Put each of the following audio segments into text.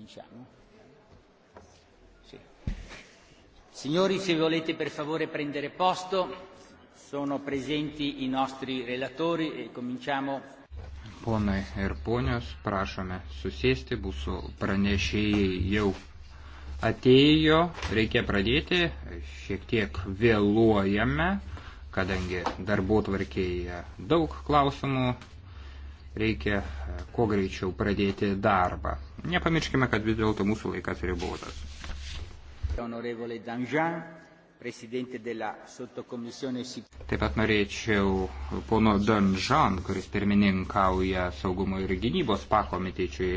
diciamo. Sì. Signori, se volete per favore prendere posto, sono presenti i nostri relatori e cominciamo. Ponai ir ponios, prašome susėsti, mūsų pranešėjai jau atėjo, reikia pradėti, šiek tiek vėluojame, kadangi darbų tvarkėje daug klausimų, reikia e, kuo greičiau pradėti darbą. Nepamirškime, kad vis dėlto mūsų laikas ribotas. Taip pat norėčiau pono Danžan, kuris pirmininkauja saugumo ir gynybos pakomitečiui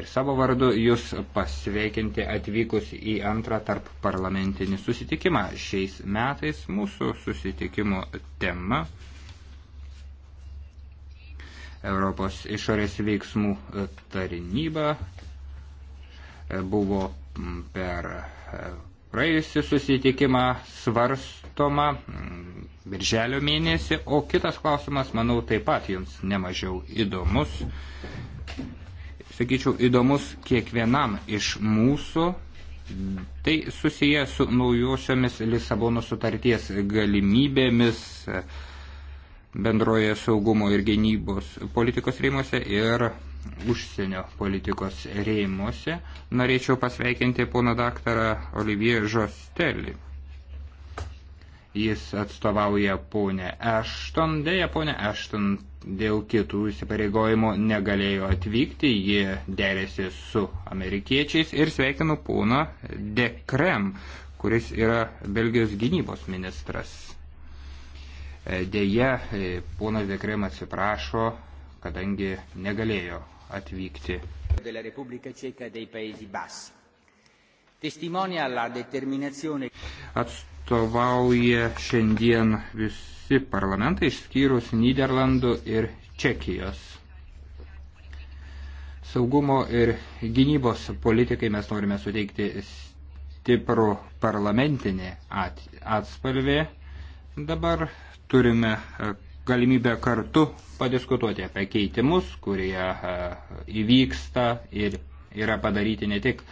ir savo vardu, jūs pasveikinti atvykus į antrą tarp parlamentinį susitikimą. Šiais metais mūsų susitikimo tema Europos išorės veiksmų e, tarnyba e, buvo per e, praėjusi susitikimą svarstoma birželio mėnesį, o kitas klausimas, manau, taip pat jums nemažiau įdomus. Sakyčiau, įdomus kiekvienam iš mūsų. Tai susiję su naujosiomis Lisabono sutarties galimybėmis bendroje saugumo ir gynybos politikos rėmose ir užsienio politikos rėmose. Norėčiau pasveikinti pono daktarą Olivier Žostelį. Jis atstovauja ponę Ashton, dėja ponę Ashton dėl kitų įsipareigojimų negalėjo atvykti, ji derėsi su amerikiečiais ir sveikinu poną Dekrem, kuris yra Belgijos gynybos ministras. E, Deja, e, ponas Dekrem atsiprašo, kadangi negalėjo atvykti. Atstovauja šiandien visi parlamentai išskyrus Niderlandų ir Čekijos. Saugumo ir gynybos politikai mes norime suteikti stiprų parlamentinį atspalvį. Dabar turime e, galimybę kartu padiskutuoti apie keitimus, kurie e, įvyksta ir yra padaryti ne tik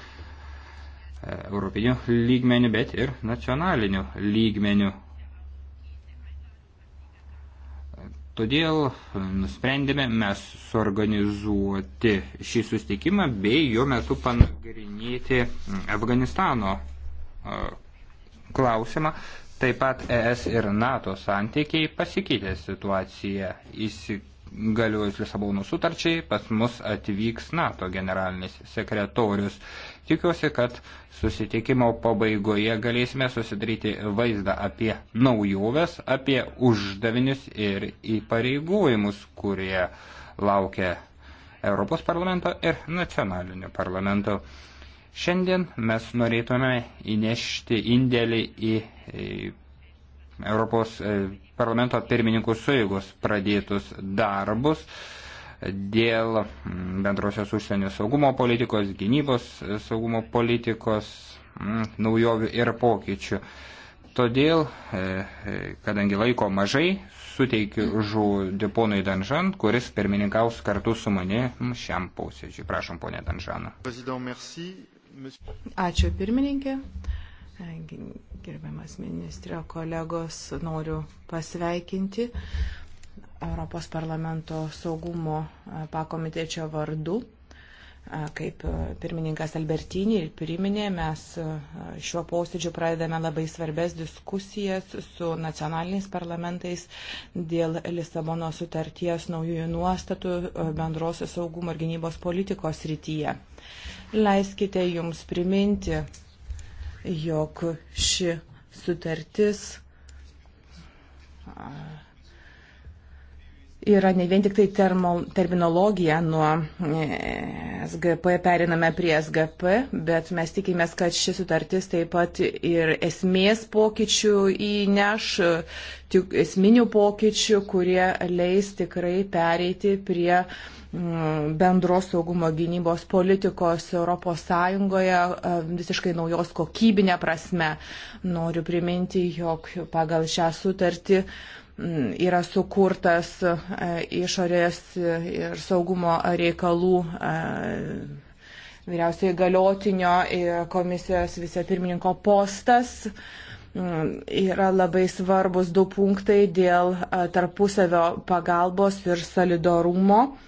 e, europinių lygmenių, bet ir nacionalinių lygmenių. Todėl nusprendėme mes suorganizuoti šį sustikimą bei jo metu panagrinėti Afganistano klausimą, Taip pat ES ir NATO santykiai pasikeitė situaciją. Įsigaliojus Lisabonų sutarčiai pas mus atvyks NATO generalinis sekretorius. Tikiuosi, kad susitikimo pabaigoje galėsime susidaryti vaizdą apie naujoves, apie uždavinius ir įpareigojimus, kurie laukia Europos parlamento ir nacionalinio parlamento. Šiandien mes norėtume įnešti indėlį į Europos e, parlamento pirmininkų suėgus pradėtus darbus dėl mm, bendrosios užsienio saugumo politikos, gynybos e, saugumo politikos, mm, naujovių ir pokyčių. Todėl, e, kadangi laiko mažai, suteikiu žodį ponui Danžan, kuris pirmininkaus kartu su mane šiam posėdžiui. Prašom, ponė Danžaną. Ačiū pirmininkė. Gerbiamas ministrė, kolegos, noriu pasveikinti Europos parlamento saugumo e, pakomitečio vardu. E, kaip e, pirmininkas Albertinį ir priminė, mes šiuo posėdžiu pradedame labai svarbės diskusijas su nacionaliniais parlamentais dėl Lisabono sutarties naujųjų nuostatų bendrosios saugumo ir gynybos politikos rytyje. Leiskite Jums priminti, jog ši sutartis yra ne vien tik tai termo, terminologija nuo e, SGP periname prie SGP, bet mes tikimės, kad ši sutartis taip pat ir esmės pokyčių įneš, tik esminių pokyčių, kurie leis tikrai pereiti prie uh, bendros saugumo gynybos politikos ES visiškai naujos kokybinė prasme. Noriu priminti, jog pagal šią sutartį yra sukurtas išorės ir saugumo reikalų vyriausiai galiotinio komisijos vicepirmininko postas yra labai svarbus du punktai dėl tarpusavio pagalbos ir solidarumo. Uh,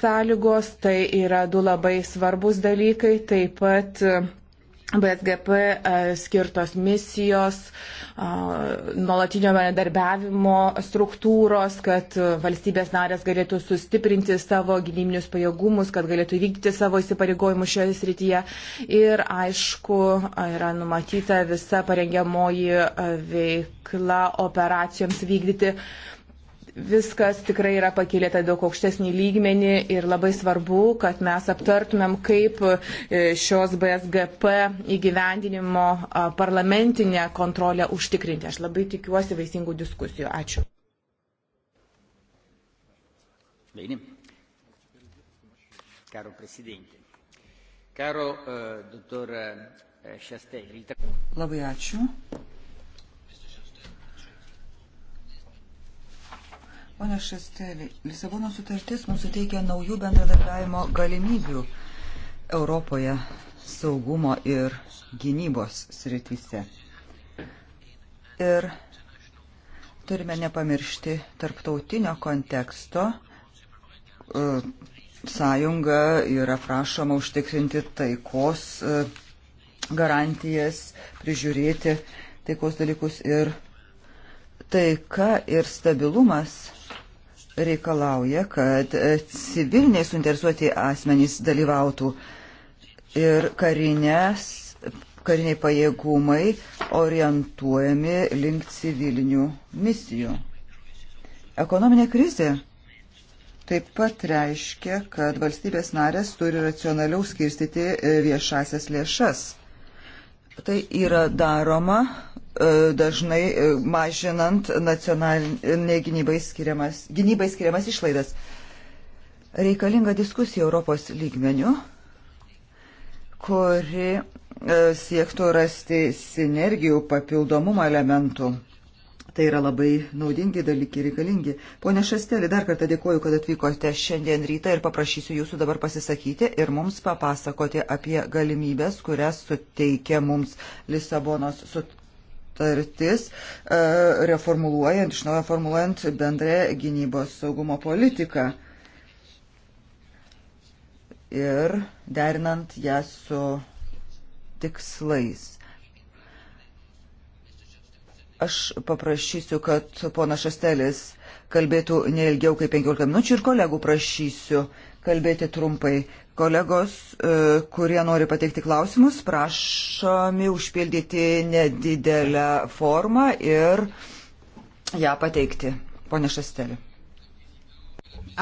sąlygos, tai yra du labai svarbus dalykai, taip pat e, BSGP e, skirtos misijos, nuolatinio bendarbiavimo struktūros, kad valstybės narės galėtų sustiprinti savo gynybinius pajėgumus, kad galėtų vykdyti savo įsipareigojimus šioje srityje. Ir aišku, yra numatyta visa parengiamoji veikla operacijoms vykdyti viskas tikrai yra pakilėta daug aukštesnį lygmenį ir labai svarbu, kad mes aptartumėm, kaip e, šios BSGP įgyvendinimo parlamentinę kontrolę užtikrinti. Aš labai tikiuosi vaisingų diskusijų. Ačiū. Bene. Caro Presidente, caro uh, dottor uh, Chastel. Labai ačiū. Pone Šestelį, Lisabono sutartis mums suteikia naujų bendradarbiavimo galimybių Europoje saugumo ir gynybos srityse. Ir turime nepamiršti tarptautinio konteksto. E, sąjunga yra prašoma užtikrinti taikos e, garantijas, prižiūrėti taikos dalykus ir taika ir stabilumas reikalauja, kad e, civiliniai suinteresuoti asmenys dalyvautų ir karinės, kariniai pajėgumai orientuojami link civilinių misijų. Ekonominė krizė taip pat reiškia, kad valstybės narės turi racionaliau skirstyti e, viešasias lėšas Tai yra daroma e, dažnai e, mažinant nacionalinė gynybai skiriamas, gynybai skiriamas išlaidas. Reikalinga diskusija Europos lygmenių, kuri e, siektų rasti sinergijų papildomumą elementų. Tai yra labai naudingi dalykai reikalingi. Pone Šastelį, dar kartą dėkuoju, kad atvykote šiandien rytą ir paprašysiu jūsų dabar pasisakyti ir mums papasakoti apie galimybės, kurias suteikia mums Lisabonos sutartis, e, reformuluojant, iš naujo formuluojant bendrę gynybos saugumo politiką ir derinant ją su tikslais Aš paprašysiu, kad pona Šastelis kalbėtų ne ilgiau kaip 15 minučių ir kolegų prašysiu kalbėti trumpai. Kolegos, e, kurie nori pateikti klausimus, prašomi užpildyti nedidelę formą ir ją pateikti. Pone Šastelį.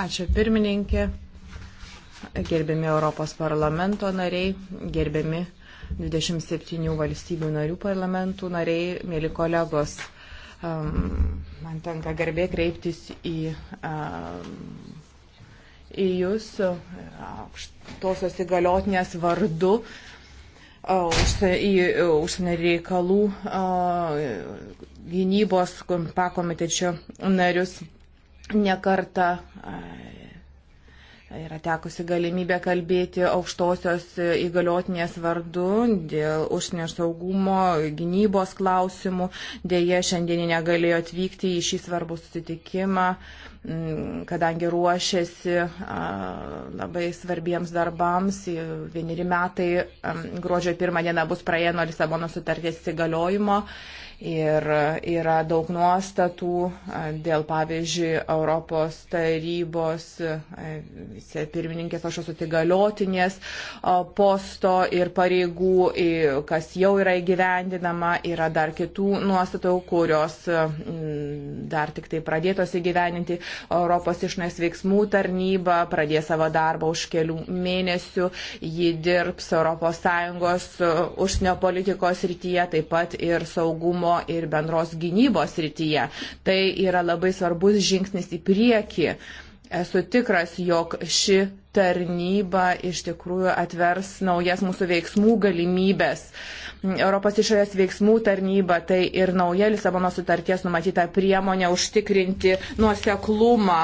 Ačiū pirmininkė, gerbiami Europos parlamento nariai, gerbiami 27 valstybių narių parlamentų nariai, mėly kolegos. Um, man tenka garbė kreiptis į, um, į Jūs uh, aukštosios įgaliotinės vardu uh, į uh, užsienio reikalų gynybos pakomitečio narius nekarta Yra tekusi galimybė kalbėti aukštosios įgaliotinės vardu dėl užsienio saugumo, gynybos klausimų. Deja, šiandienį negalėjo atvykti į šį svarbų susitikimą, mm, kadangi ruošiasi labai svarbiems darbams. Vieneri metai, gruodžio pirmą dieną bus praėję nuo Lisabono sutarties įgaliojimo Ir yra daug nuostatų dėl, pavyzdžiui, Europos tarybos pirmininkės kažkokios atigaliotinės posto ir pareigų, kas jau yra įgyvendinama. Yra dar kitų nuostatų, kurios dar tik tai pradėtos įgyveninti. Europos išnės veiksmų tarnyba pradės savo darbą už kelių mėnesių. Ji dirbs ES užsienio politikos rytyje, taip pat ir saugumo saugumo ir bendros gynybos rytyje. Tai yra labai svarbus žingsnis į priekį. Esu tikras, jog ši tarnyba iš tikrųjų atvers naujas mūsų veiksmų galimybės. Europos išorės veiksmų tarnyba tai ir nauja Lisabono sutarties numatyta priemonė užtikrinti nuoseklumą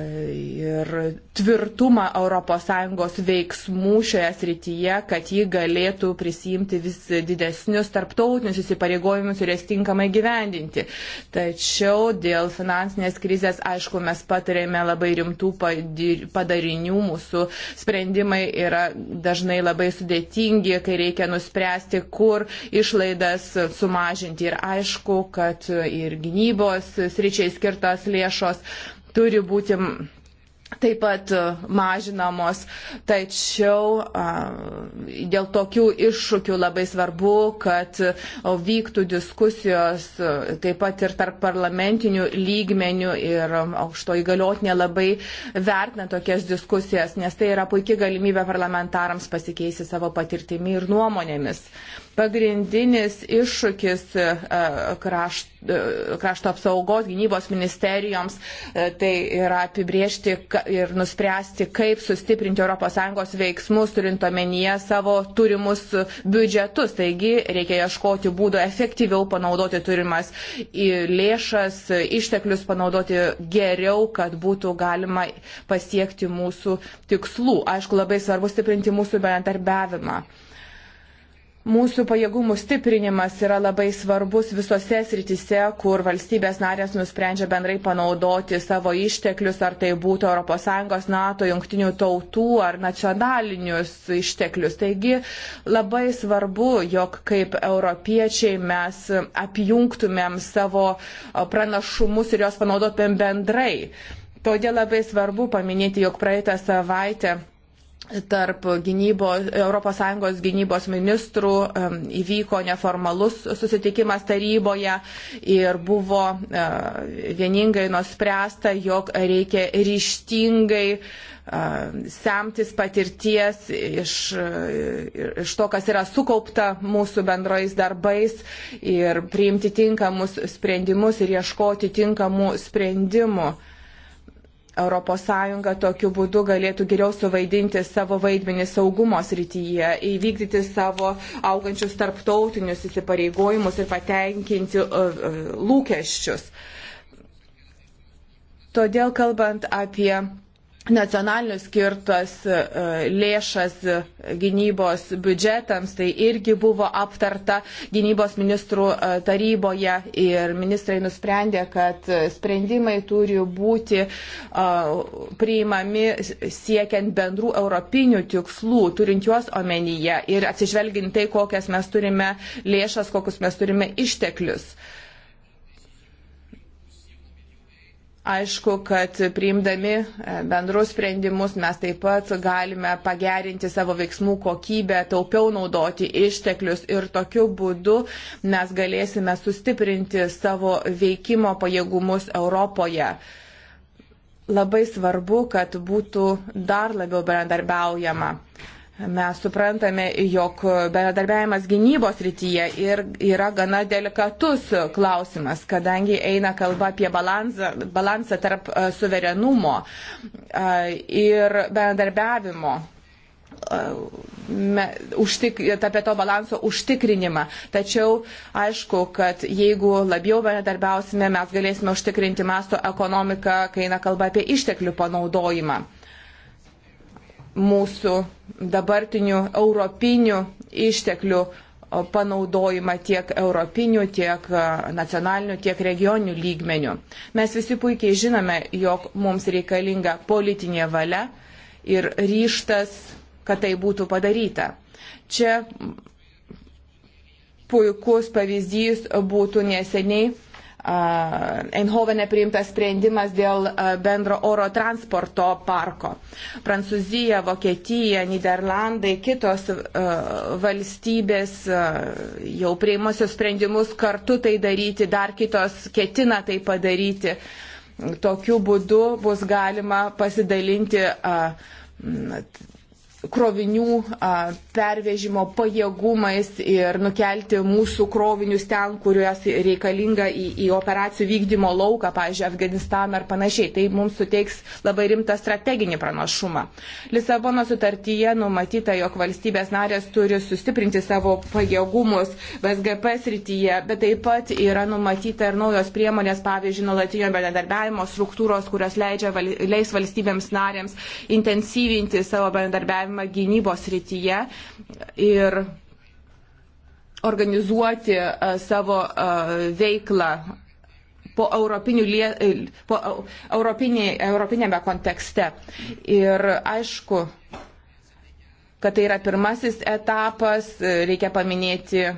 ir tvirtumą ES veiksmų šioje srityje, kad ji galėtų prisijimti vis didesnius tarptautinius įsipareigojimus ir jas tinkamai gyvendinti. Tačiau dėl finansinės krizės, aišku, mes patarėme labai rimtų padarinių, mūsų sprendimai yra dažnai labai sudėtingi, kai reikia nuspręsti, kur išlaidas sumažinti. Ir aišku, kad ir gynybos sričiai skirtos lėšos turi būti taip pat e, mažinamos. Tačiau dėl tokių iššūkių labai svarbu, kad e, vyktų diskusijos e, taip pat ir tarp parlamentinių lygmenių ir aukšto įgaliotinė labai vertina tokias diskusijas, nes tai yra puikia galimybė parlamentarams pasikeisti savo patirtimi ir nuomonėmis. Pagrindinis iššūkis krašt E, krašto apsaugos, gynybos ministerijoms, e, tai yra apibriežti ir nuspręsti, kaip sustiprinti ES veiksmus, turint omenyje savo turimus biudžetus. Taigi reikia ieškoti būdų efektyviau panaudoti turimas lėšas, išteklius panaudoti geriau, kad būtų galima pasiekti mūsų tikslų. Aišku, labai svarbu stiprinti mūsų bendarbiavimą. Mūsų pajėgumų stiprinimas yra labai svarbus visose sritise, kur valstybės narės nusprendžia bendrai panaudoti savo išteklius, ar tai būtų ES, NATO, jungtinių tautų ar nacionalinius išteklius. Taigi labai svarbu, jog kaip europiečiai mes apjungtumėm savo pranašumus ir juos panaudotumėm bendrai. Todėl labai svarbu paminėti, jog praeitą savaitę tarp gynybos, ES gynybos ministrų įvyko neformalus susitikimas taryboje ir buvo e, vieningai nuspręsta, jog reikia ryštingai e, semtis patirties iš, e, iš to, kas yra sukaupta mūsų bendrojais darbais ir priimti tinkamus sprendimus ir ieškoti tinkamų sprendimų. ES tokiu būdu galėtų geriau suvaidinti savo vaidmenį saugumo srityje, įvykdyti savo augančius tarptautinius įsipareigojimus ir patenkinti e, e, lūkesčius. Todėl kalbant apie nacionalinių skirtas e, lėšas gynybos biudžetams, tai irgi buvo aptarta gynybos ministrų e, taryboje ir ministrai nusprendė, kad sprendimai turi būti e, priimami siekiant bendrų europinių tikslų, turint juos omenyje ir atsižvelgiant tai, kokias mes turime lėšas, kokius mes turime išteklius. Aišku, kad priimdami e, bendrus sprendimus mes taip pat galime pagerinti savo veiksmų kokybę, taupiau naudoti išteklius ir tokiu būdu mes galėsime sustiprinti savo veikimo pajėgumus Europoje. Labai svarbu, kad būtų dar labiau bendarbiaujama. Mes suprantame, jog bendradarbiavimas gynybos rytyje ir yra gana delikatus klausimas, kadangi eina kalba apie balansą, balansą tarp e, suverenumo e, ir bendradarbiavimo e, me, užtik, apie to balanso užtikrinimą. Tačiau aišku, kad jeigu labiau bendradarbiausime, mes galėsime užtikrinti masto ekonomiką, kai eina kalba apie išteklių panaudojimą mūsų dabartinių europinių išteklių panaudojimą tiek europinių, tiek nacionalinių, tiek regioninių lygmenių. Mes visi puikiai žinome, jog mums reikalinga politinė valia ir ryštas, kad tai būtų padaryta. Čia puikus pavyzdys būtų neseniai Eindhovene priimtas sprendimas dėl bendro oro transporto parko. Prancūzija, Vokietija, Niderlandai, kitos valstybės jau priimusios sprendimus kartu tai daryti, dar kitos ketina tai padaryti. Tokiu būdu bus galima pasidalinti krovinių pervežimo pajėgumais ir nukelti mūsų krovinius ten, kuriuos reikalinga į, į operacijų vykdymo lauką, pavyzdžiui, Afganistaną ar panašiai. Tai mums suteiks labai rimtą strateginį pranašumą. Lisabono sutartyje numatyta, jog valstybės narės turi sustiprinti savo pajėgumus VSGP srityje, bet taip pat yra numatyta ir naujos priemonės, pavyzdžiui, nuolatinio bendradarbiavimo struktūros, kurios leidžia, leis valstybėms narėms intensyvinti savo bendradarbiavimą bendradarbiavimą gynybos rytyje ir organizuoti e, savo e, veiklą po, lie, e, po europinė, europinėme kontekste. Ir aišku, kad tai yra pirmasis etapas, reikia paminėti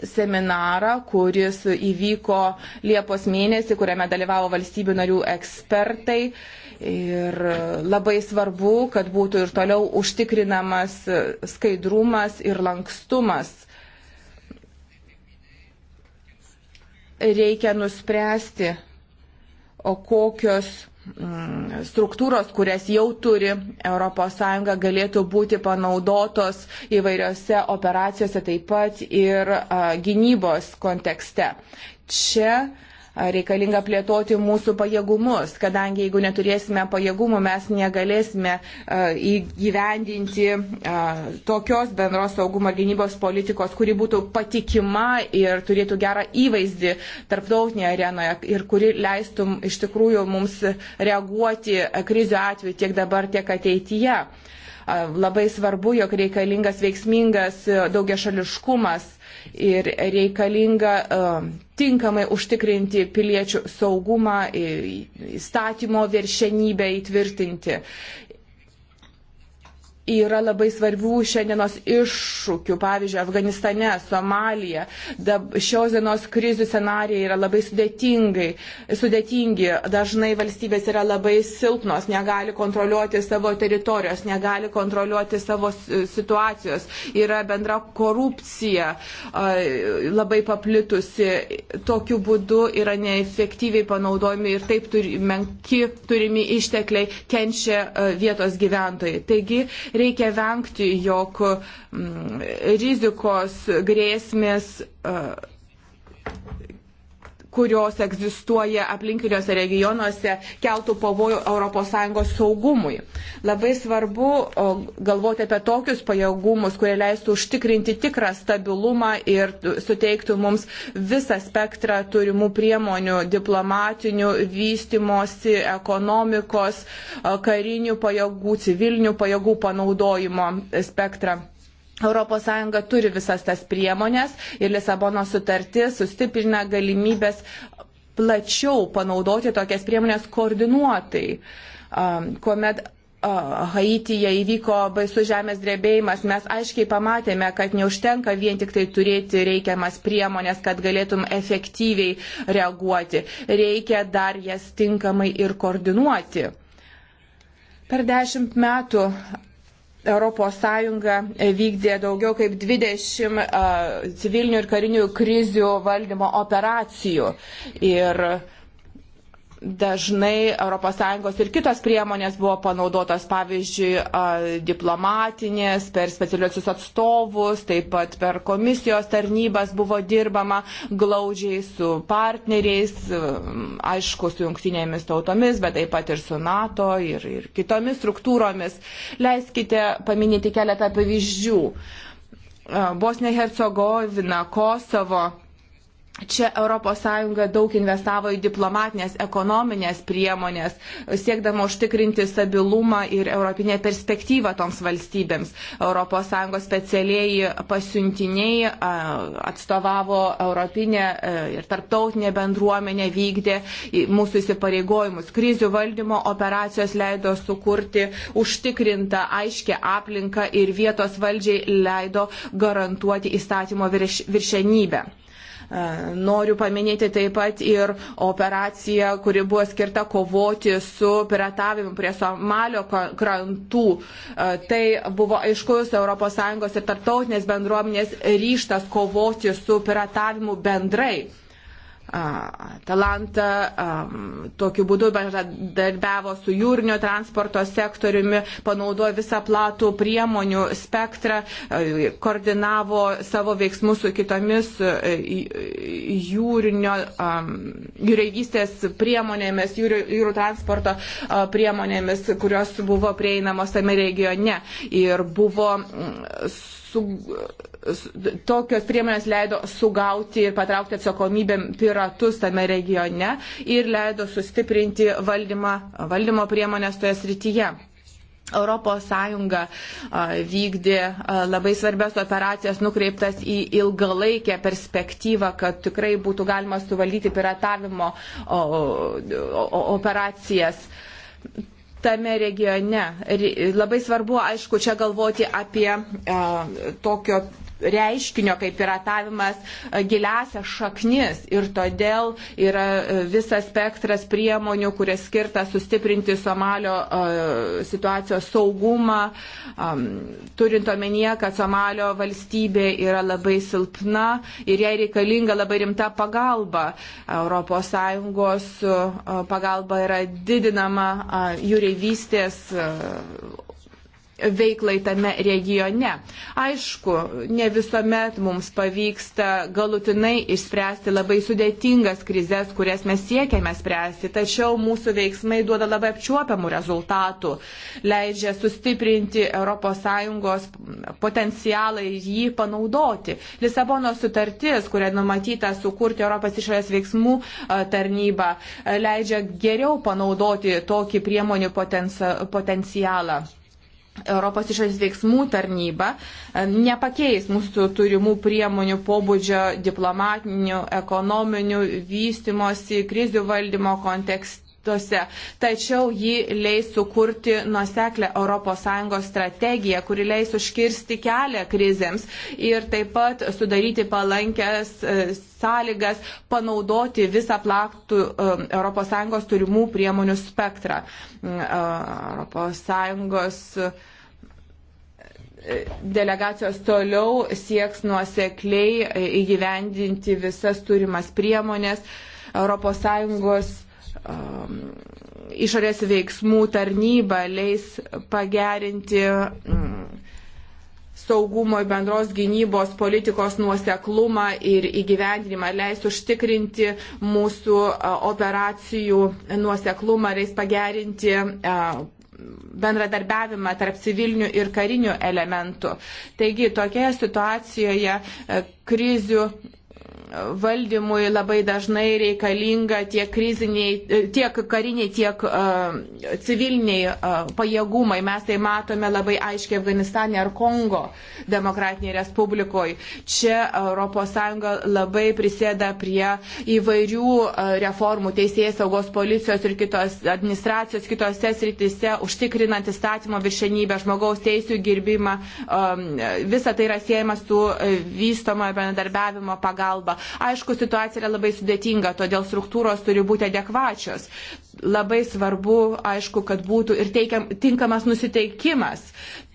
seminarą, kuris įvyko Liepos mėnesį, kuriame dalyvavo valstybių narių ekspertai. Ir labai svarbu, kad būtų ir toliau užtikrinamas skaidrumas ir lankstumas. Reikia nuspręsti, o kokios Mm, struktūros, kurias jau turi ES, galėtų būti panaudotos įvairiose operacijose, taip pat ir gynybos kontekste. Čia uh, reikalinga plėtoti mūsų pajėgumus, kadangi jeigu neturėsime pajėgumų, mes negalėsime įgyvendinti tokios bendros saugumo ir gynybos politikos, kuri būtų patikima ir turėtų gerą įvaizdį tarptautinėje arenoje ir kuri leistų iš tikrųjų mums reaguoti krizių atveju tiek dabar, tiek ateityje. Labai svarbu, jog reikalingas veiksmingas daugiašališkumas ir reikalinga e, tinkamai užtikrinti piliečių saugumą, įstatymo viršenybę įtvirtinti yra labai svarbių šiandienos iššūkių, pavyzdžiui, Afganistane, Somalija. Dab, šios dienos krizių scenarijai yra labai sudėtingi. Dažnai valstybės yra labai silpnos, negali kontroliuoti savo teritorijos, negali kontroliuoti savo situacijos. Yra bendra korupcija labai paplitusi. Tokiu būdu yra neefektyviai panaudojami ir taip turi, menki turimi ištekliai kenčia vietos gyventojai. Taigi, Reikia vengti, jog mm, rizikos grėsmės e, kurios egzistuoja aplinkiniuose regionuose, keltų pavojų ES saugumui. Labai svarbu galvoti apie tokius pajėgumus, kurie leistų užtikrinti tikrą stabilumą ir suteiktų mums visą spektrą turimų priemonių - diplomatinių, vystimosi, ekonomikos, karinių pajėgų, civilinių pajėgų panaudojimo spektrą. ES turi visas tas priemonės ir Lisabono sutartis sustiprina galimybės plačiau panaudoti tokias priemonės koordinuotai, kuomet Haityje įvyko baisus žemės drebėjimas, mes aiškiai pamatėme, kad neužtenka vien tik tai turėti reikiamas priemonės, kad galėtum efektyviai reaguoti. Reikia dar jas tinkamai ir koordinuoti. Per dešimt metų ES vykdė daugiau kaip 20 civilinių ir karinių krizių valdymo operacijų. Ir dažnai ES ir kitos priemonės buvo panaudotos, pavyzdžiui, diplomatinės, per specialiuosius atstovus, taip pat per komisijos tarnybas buvo dirbama glaudžiai su partneriais, aišku, su jungtinėmis tautomis, bet taip pat ir su NATO ir, ir kitomis struktūromis. Leiskite paminėti keletą pavyzdžių. Bosnija Hercegovina, Kosovo Čia ES daug investavo į diplomatinės, ekonominės priemonės, siekdama užtikrinti stabilumą ir europinę perspektyvą toms valstybėms. ES specialiai pasiuntiniai atstovavo europinę e, ir tarptautinę bendruomenę, vykdė mūsų įsipareigojimus. Krizių valdymo operacijos leido sukurti užtikrintą aiškę aplinką ir vietos valdžiai leido garantuoti įstatymo virš, viršenybę. E, noriu paminėti taip pat ir operaciją, kuri buvo skirta kovoti su piratavimu prie Somalio krantų. E, tai buvo aiškus ES ir tarptautinės bendruomenės ryštas kovoti su piratavimu bendrai. Atalanta tokiu būdu bendradarbiavo su jūrinio transporto sektoriumi, panaudojo visą platų priemonių spektrą, koordinavo savo veiksmus su kitomis jūrinio jūreivystės priemonėmis, jūrų, jūrų transporto priemonėmis, kurios buvo prieinamos tame regione. Ir buvo su, su, tokios priemonės leido sugauti ir patraukti atsakomybę piratus tame regione ir leido sustiprinti valdymą, valdymo priemonės toje srityje. ES vykdė labai svarbias operacijas nukreiptas į ilgalaikę perspektyvą, kad tikrai būtų galima suvaldyti piratavimo operacijas tame regione. Labai svarbu, aišku, čia galvoti apie a, e, tokio reiškinio kaip piratavimas e, giliasias šaknis ir todėl yra e, visas spektras priemonių, kurias skirta sustiprinti Somalio e, situacijos saugumą, turint omenyje, kad Somalio valstybė yra labai silpna ir jai reikalinga labai rimta pagalba. ES pagalba yra didinama jūreivystės veiklai tame regione. Aišku, ne visuomet mums pavyksta galutinai išspręsti labai sudėtingas krizės, kurias mes siekiame spręsti, tačiau mūsų veiksmai duoda labai apčiuopiamų rezultatų, leidžia sustiprinti ES potencialą ir jį panaudoti. Lisabono sutartis, kuria numatyta sukurti Europos išorės veiksmų tarnybą, leidžia geriau panaudoti tokį priemonių potencialą. Europos išorės veiksmų tarnyba e, nepakeis mūsų turimų priemonių pobūdžio diplomatinių, ekonominių, vystimosi, krizių valdymo kontekste aktuose, tačiau ji leis sukurti nuseklę ES strategiją, kuri leis užkirsti kelią krizėms ir taip pat sudaryti palankęs e, sąlygas panaudoti visą plaktų ES turimų priemonių spektrą. Mm, ES e, delegacijos toliau sieks nuosekliai e, įgyvendinti visas turimas priemonės. ES Um, išorės veiksmų tarnyba leis pagerinti um, saugumo ir bendros gynybos politikos nuoseklumą ir įgyvendinimą, leis užtikrinti mūsų uh, operacijų nuoseklumą, leis pagerinti uh, bendradarbiavimą tarp civilinių ir karinių elementų. Taigi tokioje situacijoje uh, krizių valdymui labai dažnai reikalinga tiek, kriziniai, tiek kariniai, tiek uh, civiliniai uh, pajėgumai. Mes tai matome labai aiškiai Afganistane ar Kongo demokratinėje Respublikoje. Čia ES labai prisėda prie įvairių uh, reformų teisėjai saugos policijos ir kitos administracijos kitose sritise, užtikrinant įstatymo viršenybę, žmogaus teisų girbimą. Um, visa tai yra siejama su vystoma bendradarbiavimo pagalba. Aišku, situacija yra labai sudėtinga, todėl struktūros turi būti adekvačios. Labai svarbu, aišku, kad būtų ir teikiam, tinkamas nusiteikimas.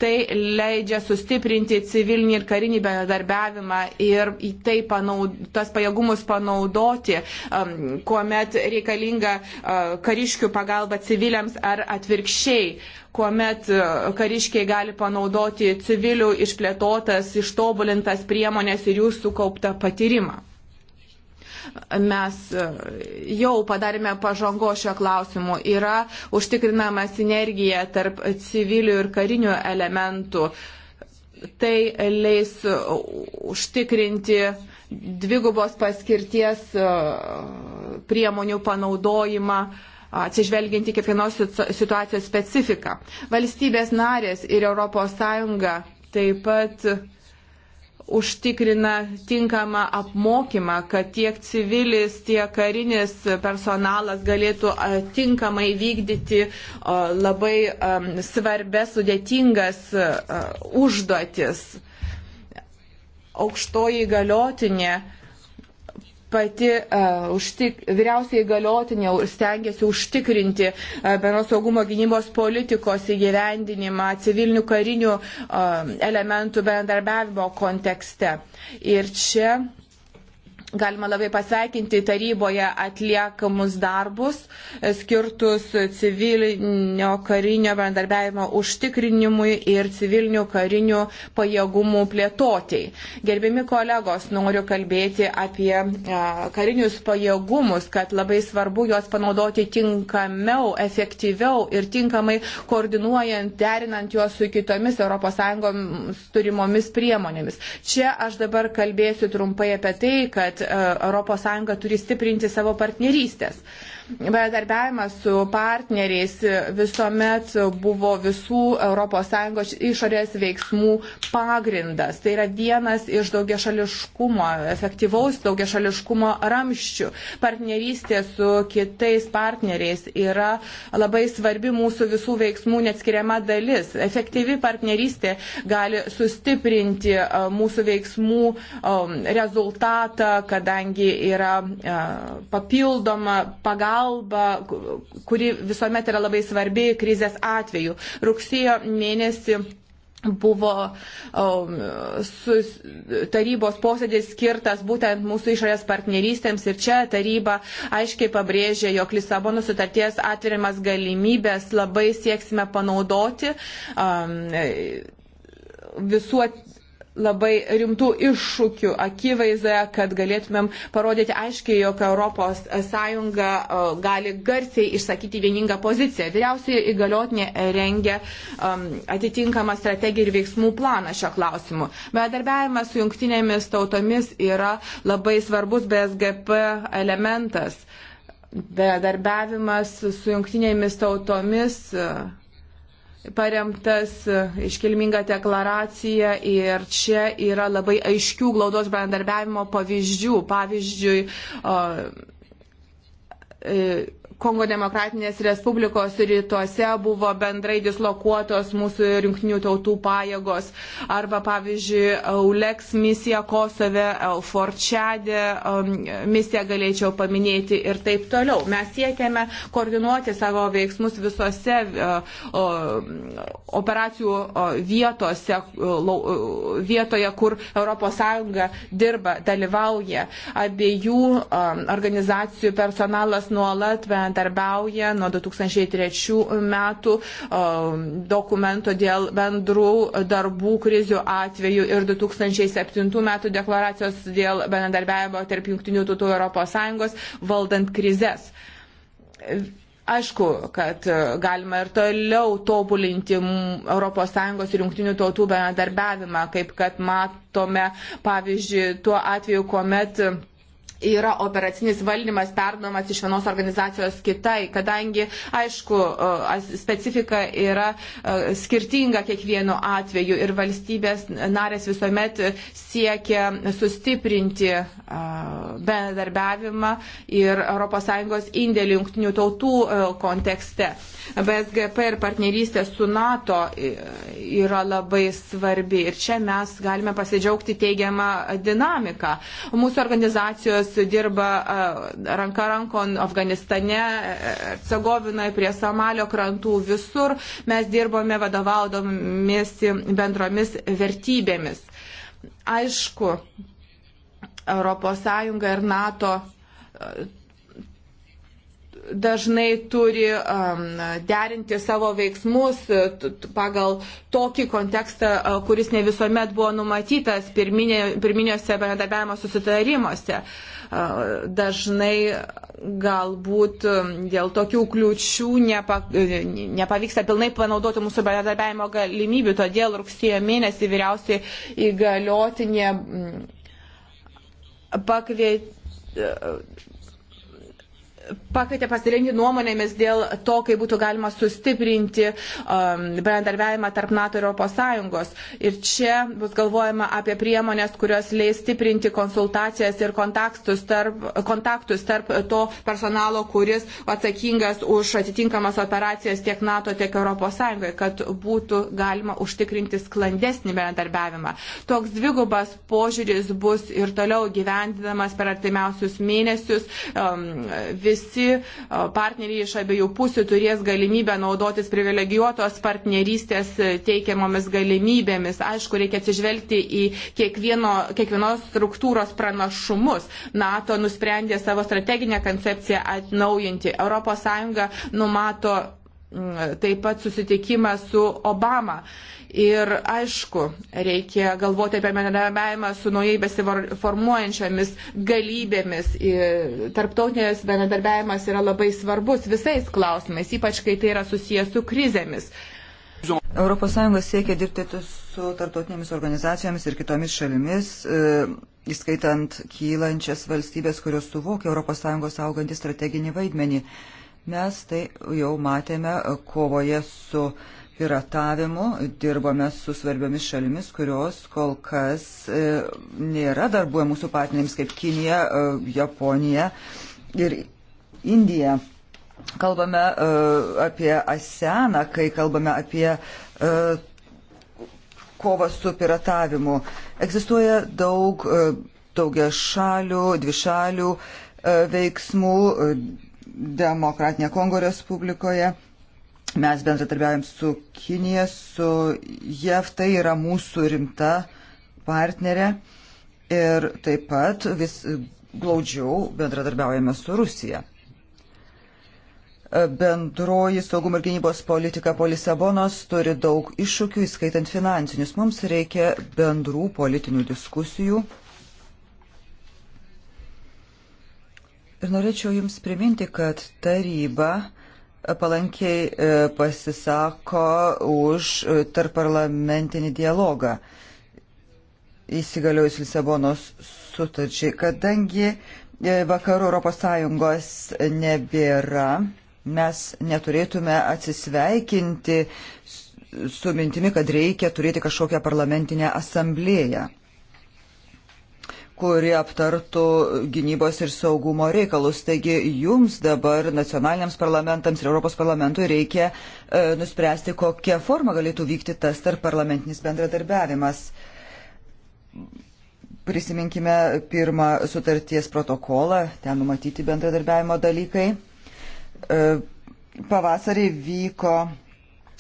Tai leidžia sustiprinti civilinį ir karinį bendradarbiavimą ir į tai panaud, tas pajėgumus panaudoti, um, kuomet reikalinga uh, kariškių pagalba civiliams ar atvirkščiai kuomet uh, kariškiai gali panaudoti civilių išplėtotas, ištobulintas priemonės ir jų sukauptą patyrimą. Mes e, jau padarėme pažango šio klausimu. Yra užtikrinama sinergija tarp civilių ir karinių elementų. Tai leis užtikrinti dvigubos paskirties e, priemonių panaudojimą atsižvelginti kiekvienos situacijos specifiką. Valstybės narės ir ES taip pat užtikrina tinkamą apmokymą, kad tiek civilis, tiek karinis personalas galėtų tinkamai vykdyti labai svarbes, sudėtingas užduotis. Aukštoji galiotinė pati uh, užtik, vyriausiai galiotinė stengiasi užtikrinti uh, bendros saugumo gynybos politikos įgyvendinimą civilinių karinių uh, elementų bendarbiavimo kontekste. Ir čia uh, Galima labai pasveikinti taryboje atliekamus darbus, e, skirtus civilinio karinio bendarbiavimo užtikrinimui ir civilinių karinių pajėgumų plėtotėjai. Gerbiami kolegos, noriu kalbėti apie e, karinius pajėgumus, kad labai svarbu juos panaudoti tinkamiau, efektyviau ir tinkamai koordinuojant, derinant juos su kitomis ES turimomis priemonėmis. Čia aš dabar kalbėsiu trumpai apie tai, kad kad ES turi stiprinti savo partnerystės bendarbiavimas su partneriais visuomet buvo visų ES išorės veiksmų pagrindas. Tai yra vienas iš daugiašališkumo, efektyvaus daugiašališkumo ramščių. Partnerystė su kitais partneriais yra labai svarbi mūsų visų veiksmų neatskiriama dalis. Efektyvi partnerystė gali sustiprinti mūsų veiksmų rezultatą, kadangi yra papildoma pagalba pagalba, kuri visuomet yra labai svarbi krizės atveju. Rugsėjo mėnesį buvo um, sus, tarybos posėdis skirtas būtent mūsų išorės partnerystėms ir čia taryba aiškiai pabrėžė, jog Lisabono sutarties atveriamas galimybės labai sieksime panaudoti. Um, visuot labai rimtų iššūkių akivaizdoje, kad galėtumėm parodyti aiškiai, jog ES e, gali garsiai išsakyti vieningą poziciją. Vyriausiai įgaliotinė rengia um, atitinkamą strategiją ir veiksmų planą šio klausimu. Bedarbiavimas su jungtinėmis tautomis yra labai svarbus BSGP elementas. Bedarbiavimas su jungtinėmis tautomis. Uh, paremtas e, iškilminga deklaracija ir čia yra labai aiškių glaudos bendarbiavimo pavyzdžių. Pavyzdžiui, e, Kongo demokratinės respublikos rytuose buvo bendrai dislokuotos mūsų rinktinių tautų pajėgos. Arba, pavyzdžiui, ULEX misija Kosove, Forčiadė um, misija galėčiau paminėti ir taip toliau. Mes siekiame koordinuoti savo veiksmus visose uh, uh, operacijų uh, vietose, vietoje, kur ES dirba, dalyvauja. Abiejų um, organizacijų personalas nuolat be bendradarbiauja nuo 2003 metų dokumento dėl bendrų darbų krizių atveju ir 2007 metų deklaracijos dėl bendradarbiavimo tarp Junktinių tautų ES valdant krizes. Aišku, kad galima ir toliau tobulinti ES ir jungtinių tautų bendradarbiavimą, kaip kad matome, pavyzdžiui, tuo atveju, kuomet yra operacinis valdymas perdomas iš vienos organizacijos kitai, kadangi, aišku, e, specifika yra e, skirtinga kiekvienu atveju ir valstybės narės visuomet siekia sustiprinti e, bendarbiavimą ir ES indėlį jungtinių tautų kontekste. BSGP ir partnerystė su NATO yra labai svarbi. Ir čia mes galime pasidžiaugti teigiamą dinamiką. Mūsų organizacijos dirba ranka rankon Afganistane, Cegovinoje, prie Somalio krantų, visur mes dirbome vadovaudomėsi bendromis vertybėmis. Aišku, ES ir NATO dažnai turi um, derinti savo veiksmus e, pagal tokį kontekstą, e, kuris ne visuomet buvo numatytas pirminė, pirminiuose bendradarbiavimo susitarimuose. E, dažnai galbūt um, dėl tokių kliučių nepa, nepavyksta pilnai panaudoti mūsų bendradarbiavimo galimybių, todėl rugsėjo mėnesį vyriausiai įgaliotinė mm, pakvietė pakvietė pasidalinti nuomonėmis dėl to, kaip būtų galima sustiprinti um, bendarbiavimą tarp NATO ir ES. Ir čia bus galvojama apie priemonės, kurios leis stiprinti konsultacijas ir kontaktus tarp, kontaktus tarp to personalo, kuris atsakingas už atitinkamas operacijas tiek NATO, tiek ES, kad būtų galima užtikrinti sklandesnį bendarbiavimą. Toks dvigubas požiūris bus ir toliau gyvendinamas per artimiausius mėnesius. Um, vis visi partneriai iš abiejų pusių turės galimybę naudotis privilegijuotos partnerystės e, teikiamomis galimybėmis. Aišku, reikia atsižvelgti į kiekvieno, kiekvienos struktūros pranašumus. NATO nusprendė savo strateginę koncepciją atnaujinti. ES numato taip pat susitikimą su Obama. Ir aišku, reikia galvoti apie bendradarbiavimą su naujai besiformuojančiamis galybėmis. Tarptautinės bendradarbiavimas yra labai svarbus visais klausimais, ypač kai tai yra susijęs su krizėmis. ES siekia dirbti su tarptautinėmis organizacijomis ir kitomis šalimis, e, įskaitant kylančias valstybės, kurios suvokia ES augantį strateginį vaidmenį. Mes tai jau matėme kovoje su piratavimu, dirbome su svarbiomis šalimis, kurios kol kas e, nėra dar buvę mūsų partneriams kaip Kinija, e, Japonija ir Indija. Kalbame e, apie ASEANą, kai kalbame apie kovą su piratavimu. Egzistuoja daug daugia šalių, dvišalių veiksmų Demokratinė Kongo Respublikoje. Mes bendratarbiavim su Kinija, su JEF, tai yra mūsų rimta partnerė. Ir taip pat vis glaudžiau bendradarbiaujame su Rusija. Bendroji saugumo ir gynybos politika po Lisabonos turi daug iššūkių, įskaitant finansinius. Mums reikia bendrų politinių diskusijų Ir norėčiau Jums priminti, kad taryba palankiai e, pasisako už e, tarparlamentinį dialogą įsigaliojus Lisabonos sutarčiai, kadangi e, vakarų ES nebėra, mes neturėtume atsisveikinti su mintimi, kad reikia turėti kažkokią parlamentinę asamblėją kuri aptartų gynybos ir saugumo reikalus. Taigi jums dabar nacionaliniams parlamentams ir Europos parlamentui reikia e, nuspręsti, kokia forma galėtų vykti tas tarp parlamentinis bendradarbiavimas. Prisiminkime pirmą sutarties protokolą, ten numatyti bendradarbiavimo dalykai. E, pavasarį vyko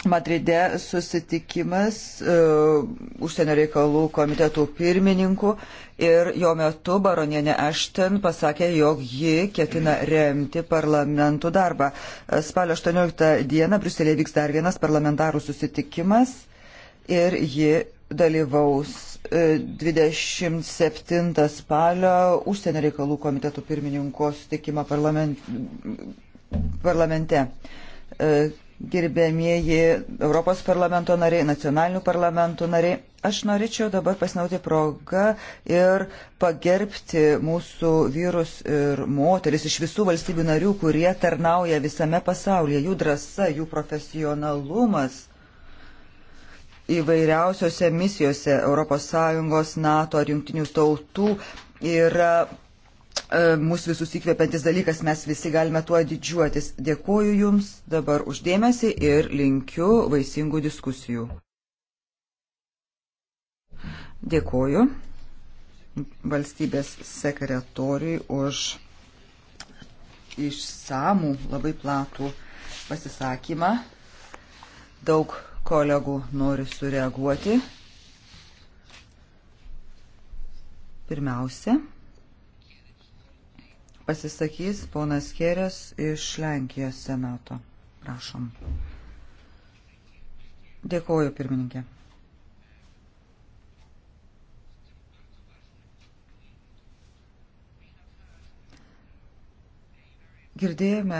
Madride susitikimas uh, užsienio reikalų komitetų pirmininkų ir jo metu baronienė Ashton pasakė, jog ji ketina remti parlamentų darbą. Spalio 18 dieną Bruselėje vyks dar vienas parlamentarų susitikimas ir ji dalyvaus 27 e, spalio užsienio reikalų komitetų pirmininko sutikimą parlament, parlamente. Uh, gerbėmieji Europos parlamento nariai, nacionalinių parlamentų nariai. Aš norėčiau dabar pasinauti progą ir pagerbti mūsų vyrus ir moteris iš visų valstybių narių, kurie tarnauja visame pasaulyje. Jų drąsa, jų profesionalumas įvairiausiose misijose ES, NATO ar jungtinių tautų yra E, mūsų visus įkvepiantis dalykas, mes visi galime tuo didžiuotis. Dėkuoju Jums dabar uždėmesi ir linkiu vaisingų diskusijų. Dėkuoju valstybės sekretoriui už išsamų, labai platų pasisakymą. Daug kolegų nori sureaguoti. Pirmiausia pasisakys ponas Kerės iš Lenkijos senato. Prašom. Dėkoju, pirmininkė. Girdėjome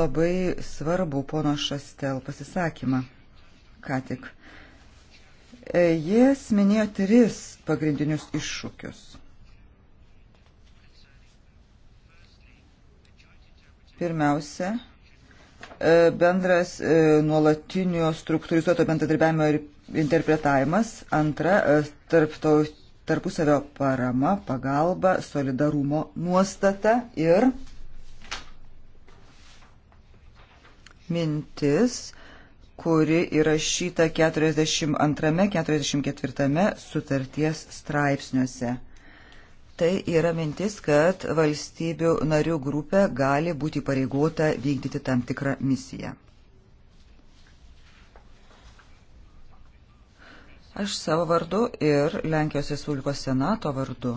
labai svarbų pono Šastel pasisakymą ką tik. Jis minėjo tris pagrindinius iššūkius Pirmiausia, e, bendras e, nuolatinio struktūrizuoto bendradarbiavimo ir interpretavimas. Antra, e, tarptaut, tarpusavio parama, pagalba, solidarumo nuostata ir mintis, kuri įrašyta 42-44 sutarties straipsniuose. Tai yra mintis, kad valstybių narių grupė gali būti pareigota vykdyti tam tikrą misiją. Aš savo vardu ir Lenkijos Respublikos Senato vardu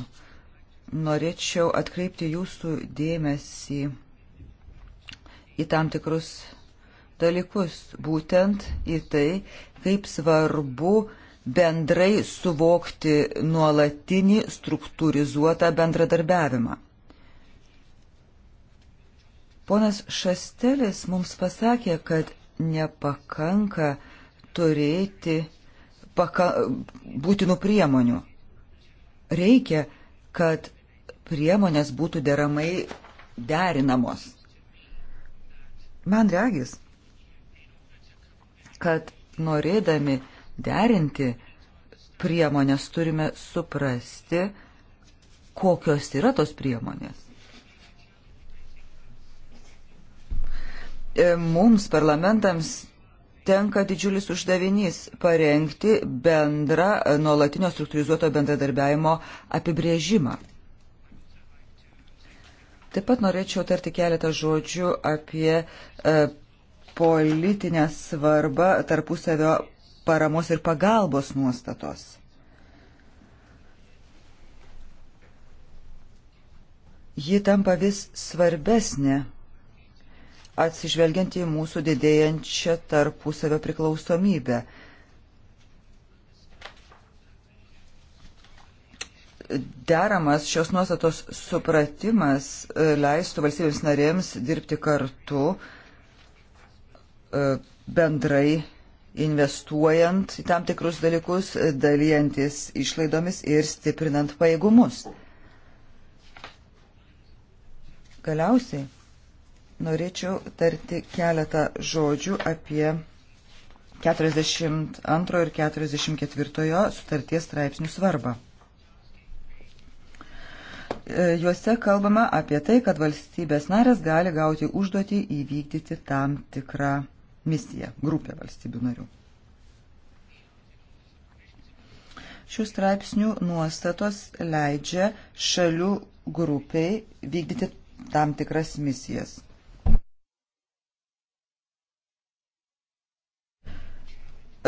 norėčiau atkreipti jūsų dėmesį į tam tikrus dalykus, būtent į tai, kaip svarbu bendrai suvokti nuolatinį struktūrizuotą bendradarbiavimą. Ponas Šastelis mums pasakė, kad nepakanka turėti paka, būtinų priemonių. Reikia, kad priemonės būtų deramai derinamos. Man regis, kad norėdami derinti priemonės, turime suprasti, kokios yra tos priemonės. E, mums, parlamentams, tenka didžiulis uždavinys parengti bendrą e, nuolatinio struktūrizuoto bendradarbiajimo apibrėžimą. Taip pat norėčiau tarti keletą žodžių apie e, politinę svarbą tarpusavio paramos ir pagalbos nuostatos. Ji tampa vis svarbesnė, atsižvelgiant į mūsų didėjančią tarpusavio priklausomybę. deramas šios nuostatos supratimas e, leistų valstybėms narėms dirbti kartu e, bendrai investuojant į tam tikrus dalykus, dalyjantis išlaidomis ir stiprinant pajėgumus. Galiausiai norėčiau tarti keletą žodžių apie 42 ir 44 sutarties straipsnių svarbą. E, juose kalbama apie tai, kad valstybės narės gali gauti užduotį įvykdyti tam tikrą misija, grupė valstybių narių. Šių straipsnių nuostatos leidžia šalių grupiai vykdyti tam tikras misijas.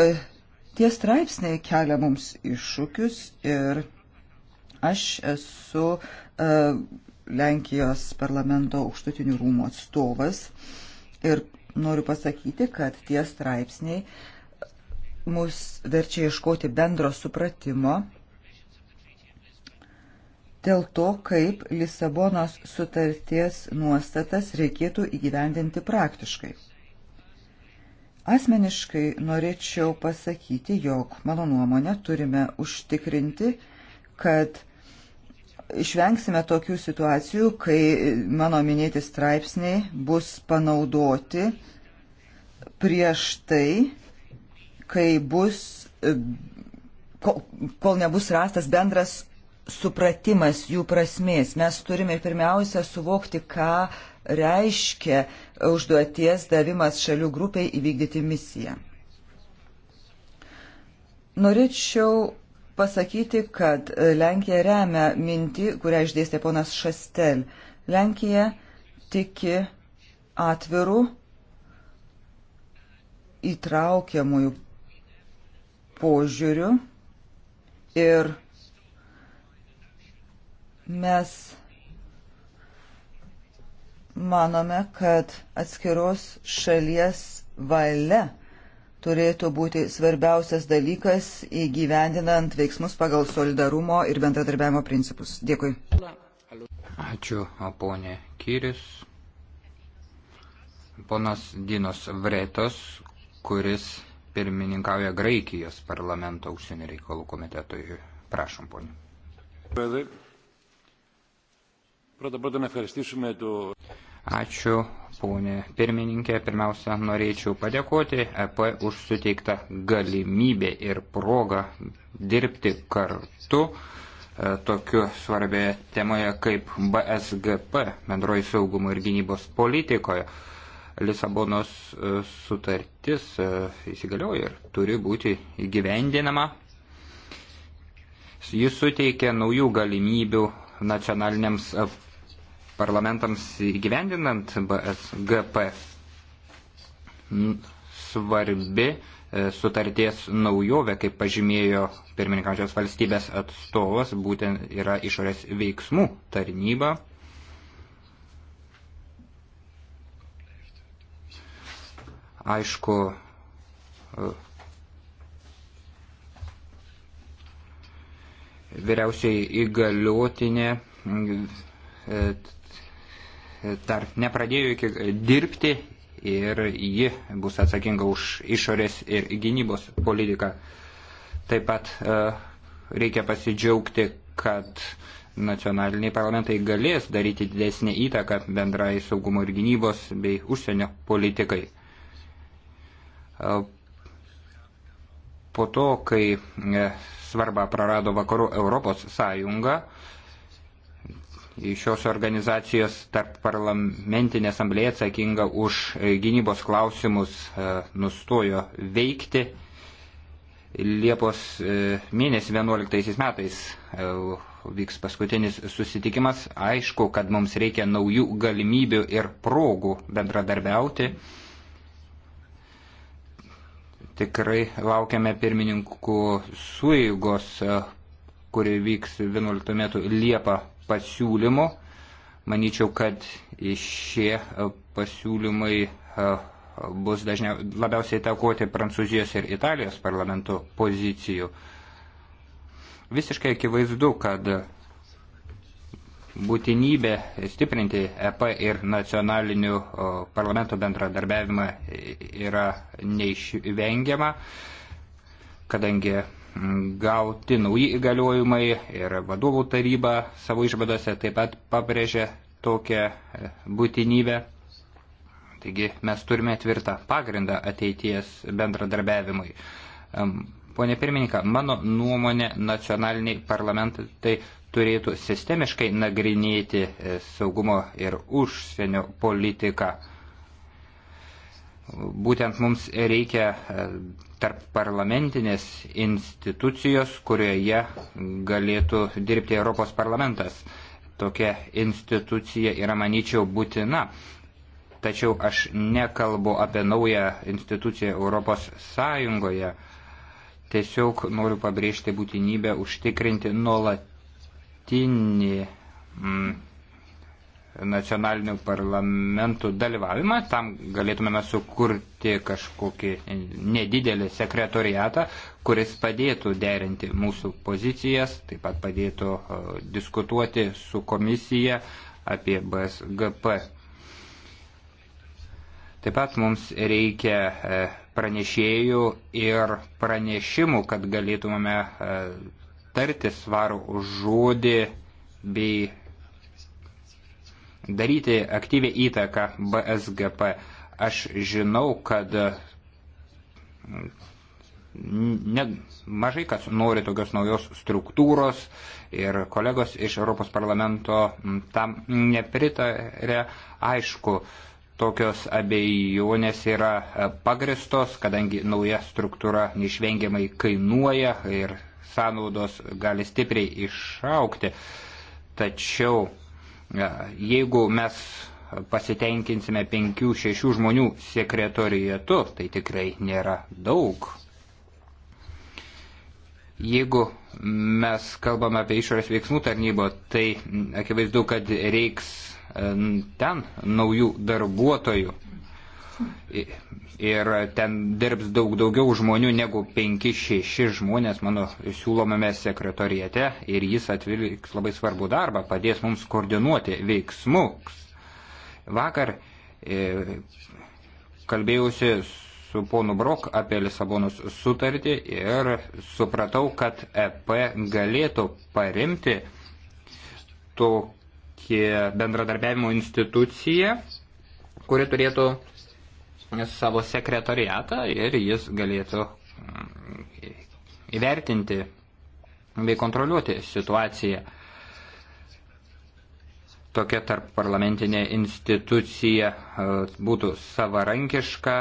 E, tie straipsniai kelia mums iššūkius ir aš esu e, Lenkijos parlamento aukštutinių rūmų atstovas ir noriu pasakyti, kad tie straipsniai mus verčia ieškoti bendro supratimo dėl to, kaip Lisabonos sutarties nuostatas reikėtų įgyvendinti praktiškai. Asmeniškai norėčiau pasakyti, jog mano nuomonė turime užtikrinti, kad išvengsime tokių situacijų, kai mano minėti straipsniai bus panaudoti prieš tai, kai bus, kol nebus rastas bendras supratimas jų prasmės. Mes turime pirmiausia suvokti, ką reiškia užduoties davimas šalių grupiai įvykdyti misiją. Norėčiau pasakyti, kad e, Lenkija remia mintį, kurią išdėstė ponas Šastel. Lenkija tiki atvirų įtraukiamųjų požiūrių ir mes manome, kad atskiros šalies valia turėtų būti svarbiausias dalykas įgyvendinant veiksmus pagal solidarumo ir bendradarbiavimo principus. Dėkui. Ačiū, ponė Kyris. Ponas Dinos Vretos, kuris pirmininkauja Graikijos parlamento užsienio reikalų komitetui. Prašom, ponė. Pradėdame ευχαριστήσουμε το Ačiū, ponė pirmininkė. Pirmiausia, norėčiau padėkoti EP už suteiktą galimybę ir progą dirbti kartu e, tokiu svarbioje temoje kaip BSGP, bendroji saugumo ir gynybos politikoje. Lisabonos e, sutartis e, įsigalioja ir turi būti įgyvendinama. Jis suteikia naujų galimybių nacionaliniams parlamentams įgyvendinant BSGP svarbi e, sutarties naujovė, kaip pažymėjo pirmininkančios valstybės atstovas, būtent yra išorės veiksmų tarnyba. Aišku, e, vyriausiai įgaliotinė e, dar nepradėjo iki, e, dirbti ir ji bus atsakinga už išorės ir gynybos politiką. Taip pat e, reikia pasidžiaugti, kad nacionaliniai parlamentai galės daryti didesnį įtaką bendrai saugumo ir gynybos bei užsienio politikai. E, po to, kai svarbą prarado Vakarų Europos Sąjunga, šios organizacijos tarp parlamentinė asamblėje atsakinga už e, gynybos klausimus e, nustojo veikti. Liepos e, mėnesį 11 metais vyks paskutinis susitikimas. Aišku, kad mums reikia naujų galimybių ir progų bendradarbiauti. Tikrai laukiame pirmininkų suėgos, kuri vyks 11 metų Liepą pasiūlymų. Manyčiau, kad šie e, pasiūlymai e, bus dažnia, labiausiai įtakoti Prancūzijos ir Italijos parlamento pozicijų. Visiškai akivaizdu, kad būtinybė stiprinti EP ir nacionalinių e, parlamento bendradarbiavimą yra neišvengiama, kadangi gauti nauji įgaliojimai ir vadovų taryba savo išvadose taip pat pabrėžė tokią e, būtinybę. Taigi mes turime tvirtą pagrindą ateities bendradarbiavimui. Pone pirmininką, mano nuomonė nacionaliniai parlamentai tai turėtų sistemiškai nagrinėti e, saugumo ir užsienio politiką. Būtent mums reikia e, tarp parlamentinės institucijos, kurioje galėtų dirbti Europos parlamentas. Tokia institucija yra, manyčiau, būtina. Tačiau aš nekalbu apie naują instituciją Europos Sąjungoje. Tiesiog noriu pabrėžti būtinybę užtikrinti nuolatinį mm, nacionalinių parlamentų dalyvavimą, tam galėtumėme sukurti kažkokį nedidelį sekretoriatą, kuris padėtų derinti mūsų pozicijas, taip pat padėtų diskutuoti su komisija apie BSGP. Taip pat mums reikia e, pranešėjų ir pranešimų, kad galėtumėme e, tarti svarų žodį bei daryti aktyvę įtaką BSGP. Aš žinau, kad mm, ne, mažai kas nori tokios naujos struktūros ir kolegos iš Europos parlamento mm, tam nepritarė. Aišku, tokios abejonės yra e, pagristos, kadangi nauja struktūra neišvengiamai kainuoja ir sąnaudos gali stipriai išaukti. Tačiau E, jeigu mes pasitenkinsime penkių, šešių žmonių sekretorijatu, tai tikrai nėra daug. Jeigu mes kalbame apie išorės veiksmų tarnybą, tai akivaizdu, kad reiks e, ten naujų darbuotojų ir ten dirbs daug daugiau žmonių negu 5-6 žmonės mano siūlomame sekretorijate ir jis atvyks labai svarbų darbą, padės mums koordinuoti veiksmus. Vakar e, kalbėjusi su ponu Brok apie Lisabonos sutartį ir supratau, kad EP galėtų paremti tokį bendradarbiavimo instituciją, kuri turėtų savo sekretoriatą ir jis galėtų mm, įvertinti bei kontroliuoti situaciją. Tokia tarp parlamentinė institucija e, būtų savarankiška,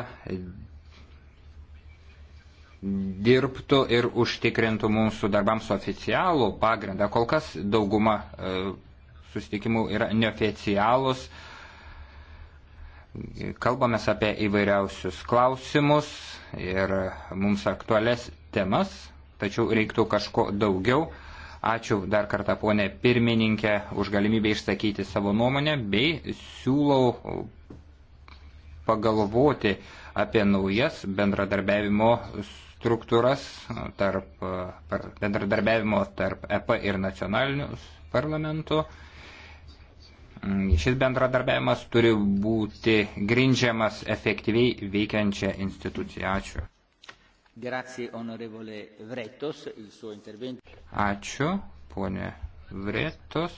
dirbtų ir užtikrintų mūsų darbams oficialų pagrindą. Kol kas dauguma e, susitikimų yra neoficialūs, kalbamės apie įvairiausius klausimus ir mums aktualias temas, tačiau reiktų kažko daugiau. Ačiū dar kartą ponė pirmininkė už galimybę išsakyti savo nuomonę bei siūlau pagalvoti apie naujas bendradarbiavimo struktūras tarp, bendradarbiavimo tarp EP ir nacionalinių parlamentų. Mm, šis bendradarbiavimas turi būti grindžiamas efektyviai veikiančią instituciją. Ačiū. Grazie, onorevole Vretos, il suo intervento. Ačiū, ponė Vretos.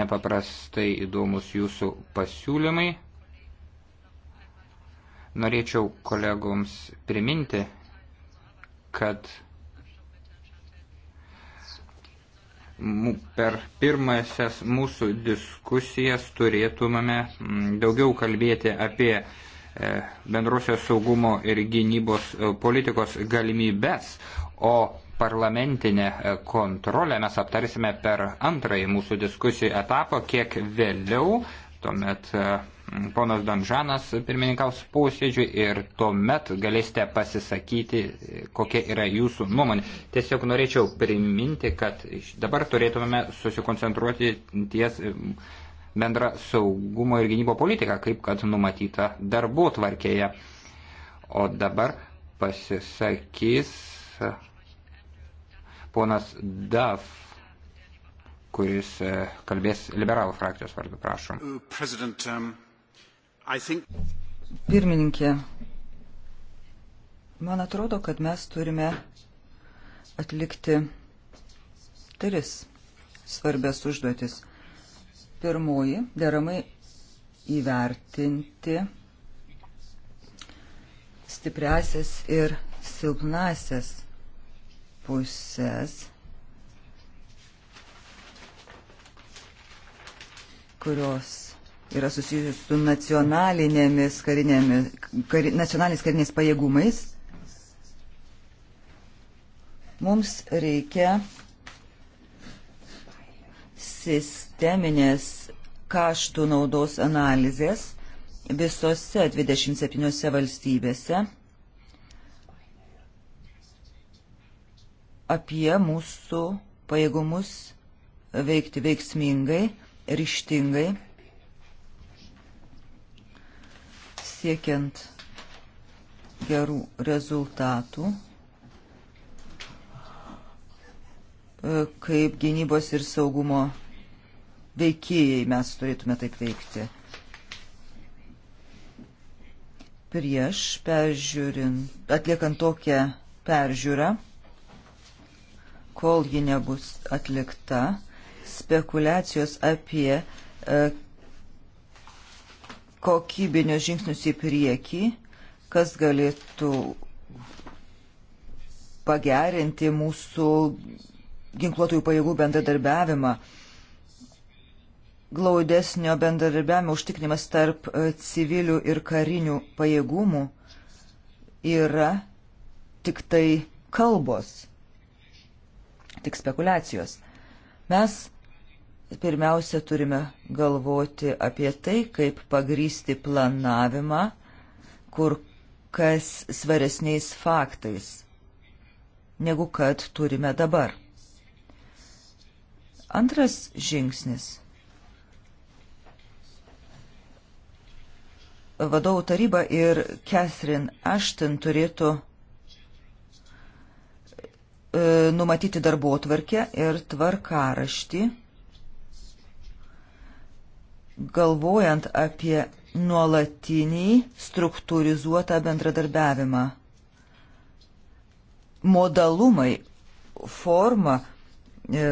Nepaprastai įdomus jūsų pasiūlymai. Norėčiau kolegoms priminti, kad per pirmasias mūsų diskusijas turėtumėme mm, daugiau kalbėti apie e, bendrosios saugumo ir gynybos e, politikos galimybės, o parlamentinę e, kontrolę mes aptarsime per antrąjį mūsų diskusijų etapą kiek vėliau, tuomet ponas Donžanas pirmininkaus posėdžiui ir tuomet galėsite pasisakyti, kokia yra jūsų nuomonė. Tiesiog norėčiau priminti, kad dabar turėtume susikoncentruoti ties e, bendra saugumo ir gynybo politika, kaip kad numatyta darbų tvarkėje. O dabar pasisakys ponas Daf kuris e, kalbės liberalų frakcijos vardu, prašom. Uh, president, um think... Pirmininkė, man atrodo, kad mes turime atlikti tris svarbės užduotis. Pirmoji, deramai įvertinti stipriasias ir silpnasias pusės, kurios yra susijusi su nacionalinėmis karinėmis, kari, nacionaliniais kariniais pajėgumais, mums reikia sisteminės kaštų naudos analizės visose 27 valstybėse apie mūsų pajėgumus veikti veiksmingai, ryštingai siekiant gerų rezultatų, e, kaip gynybos ir saugumo veikėjai mes turėtume taip veikti. Prieš peržiūrint, atliekant tokią peržiūrą, kol ji nebus atlikta, spekulacijos apie e, kokybinius žingsnius į priekį, kas galėtų pagerinti mūsų ginkluotųjų pajėgų bendradarbiavimą, glaudesnio bendradarbiavimo užtikrinimas tarp e, civilių ir karinių pajėgumų yra tik tai kalbos, tik spekulacijos. Mes pirmiausia turime galvoti apie tai, kaip pagrysti planavimą, kur kas svaresniais faktais, negu kad turime dabar. Antras žingsnis. Vadovų taryba ir Catherine Ashton turėtų e, numatyti darbo tvarkę ir tvarkaraštį galvojant apie nuolatinį struktūrizuotą bendradarbiavimą. Modalumai, forma e,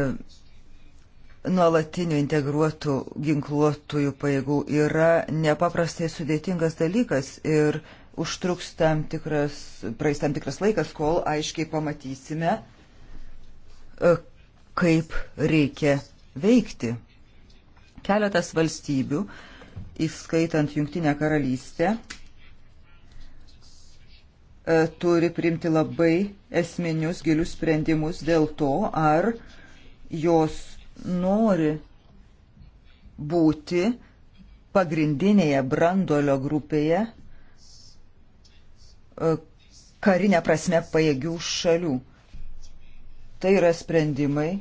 nuolatinių integruotų ginkluotųjų pajėgų yra nepaprastai sudėtingas dalykas ir užtruks tam tikras, praeis tam tikras laikas, kol aiškiai pamatysime, e, kaip reikia veikti keletas valstybių, įskaitant Junktinę karalystę, e, turi priimti labai esminius gilius sprendimus dėl to, ar jos nori būti pagrindinėje brandolio grupėje e, karinė prasme pajėgių šalių. Tai yra sprendimai,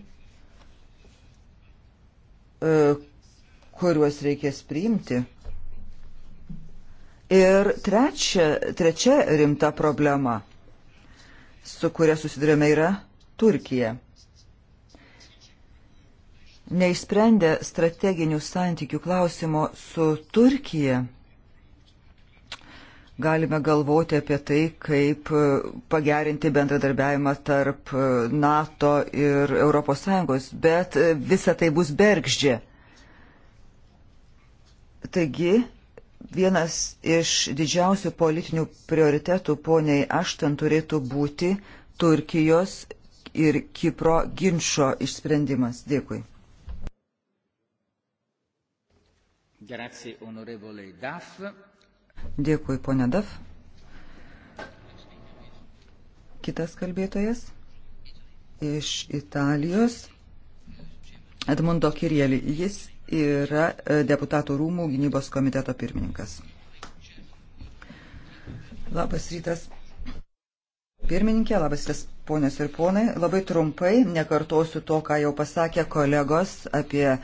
e, kuriuos reikės priimti. Ir trečia, trečia rimta problema, su kuria susidurėme, yra Turkija. Neišsprendę strateginių santykių klausimo su Turkija, galime galvoti apie tai, kaip pagerinti bendradarbiavimą tarp NATO ir ES, bet visa tai bus bergždžia. Taigi, vienas iš didžiausių politinių prioritetų poniai Aštan turėtų būti Turkijos ir Kipro ginčio išsprendimas. Dėkui. Grazie, Dėkui, ponė Daf. Kitas kalbėtojas iš Italijos, Edmundo Kirėlį. Jis yra e, deputatų rūmų gynybos komiteto pirmininkas. Labas rytas. Pirmininkė, labas rytas ponios ir ponai. Labai trumpai, nekartosiu to, ką jau pasakė kolegos apie e,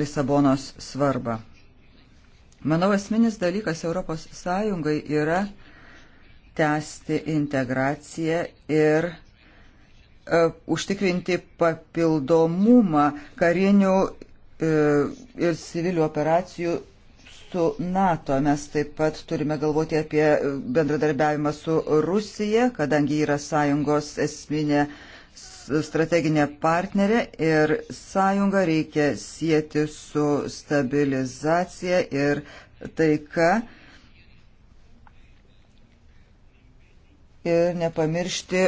Lisabonos svarbą. Manau, esminis dalykas Europos Sąjungai yra tęsti integraciją ir e, užtikrinti papildomumą karinių E, ir civilių operacijų su NATO. Mes taip pat turime galvoti apie bendradarbiavimą su Rusija, kadangi yra sąjungos esminė strateginė partnerė ir sąjungą reikia sieti su stabilizacija ir taika. Ir nepamiršti,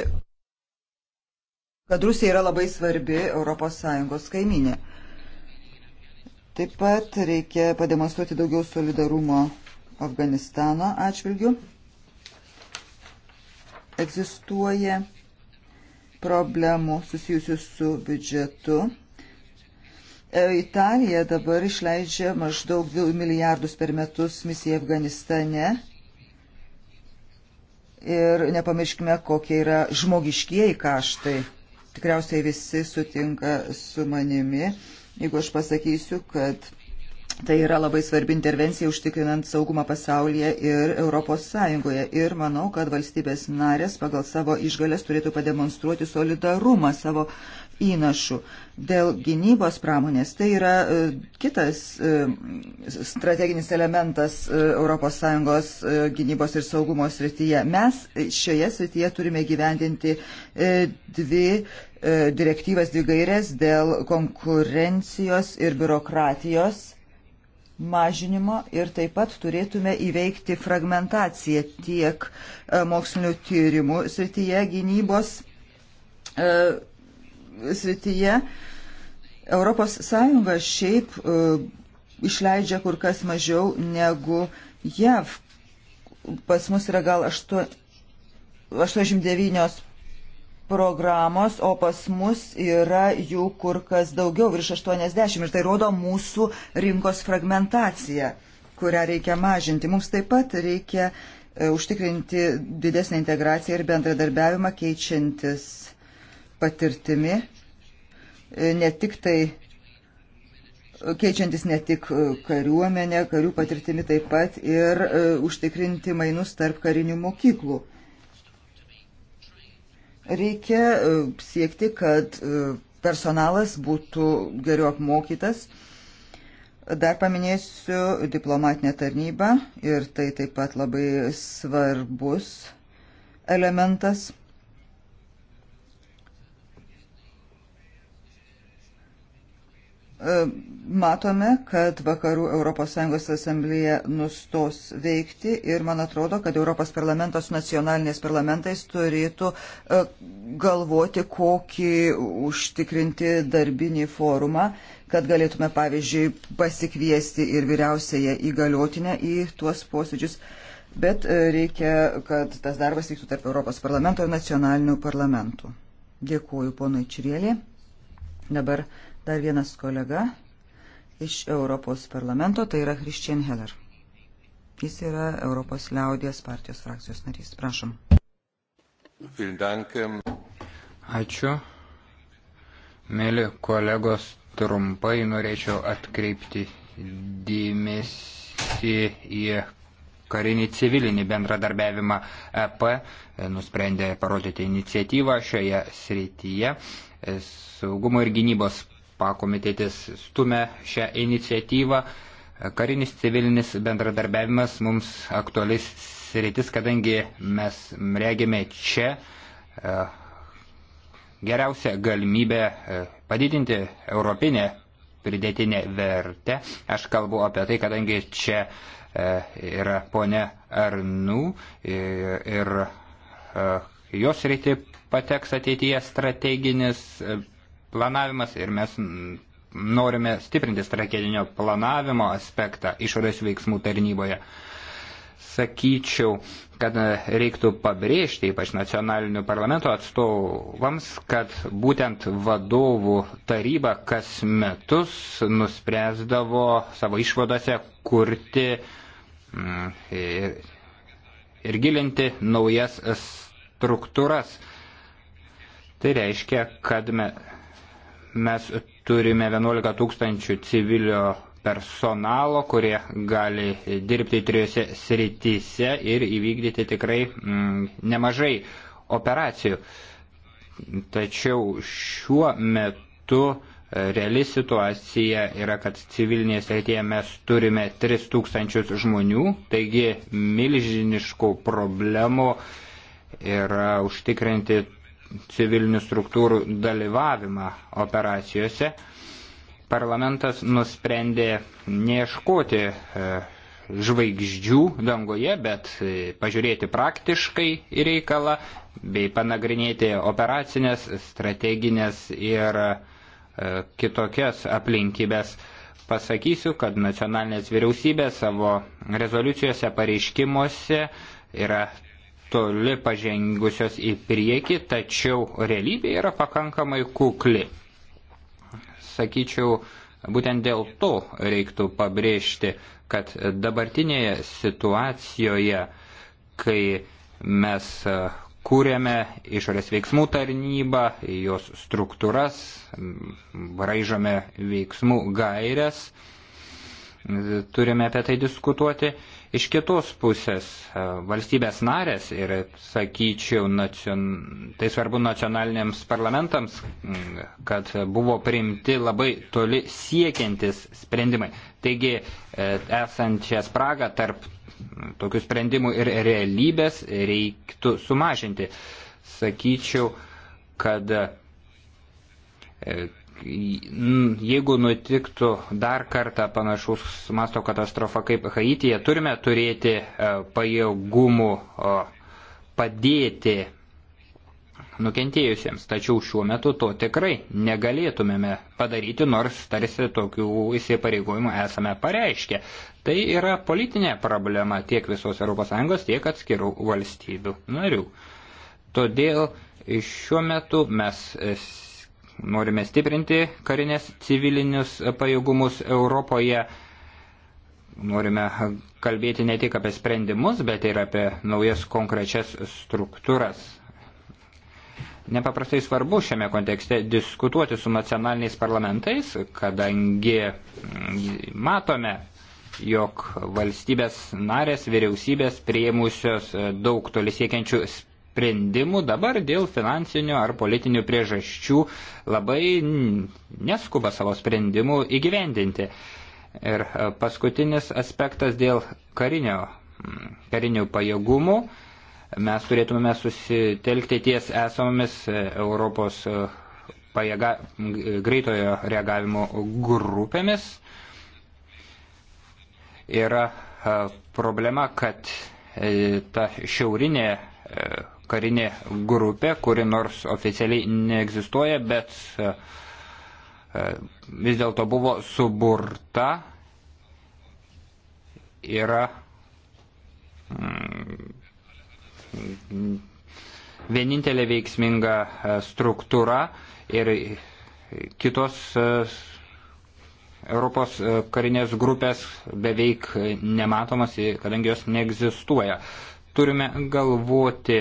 kad Rusija yra labai svarbi ES kaiminė. Taip pat reikia pademonstruoti daugiau solidarumo Afganistano atžvilgių. Egzistuoja problemų susijusių su biudžetu. E, Italija dabar išleidžia maždaug 2 milijardus per metus misijai Afganistane. Ir nepamirškime, kokie yra žmogiškieji kaštai. Tikriausiai visi sutinka su manimi jeigu aš pasakysiu, kad Tai yra labai svarbi intervencija užtikrinant saugumą pasaulyje ir Europos Sąjungoje. Ir manau, kad valstybės narės pagal savo išgalės turėtų pademonstruoti solidarumą savo įnašų. Dėl gynybos pramonės tai yra e, kitas e, strateginis elementas e, ES gynybos ir saugumo srityje. Mes šioje srityje turime gyvendinti dvi direktyvas, dvi gairės dėl konkurencijos ir biurokratijos mažinimo ir taip pat turėtume įveikti fragmentaciją tiek mokslinių tyrimų srityje, gynybos srityje ES šiaip e, išleidžia kur kas mažiau negu JAV. Pas mus yra gal 8, 89 programos, o pas mus yra jų kur kas daugiau, virš 80. Ir tai rodo mūsų rinkos fragmentaciją, kurią reikia mažinti. Mums taip pat reikia e, užtikrinti didesnį integraciją ir bendradarbiavimą keičiantis patirtimi ne tik tai keičiantis ne tik e, kariuomenę, karių patirtimi taip pat ir e, užtikrinti mainus tarp karinių mokyklų. Reikia e, siekti, kad personalas būtų geriau apmokytas. Dar paminėsiu diplomatinę tarnybą ir tai taip pat labai svarbus elementas. E, matome, kad vakarų ES asamblėje nustos veikti ir man atrodo, kad Europos parlamentas su nacionaliniais parlamentais turėtų e, galvoti, kokį užtikrinti darbinį forumą, kad galėtume, pavyzdžiui, pasikviesti ir vyriausiąją įgaliotinę į tuos posėdžius. Bet e, reikia, kad tas darbas vyktų tarp Europos parlamento ir nacionalinių parlamentų. Dėkuoju ponui Čirėlė. Dabar uh, dar vienas kolega iš Europos parlamento, tai yra Christian Heller. Jis yra Europos liaudės partijos frakcijos narys. Prašom. Ähm. Ačiū. Mėly kolegos, trumpai norėčiau atkreipti dėmesį į karinį civilinį bendradarbiavimą EP. E, nusprendė parodyti iniciatyvą šioje srityje. E, saugumo ir gynybos pakomitėtis stumia šią iniciatyvą. Karinis civilinis bendradarbiavimas mums aktualis sritis, kadangi mes regime čia e, geriausią galimybę e, padidinti europinę pridėtinę vertę. Aš kalbu apie tai, kadangi čia e, yra ponia Arnų ir jos reiti pateks ateityje strateginis planavimas ir mes norime stiprinti strateginio planavimo aspektą išorės veiksmų tarnyboje. Sakyčiau, kad e, reiktų pabrėžti, ypač nacionalinių parlamento atstovams, kad būtent vadovų taryba kas metus nuspręsdavo savo išvadose kurti mm, ir, ir gilinti naujas struktūras. Tai reiškia, kad me, mes turime 11 tūkstančių civilio personalo, kurie gali dirbti trijose srityse ir įvykdyti tikrai mm, nemažai operacijų. Tačiau šiuo metu e, reali situacija yra, kad civilinėje srityje mes turime 3000 žmonių, taigi milžiniškų problemų yra užtikrinti civilinių struktūrų dalyvavimą operacijose, parlamentas nusprendė neieškoti e, žvaigždžių dangoje, bet e, pažiūrėti praktiškai į reikalą bei panagrinėti operacinės, strateginės ir e, kitokias aplinkybės. Pasakysiu, kad nacionalinės vyriausybės savo rezoliucijose, pareiškimuose yra toli pažengusios į priekį, tačiau realybė yra pakankamai kukli. Sakyčiau, būtent dėl to reiktų pabrėžti, kad dabartinėje situacijoje, kai mes kūrėme išorės veiksmų tarnybą, jos struktūras, braižome veiksmų gairias, turime apie tai diskutuoti Iš kitos pusės e, valstybės narės ir, sakyčiau, nacion... tai svarbu nacionaliniams parlamentams, kad buvo priimti labai toli siekiantis sprendimai. Taigi, e, esančią spragą tarp tokių sprendimų ir realybės reiktų sumažinti. Sakyčiau, kad e, jeigu nutiktų dar kartą panašaus masto katastrofa kaip Haityje, turime turėti e, pajėgumų padėti nukentėjusiems, tačiau šiuo metu to tikrai negalėtumėme padaryti, nors tarsi tokių įsipareigojimų esame pareiškę. Tai yra politinė problema tiek visos ES, tiek atskirų valstybių narių. Todėl šiuo metu mes norime stiprinti karinės civilinius pajėgumus Europoje. Norime kalbėti ne tik apie sprendimus, bet ir apie naujas konkrečias struktūras. Nepaprastai svarbu šiame kontekste diskutuoti su nacionaliniais parlamentais, kadangi matome, jog valstybės narės, vyriausybės prieimusios daug tolisiekiančių sprendimų sprendimų dabar dėl finansinių ar politinių priežasčių labai neskuba savo sprendimų įgyvendinti. Ir e, paskutinis aspektas dėl karinio, karinių pajėgumų. Mes turėtume susitelkti ties esamomis e, Europos e, pajėga, greitojo reagavimo grupėmis. Yra problema, kad ta šiaurinė karinė grupė, kuri nors oficialiai neegzistuoja, bet e, e, vis dėlto buvo suburta, yra mm, vienintelė veiksminga e, struktūra ir kitos Europos karinės grupės beveik nematomas, kadangi jos neegzistuoja. Turime galvoti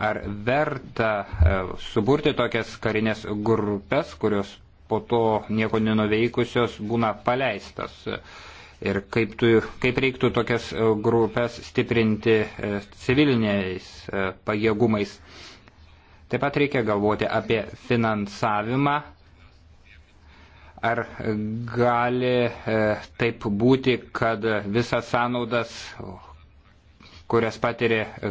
Ar verta e, suburti tokias karinės grupės, kurios po to nieko nenuveikusios būna paleistas? Ir kaip, tu, kaip reiktų tokias e, grupės stiprinti e, civiliniais pajėgumais? Taip pat reikia galvoti apie finansavimą. Ar gali taip būti, kad visas sąnaudas kurias patiria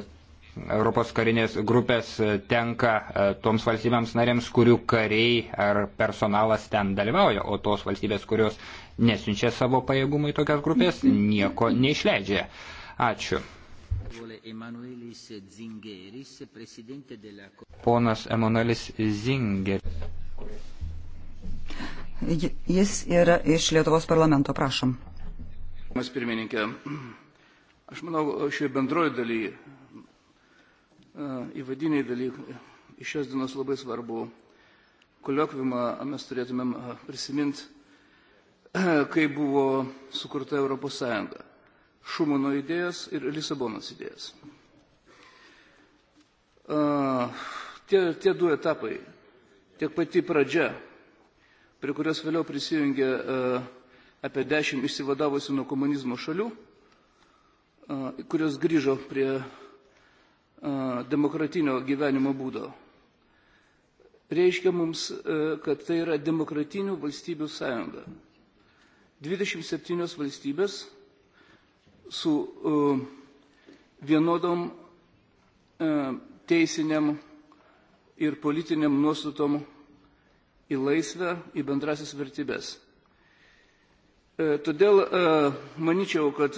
Europos karinės grupės tenka e, toms valstybėms narėms, kurių kariai ar personalas ten dalyvauja, o tos valstybės, kurios nesiunčia savo pajėgumų į tokias grupės, nieko neišleidžia. Ačiū. Ponas Emanuelis Zingeris. Jis yra iš Lietuvos parlamento, prašom. Mas pirmininkė, aš manau, šioje bendroje dalyje įvadiniai dalykai iš šios dienos labai svarbu koliokvimą mes turėtumėm prisiminti, kai buvo sukurta Europos Sąjunga. Šumano idėjas ir Lisabonos idėjas. Tie, tie du etapai, tiek pati pradžia, prie kurios vėliau prisijungė apie dešimt išsivadavusių nuo komunizmo šalių, kurios grįžo prie demokratinio gyvenimo būdo. Reiškia mums, kad tai yra demokratinių valstybių sąjunga. 27 valstybės su vienodom teisiniam ir politiniam nuostatom į laisvę, į bendrasis vertybės. E, todėl manyčiau, kad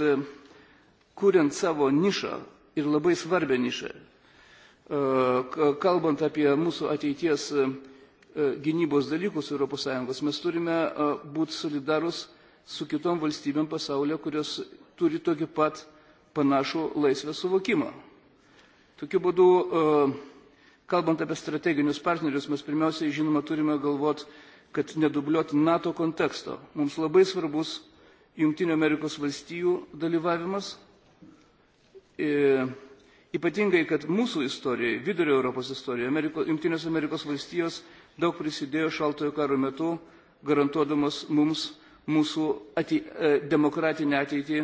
kuriant savo nišą ir labai svarbę nišą. E, kalbant apie mūsų ateities e, e, gynybos dalykus ES, mes turime būti solidarus su kitom valstybėm pasaulio, kurios turi tokį pat panašų laisvę suvokimą. Tokiu būdu, kalbant apie strateginius partnerius, mes pirmiausiai, žinoma, turime galvoti, kad nedubliuoti NATO konteksto. Mums labai svarbus Junktinių Amerikos valstijų dalyvavimas E, ypatingai, kad mūsų istorijoje, vidurio Europos istorijoje, Ameriko, Junktinės Amerikos valstijos daug prisidėjo šaltojo karo metu, garantuodamas mums mūsų atei, e, demokratinę ateitį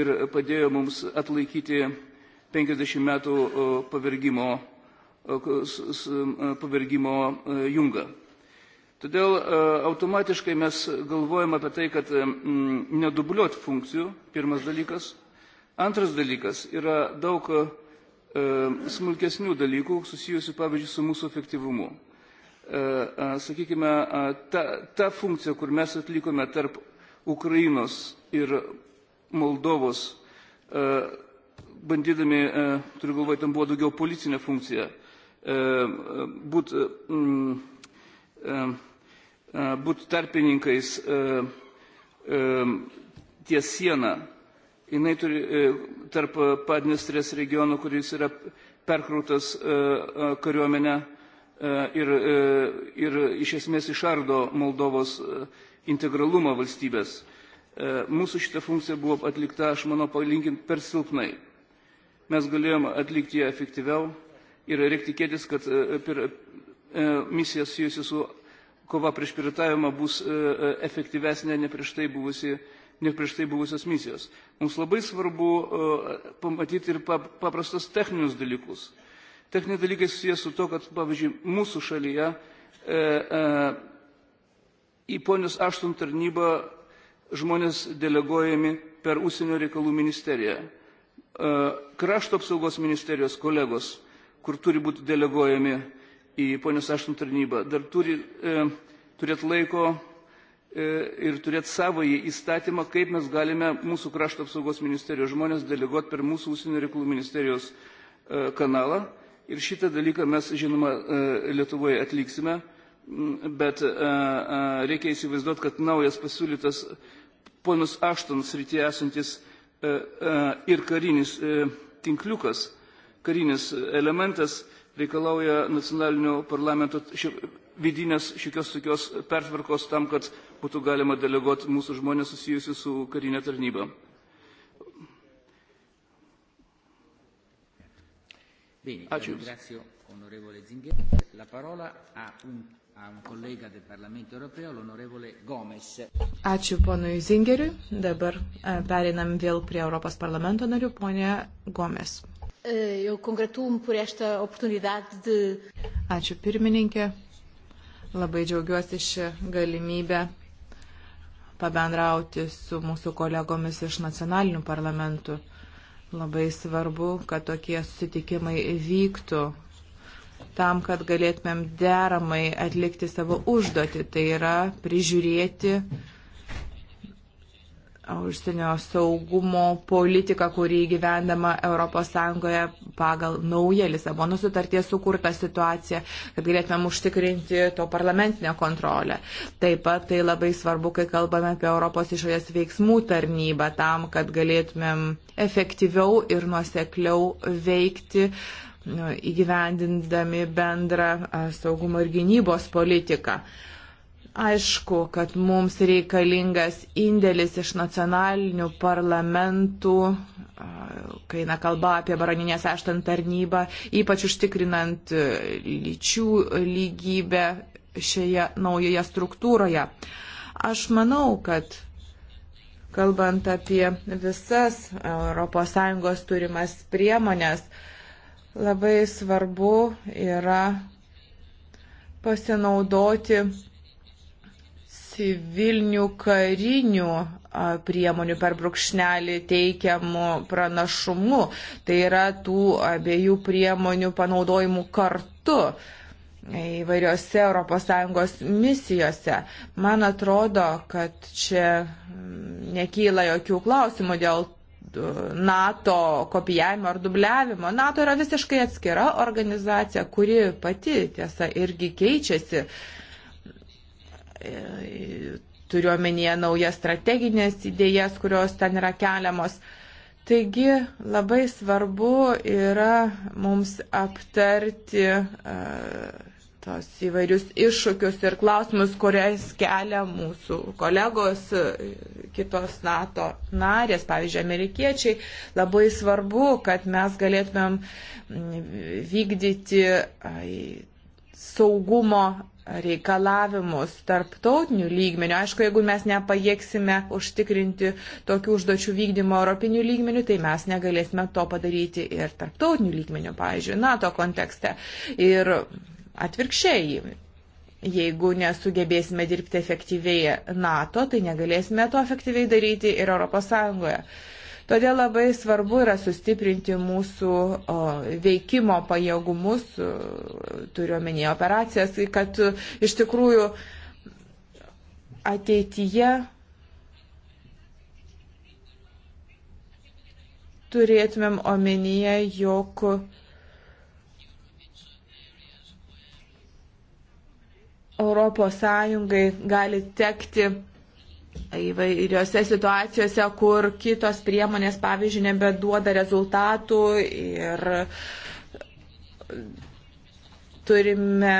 ir padėjo mums atlaikyti 50 metų pavergimo, pavergimo e, jungą. Todėl automatiškai mes galvojame apie tai, kad nedubliuot funkcijų, pirmas dalykas – Antras dalykas yra daug e, smulkesnių dalykų susijusių, pavyzdžiui, su mūsų efektyvumu. E, a, e, sakykime, a, e, ta, ta funkcija, kur mes atlikome tarp Ukrainos ir Moldovos, e, bandydami, e, turiu galvoje, tam buvo daugiau policinė funkcija, būt, mm, būt tarpininkais ties sieną jinai turi e, tarp Padnistrės regionų, kuris yra perkrautas e, e, kariuomenę ir, ir iš esmės išardo Moldovos integralumą valstybės. Mūsų šita funkcija buvo atlikta, aš manau, palinkint per silpnai. Mes galėjom atlikti ją efektyviau ir reikia tikėtis, kad per misiją susijusi su kova prieš piratavimą bus efektyvesnė, ne prieš tai buvusi negu prieš tai buvusios misijos. Mums labai svarbu e, pamatyti ir paprastus techninius dalykus. Techniniai dalykai susijęs su to, kad, pavyzdžiui, mūsų šalyje e, e, į ponius aštuom tarnybą žmonės deleguojami per užsienio reikalų ministeriją. E, krašto apsaugos ministerijos kolegos, kur turi būti deleguojami į ponius aštuom tarnybą, dar turi e, turėti laiko E, ir turėti savoje įstatymą, kaip mes galime mūsų krašto apsaugos ministerijos žmonės deleguoti per mūsų užsienio reikalų ministerijos e, kanalą. Ir šitą dalyką mes, žinoma, e, Lietuvoje atliksime, mm, bet reikia įsivaizduoti, kad naujas pasiūlytas ponus Aštons rytyje esantis ir karinis tinkliukas, karinis elementas reikalauja nacionalinio parlamento vidinės šiokios tokios pertvarkos tam, kad būtų galima deleguoti mūsų žmonės susijusių su karinė tarnyba. Ačiū. Ačiū ponui Zingeriui. Dabar e, perinam vėl prie Europos parlamento narių, ponė Gomes. E, eu congratulo-me por esta oportunidade de. Ačiū pirmininkė. Labai džiaugiuosi šią galimybę pabendrauti su mūsų kolegomis iš nacionalinių parlamentų. Labai svarbu, kad tokie susitikimai vyktų tam, kad galėtumėm deramai atlikti savo užduotį, tai yra prižiūrėti uh, užsienio saugumo politiką, kurį gyvendama ES pagal naują Lisabono sutartį sukurtą situaciją, kad galėtumėm užtikrinti to parlamentinę kontrolę. Taip pat tai labai svarbu, kai kalbame apie Europos išorės veiksmų tarnybą, tam, kad galėtumėm efektyviau ir nuosekliau veikti nu, įgyvendindami bendrą saugumo ir gynybos politiką. Uh, Aišku, kad mums reikalingas indėlis iš nacionalinių parlamentų, kai na kalba apie baroninės aštant tarnybą, ypač užtikrinant e, lyčių lygybę šioje naujoje struktūroje. Aš manau, kad kalbant apie visas ES turimas priemonės, labai svarbu yra pasinaudoti civilinių karinių priemonių per brūkšnelį teikiamų pranašumų. Tai yra tų abiejų priemonių panaudojimų kartu įvairiose ES misijose. Man atrodo, kad čia mm, nekyla jokių klausimų dėl NATO kopijavimo ar dubliavimo. NATO yra visiškai atskira organizacija, kuri pati tiesa irgi keičiasi. Uh, turiuomenyje naujas strateginės idėjas, kurios ten yra keliamos. Taigi labai svarbu yra mums aptarti uh, tos įvairius iššūkius ir klausimus, kurias kelia mūsų kolegos, e, kitos NATO narės, pavyzdžiui, amerikiečiai. Labai svarbu, kad mes galėtumėm vykdyti uh, saugumo reikalavimus tarptautinių lygmenių. Aišku, jeigu mes nepajėgsime užtikrinti tokių užduočių vykdymo europinių lygmenių, tai mes negalėsime to padaryti ir tarptautinių lygmenių, pavyzdžiui, NATO kontekste. Ir atvirkščiai, jeigu nesugebėsime dirbti efektyviai NATO, tai negalėsime to efektyviai daryti ir ES. Todėl labai svarbu yra sustiprinti mūsų veikimo pajėgumus, turiuomenėje operacijas, kad iš tikrųjų ateityje turėtumėm omenyje, jog Europos Sąjungai gali tekti įvairiose situacijose, kur kitos priemonės, pavyzdžiui, nebeduoda rezultatų ir turime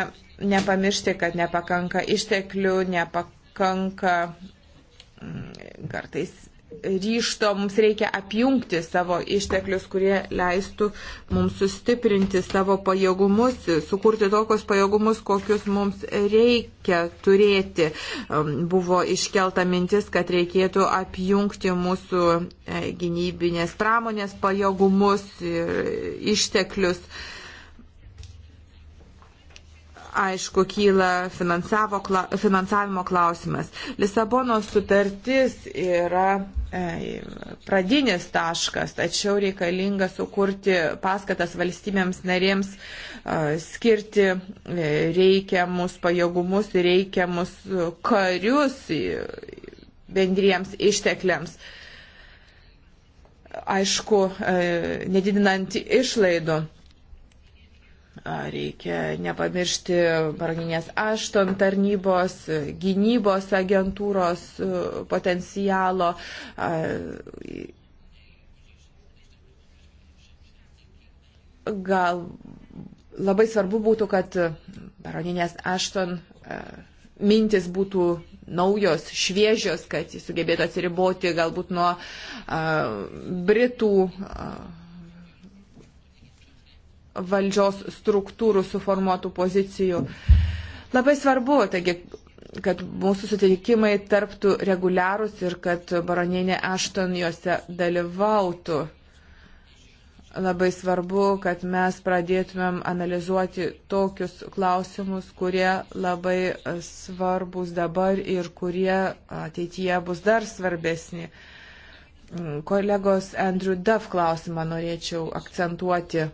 nepamiršti, kad nepakanka išteklių, nepakanka mm, kartais ryšto mums reikia apjungti savo išteklius, kurie leistų mums sustiprinti savo pajėgumus, sukurti tokius pajėgumus, kokius mums reikia turėti. Um, buvo iškelta mintis, kad reikėtų apjungti mūsų e, gynybinės pramonės pajėgumus ir e, išteklius aišku, kyla finansavimo klausimas. Lisabono sutartis yra E, pradinis taškas, tačiau reikalinga sukurti paskatas valstybėms narėms e, skirti e, reikiamus pajėgumus ir reikiamus karius bendriems ištekliams. Aišku, nedidinant išlaidų. Reikia nepamiršti paraginės ašton tarnybos, gynybos agentūros e, potencialo. Gal labai svarbu būtų, kad baroninės ašton e, mintis būtų naujos, šviežios, kad jis sugebėtų atsiriboti galbūt nuo e, Britų. A, valdžios struktūrų suformuotų pozicijų. Labai svarbu, taigi, kad mūsų sutikimai tarptų reguliarūs ir kad baronienė Ašton juose dalyvautų. Labai svarbu, kad mes pradėtumėm analizuoti tokius klausimus, kurie labai svarbus dabar ir kurie ateityje bus dar svarbesni kolegos Andrew Duff klausimą norėčiau akcentuoti.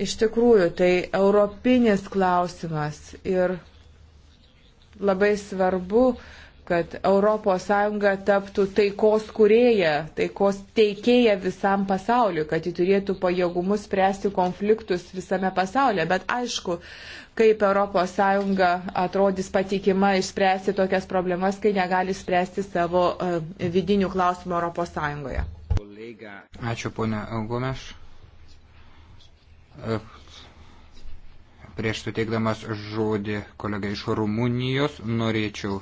Iš tikrųjų, tai europinis klausimas ir labai svarbu, kad ES taptų taikos kurėja, taikos teikėja visam pasauliu, kad ji turėtų pajėgumus spręsti konfliktus visame pasaulyje. Bet aišku, kaip ES atrodys patikima išspręsti tokias problemas, kai negali spręsti savo e, vidinių klausimų ES. Ačiū, ponia Gomeš. E, prieš suteikdamas žodį kolegai iš Rumunijos norėčiau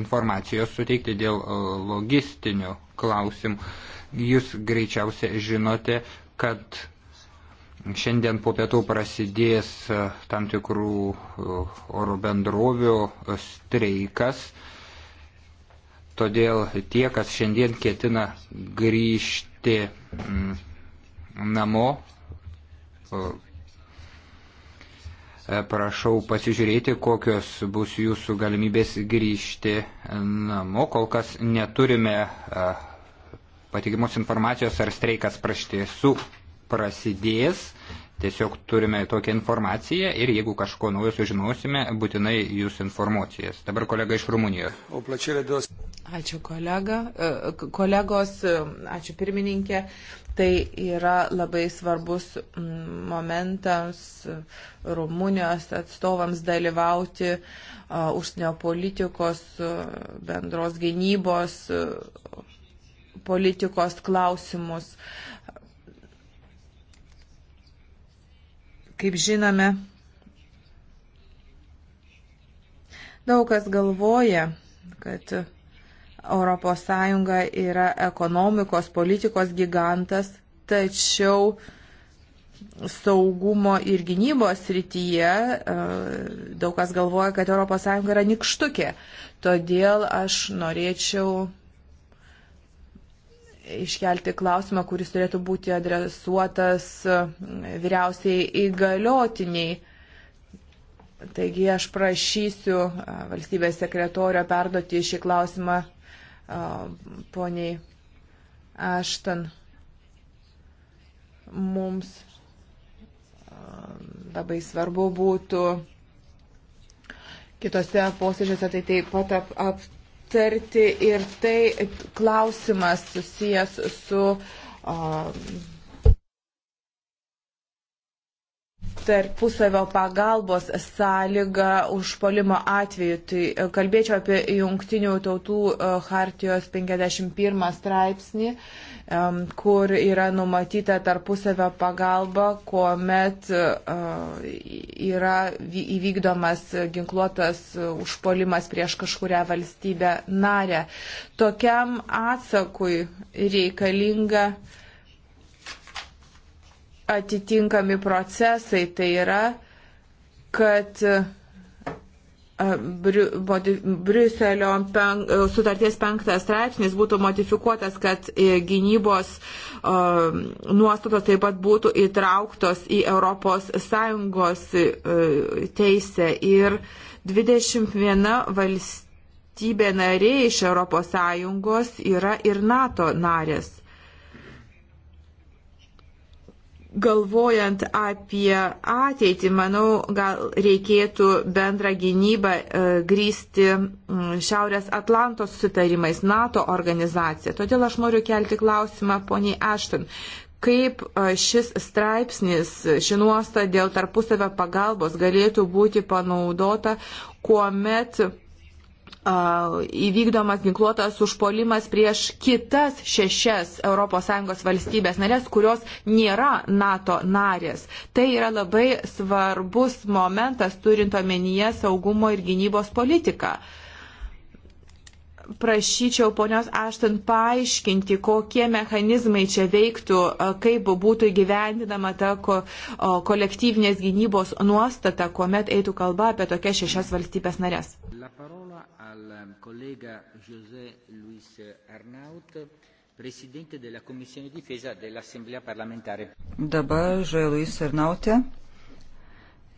informacijos suteikti dėl e, logistinių klausimų. Jūs greičiausiai žinote, kad šiandien po pietų prasidės e, tam tikrų oro bendrovių streikas. Todėl tie, kas šiandien ketina grįžti namo, Prašau pasižiūrėti, kokios bus jūsų galimybės grįžti namo. Kol kas neturime patikimos informacijos, ar streikas praštiesų prasidės. Tiesiog turime tokią informaciją ir jeigu kažko naujo sužinosime, būtinai jūs informuosijas. Dabar kolega iš Rumunijos. Ačiū kolega, e, kolegos, e, ačiū pirmininkė. Tai yra labai svarbus mm, momentas Rumunijos atstovams dalyvauti užsienio politikos, bendros gynybos politikos klausimus. Kaip žinome, daug kas galvoja, kad ES yra ekonomikos, politikos gigantas, tačiau saugumo ir gynybos srityje e, daug kas galvoja, kad ES yra nikštukė. Todėl aš norėčiau iškelti klausimą, kuris turėtų būti adresuotas e, vyriausiai įgaliotiniai. Taigi aš prašysiu e, valstybės sekretorio perduoti šį klausimą poniai Aštan. Mums labai svarbu būtų kitose posėdžiuose tai taip pat ap, aptarti ir tai klausimas susijęs su o, tarpusavio pagalbos sąlyga užpolimo atveju. Tai e, kalbėčiau apie Junktinių tautų e, hartijos 51 straipsnį, kur yra numatyta tarpusavio pagalba, kuomet e, yra įvykdomas ginkluotas užpolimas prieš kažkuria valstybę narę. Tokiam atsakui reikalinga atitinkami procesai. Tai yra, kad e, Briuselio penk, e, sutarties penktas straipsnis būtų modifikuotas, kad e, gynybos nuostatos taip pat būtų įtrauktos į ES teisę ir 21 valstybė narė iš ES yra ir NATO narės. galvojant apie ateitį, manau, gal reikėtų bendrą gynybą e, grįsti mm, Šiaurės Atlanto susitarimais NATO organizacija. Todėl aš noriu kelti klausimą poniai Ashton. Kaip e, šis straipsnis, ši nuosta dėl tarpusavio pagalbos galėtų būti panaudota, kuomet įvykdomas ginkluotas užpolimas prieš kitas šešias ES valstybės narės, kurios nėra NATO narės. Tai yra labai svarbus momentas turint omenyje saugumo ir gynybos politiką. Prašyčiau ponios Ašton paaiškinti, kokie mechanizmai čia veiktų, kaip būtų įgyvendinama ta ko, kolektyvinės gynybos nuostata, kuomet eitų kalba apie tokias šešias valstybės narės dal ehm, collega José Luis Arnaut, Presidente della Commissione Difesa dell'Assemblea parlamentare. Dabar José Luis Arnautė.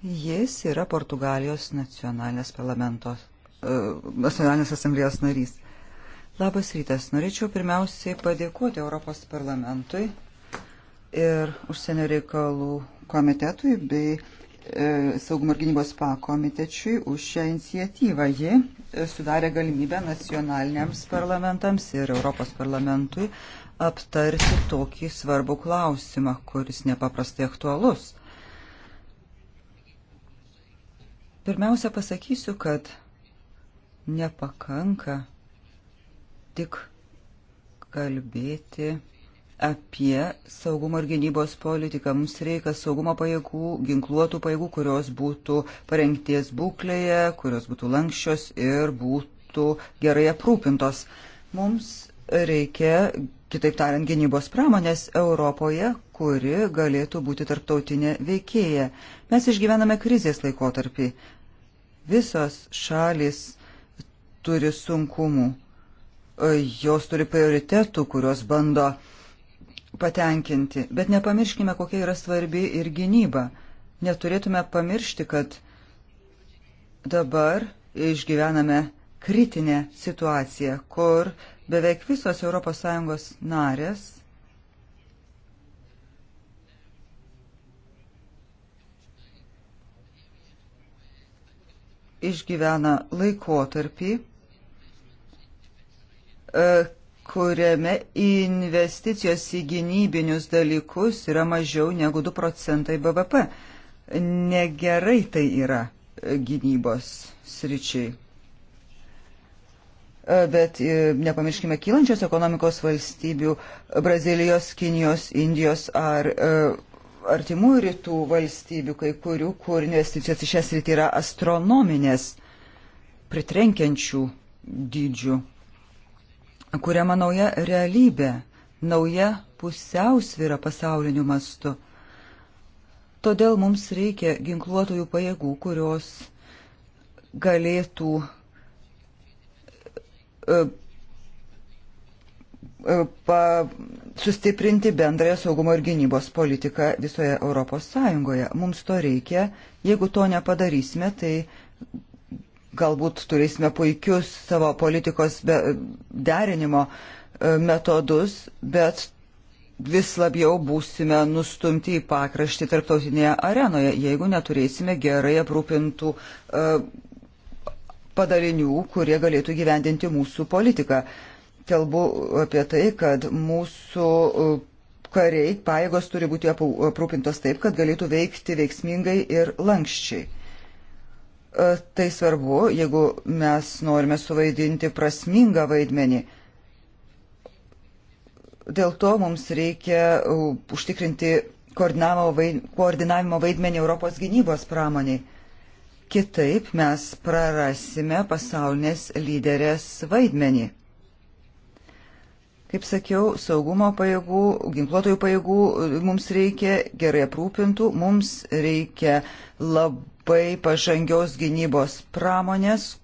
Jis yra Portugalijos nacionalinės parlamentos, uh, e, nacionalinės asamblėjos narys. Labas rytas. Norėčiau pirmiausiai padėkoti Europos parlamentui ir užsienio reikalų komitetui bei E, saugumo ir gynybos pakomitečiui už šią iniciatyvą. Ji e, sudarė galimybę nacionaliniams parlamentams ir Europos parlamentui aptarti tokį svarbų klausimą, kuris nepaprastai aktualus. Pirmiausia, pasakysiu, kad nepakanka tik kalbėti apie saugumo ir gynybos politiką. Mums reikia saugumo pajėgų, ginkluotų pajėgų, kurios būtų parengties būklėje, kurios būtų lankščios ir būtų gerai aprūpintos. Mums reikia, kitaip tariant, gynybos pramonės Europoje, kuri galėtų būti tarptautinė veikėja. Mes išgyvename krizės laikotarpį. Visos šalis turi sunkumų. Jos turi prioritetų, kurios bando uh, patenkinti. Bet nepamirškime, kokia yra svarbi ir gynyba. Neturėtume pamiršti, kad dabar išgyvename kritinę situaciją, kur beveik visos ES narės išgyvena laikotarpį, e, kuriame investicijos į gynybinius dalykus yra mažiau negu 2 procentai BVP. Negerai tai yra e, gynybos sričiai. E, bet e, nepamirškime kylančios ekonomikos valstybių - Brazilijos, Kinijos, Indijos ar artimųjų rytų valstybių, kai kurių, kur investicijos į šią sritį yra astronominės, pritrenkiančių dydžių kuriama nauja realybė, nauja pusiausvyra pasauliniu mastu. Todėl mums reikia ginkluotojų pajėgų, kurios galėtų e, e, pa, sustiprinti bendrąją saugumo ir gynybos politiką visoje Europos Sąjungoje. Mums to reikia. Jeigu to nepadarysime, tai galbūt turėsime puikius savo politikos derinimo e, metodus, bet vis labiau būsime nustumti į pakraštį tarptautinėje arenoje, jeigu neturėsime gerai aprūpintų e, padalinių, kurie galėtų gyvendinti mūsų politiką. Kalbu apie tai, kad mūsų e, kariai, paėgos turi būti aprūpintos taip, kad galėtų veikti veiksmingai ir lankščiai. E, tai svarbu, jeigu mes norime suvaidinti prasmingą vaidmenį. Dėl to mums reikia užtikrinti koordinavimo vaidmenį Europos gynybos pramoniai. Kitaip mes prarasime pasaulinės lyderės vaidmenį. Kaip sakiau, saugumo pajėgų, ginkluotojų pajėgų e, mums reikia gerai aprūpintų, mums reikia labai labai pažangios gynybos pramonės.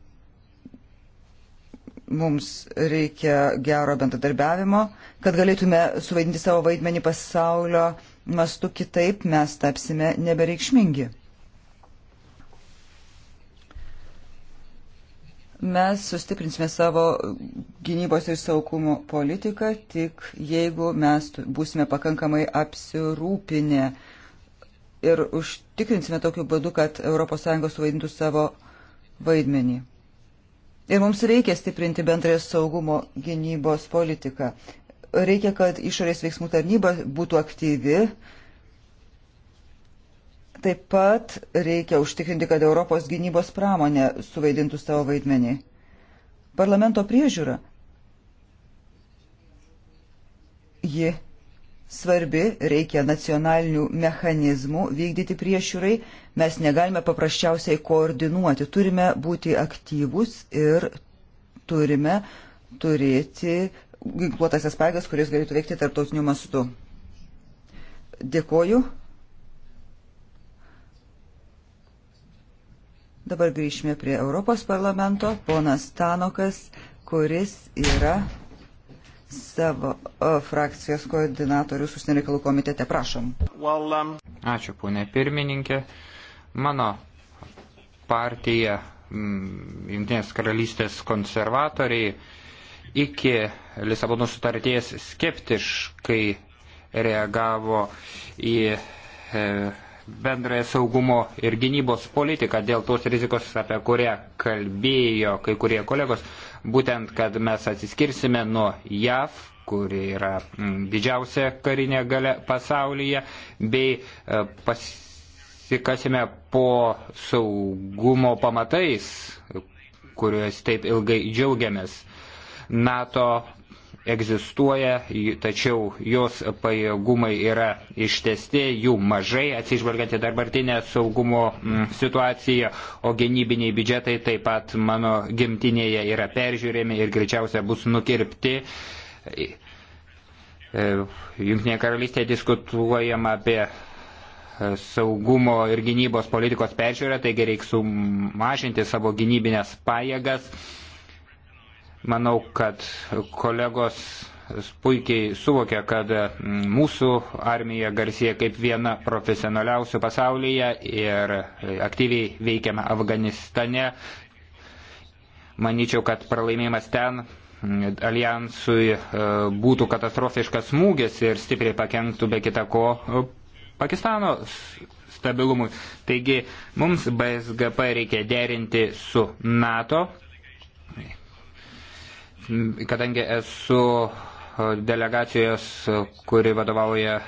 Mums reikia gero bendradarbiavimo, kad galėtume suvaidinti savo vaidmenį pasaulio mastu kitaip mes tapsime nebereikšmingi. Mes sustiprinsime savo gynybos ir saugumo politiką tik jeigu mes būsime pakankamai apsirūpinę ir užtikrinti užtikrinsime tokiu būdu, kad ES suvaidintų savo vaidmenį. Ir mums reikia stiprinti bendrąją saugumo gynybos politiką. Reikia, kad išorės veiksmų tarnyba būtų aktyvi. Taip pat reikia užtikrinti, kad Europos gynybos pramonė suvaidintų savo vaidmenį. Parlamento priežiūra. Ji svarbi, reikia nacionalinių mechanizmų vykdyti priešiūrai, mes negalime paprasčiausiai koordinuoti, turime būti aktyvus ir turime turėti ginkluotasias paėgas, kuris galėtų veikti tarptautiniu mastu. Dėkoju. Dabar grįžime prie Europos parlamento. Ponas Tanokas, kuris yra savo frakcijos koordinatorius užsienio reikalų komitete. Prašom. Um, Ačiū, ponė pirmininkė. Mano partija, mm, Junktinės karalystės konservatoriai, iki Lisabono sutarties skeptiškai reagavo į e, bendrąją saugumo ir gynybos politiką dėl tos rizikos, apie kurią kalbėjo kai kurie kolegos būtent, kad mes atsiskirsime nuo JAV kuri yra mm, didžiausia karinė gale pasaulyje, bei e, pasikasime po saugumo pamatais, kuriuos taip ilgai džiaugiamės. NATO egzistuoja, tačiau jos pajėgumai yra ištesti, jų mažai atsižvelgiant į dabartinę saugumo mm, situaciją, o gynybiniai biudžetai taip pat mano gimtinėje yra peržiūrėmi ir greičiausia bus nukirpti. E, e, Junktinėje karalystėje diskutuojama apie e, saugumo ir gynybos politikos peržiūrą, taigi reiks sumažinti savo gynybinės pajėgas. Manau, kad kolegos puikiai suvokia, kad mm, mūsų armija garsėja kaip viena profesionaliausių pasaulyje ir aktyviai veikiame Afganistane. Manyčiau, kad pralaimėjimas ten mm, alijansui e, būtų katastrofiškas smūgis ir stipriai pakenktų be kita ko e, Pakistano stabilumui. Taigi mums BSGP reikia derinti su NATO kadangi esu e, delegacijos, kuri vadovauja e,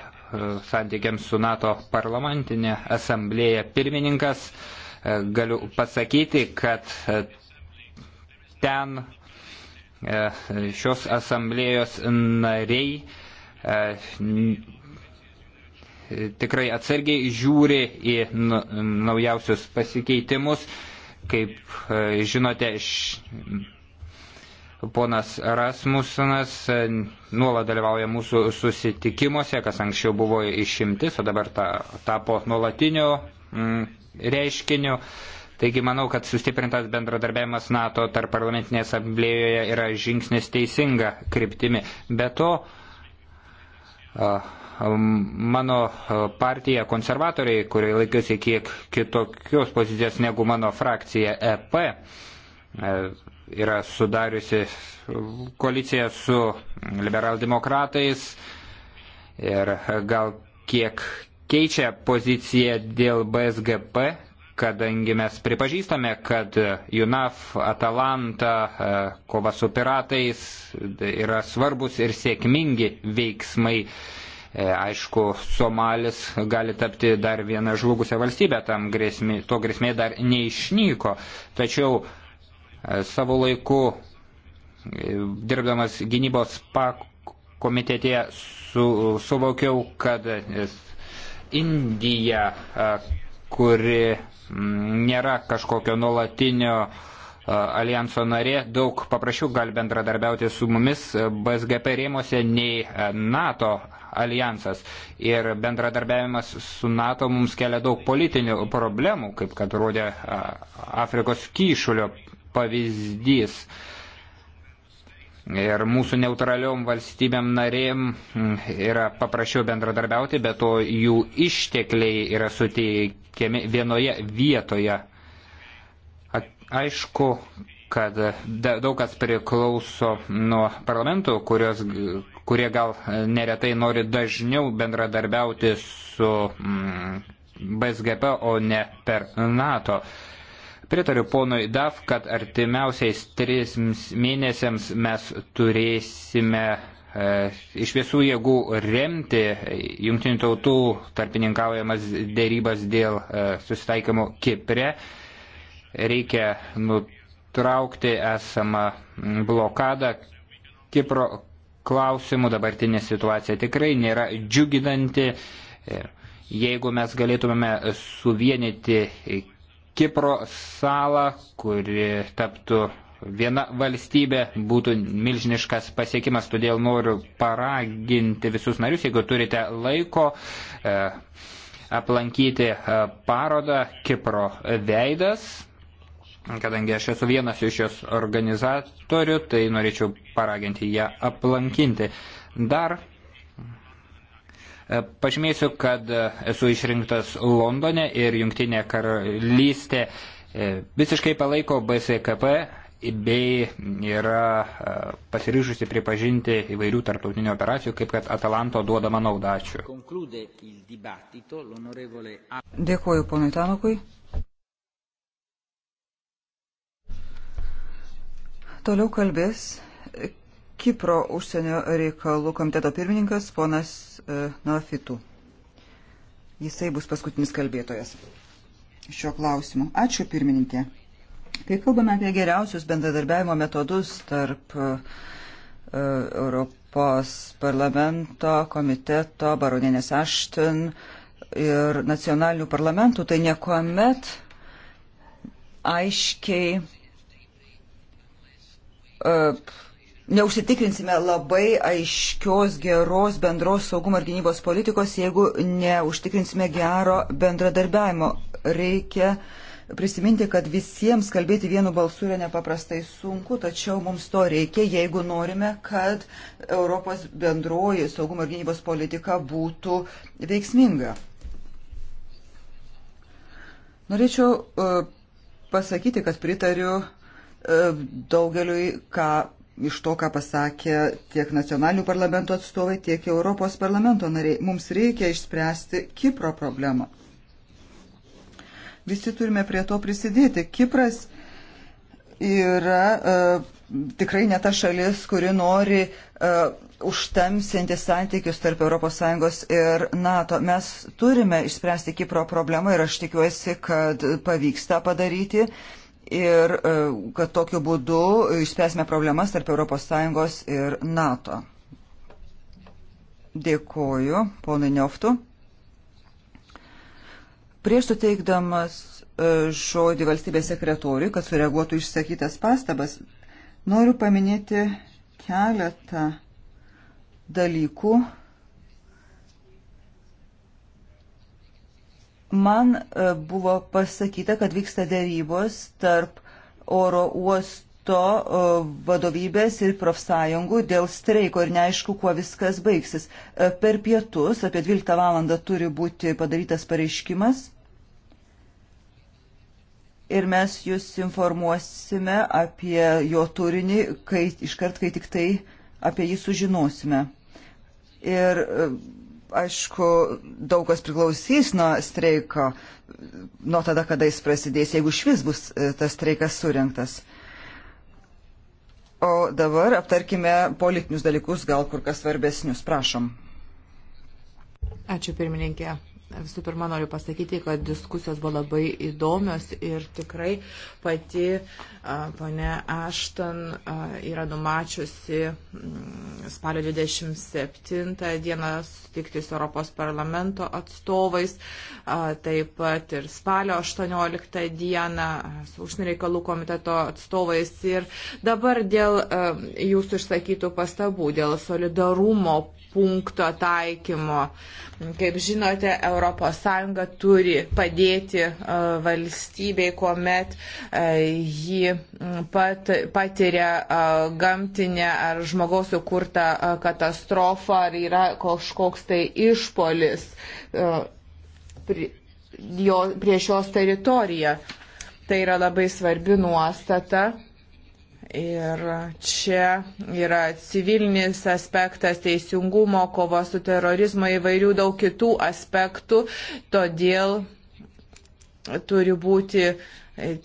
santykiams su NATO parlamentinė asamblėja pirmininkas, e, galiu pasakyti, kad ten šios asamblėjos nariai tikrai atsargiai žiūri į naujausius pasikeitimus. Kaip žinote, Ponas Rasmusenas e, nuolat dalyvauja mūsų susitikimuose, kas anksčiau buvo išimtis, o dabar ta, tapo nuolatiniu mm, reiškiniu. Taigi manau, kad sustiprintas bendradarbiavimas NATO tarp parlamentinėje asamblėjoje yra žingsnis teisinga kryptimi. Be to, mano partija konservatoriai, kurioje laikiusi kiek kitokios pozicijos negu mano frakcija EP, yra sudariusi koaliciją su liberaldemokratais ir gal kiek keičia poziciją dėl BSGP, kadangi mes pripažįstame, kad UNAF, Atalanta, e, kova su piratais yra svarbus ir sėkmingi veiksmai. E, aišku, Somalis gali tapti dar vieną žlugusią valstybę, tam grėsmė, to grėsmė dar neišnyko. Tačiau E, savo laiku, e, dirbdamas gynybos komitetėje, su, suvokiau, kad Indija, e, kuri nėra kažkokio nuolatinio alijanso narė daug paprasčiau gali bendradarbiauti su mumis BSGP rėmose nei NATO alijansas. Ir bendradarbiavimas su NATO mums kelia daug politinių problemų, kaip kad rodė Afrikos kyšulio pavyzdys. Ir mūsų neutraliom valstybėm narėm yra paprasčiau bendradarbiauti, bet to jų ištekliai yra suteikiami vienoje vietoje. Aišku, kad daug kas priklauso nuo parlamentų, kurios, kurie gal neretai nori dažniau bendradarbiauti su mm, BSGP, o ne per NATO. Pritariu ponui DAF, kad artimiausiais trims mėnesiams mes turėsime e, iš visų jėgų remti jungtinių tautų tarpininkaujamas dėrybas dėl e, susitaikymo Kipre. Reikia nutraukti esamą blokadą Kipro klausimų. Dabartinė situacija tikrai nėra džiuginanti. E, jeigu mes galėtumėme suvienyti Kipro salą, kuri taptų viena valstybė, būtų milžiniškas pasiekimas, todėl noriu paraginti visus narius, jeigu turite laiko, e, aplankyti e, parodą Kipro veidas. Kadangi aš esu vienas iš jos organizatorių, tai norėčiau paraginti ją aplankinti. Dar E, pažymėsiu, kad e, esu išrinktas Londone ir Jungtinė karalystė e, visiškai palaiko BCKP bei yra pasiryžusi pripažinti įvairių tarptautinių operacijų, kaip kad Atalanto duodama naudą. Ačiū. Dėkuoju ponui Tanukui. Toliau kalbės Kipro užsienio reikalų komiteto pirmininkas ponas E, Nafitų. Jisai bus paskutinis kalbėtojas šio klausimu. Ačiū pirmininkė. Kai kalbame apie geriausius bendradarbiavimo metodus tarp e, e, Europos parlamento komiteto, baronienės Ašten ir nacionalinių parlamentų, tai niekuomet aiškiai neužsitikrinsime labai aiškios, geros bendros saugumo ir gynybos politikos, jeigu neužtikrinsime gero bendradarbiavimo. Reikia prisiminti, kad visiems kalbėti vienu balsu yra nepaprastai sunku, tačiau mums to reikia, jeigu norime, kad Europos bendroji saugumo ir gynybos politika būtų veiksminga. Norėčiau e, pasakyti, kad pritariu e, daugeliui, ką iš to, ką pasakė tiek nacionalinių parlamento atstovai, tiek Europos parlamento nariai. Mums reikia išspręsti Kipro problemą. Visi turime prie to prisidėti. Kipras yra uh, tikrai ne ta šalis, kuri nori uh, e, užtamsinti santykius tarp ES ir NATO. Mes turime išspręsti Kipro problemą ir aš tikiuosi, kad pavyks tą padaryti. Uh, ir e, kad tokiu būdu išspręsime problemas tarp ES ir NATO. Dėkoju, ponai Neoftu. Prieš suteikdamas e, žodį valstybės sekretoriui, kad sureaguotų išsakytas pastabas, noriu paminėti keletą dalykų, Man e, buvo pasakyta, kad vyksta dėrybos tarp oro uosto e, vadovybės ir profsąjungų dėl streiko ir neaišku, kuo viskas baigsis. E, per pietus apie 12 valandą turi būti padarytas pareiškimas ir mes jūs informuosime apie jo turinį, kai iškart, kai tik tai apie jį sužinosime. Ir aišku, daug kas priklausys nuo streiko, nuo tada, kada jis prasidės, jeigu švis bus e, tas streikas surinktas. O dabar aptarkime politinius dalykus, gal kur kas svarbesnius. Prašom. Ačiū pirmininkė. Visų pirma, noriu pasakyti, kad diskusijos buvo labai įdomios ir tikrai pati ponė Ašton yra numačiusi mm, spalio 27 dieną sutikti su Europos parlamento atstovais, taip pat ir spalio 18 dieną su užsienio reikalų komiteto atstovais. Ir dabar dėl jūsų išsakytų pastabų, dėl solidarumo punkto taikymo. Kaip žinote, ES turi padėti e, valstybei, kuomet e, ji pat, patiria e, gamtinę ar žmogaus sukurtą katastrofą ar yra kažkoks tai išpolis prieš jos teritoriją. Tai yra labai svarbi nuostata Ir čia yra civilinis aspektas, teisingumo, kovo su terorizmo įvairių daug kitų aspektų, todėl turi būti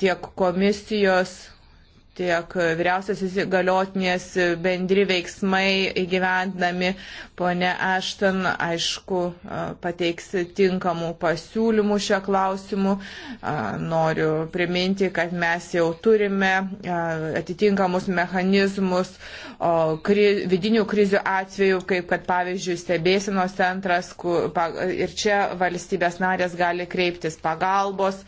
tiek komisijos tiek vyriausiasis įgaliotinės bendri veiksmai įgyvendami. Pone Ashton, aišku, pateiks tinkamų pasiūlymų šio klausimu. Noriu priminti, kad mes jau turime atitinkamus mechanizmus kri, vidinių krizių atveju, kaip kad pavyzdžiui stebėsinos centras ir čia valstybės narės gali kreiptis pagalbos.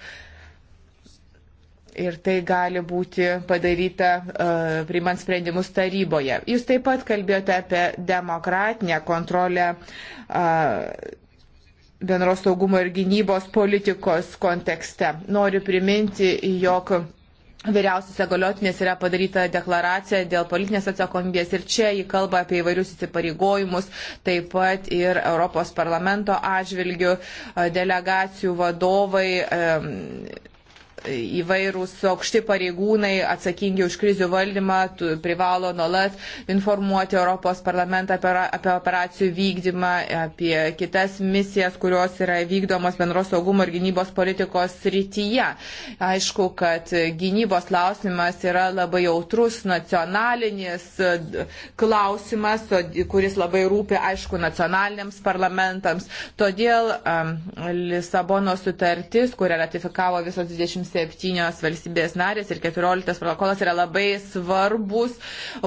Ir tai gali būti padaryta uh, priimant sprendimus taryboje. Jūs taip pat kalbėjote apie demokratinę kontrolę uh, bendros saugumo ir gynybos politikos kontekste. Noriu priminti, jog vyriausias egaliotinės yra padaryta deklaracija dėl politinės atsakomybės ir čia jį kalba apie įvairius įsipareigojimus, taip pat ir Europos parlamento atžvilgių e, delegacijų vadovai. Um, įvairūs aukšti pareigūnai atsakingi už krizių valdymą privalo nuolat informuoti Europos parlamentą apie, apie operacijų vykdymą, apie kitas misijas, kurios yra vykdomos bendros saugumo ir gynybos politikos srityje. Aišku, kad gynybos klausimas yra labai jautrus nacionalinis e, klausimas, kuris labai rūpi, aišku, nacionaliniams parlamentams. Todėl um, Lisabono sutartis, kurią ratifikavo visos 27 27 valstybės narės ir 14 protokolas yra labai svarbus,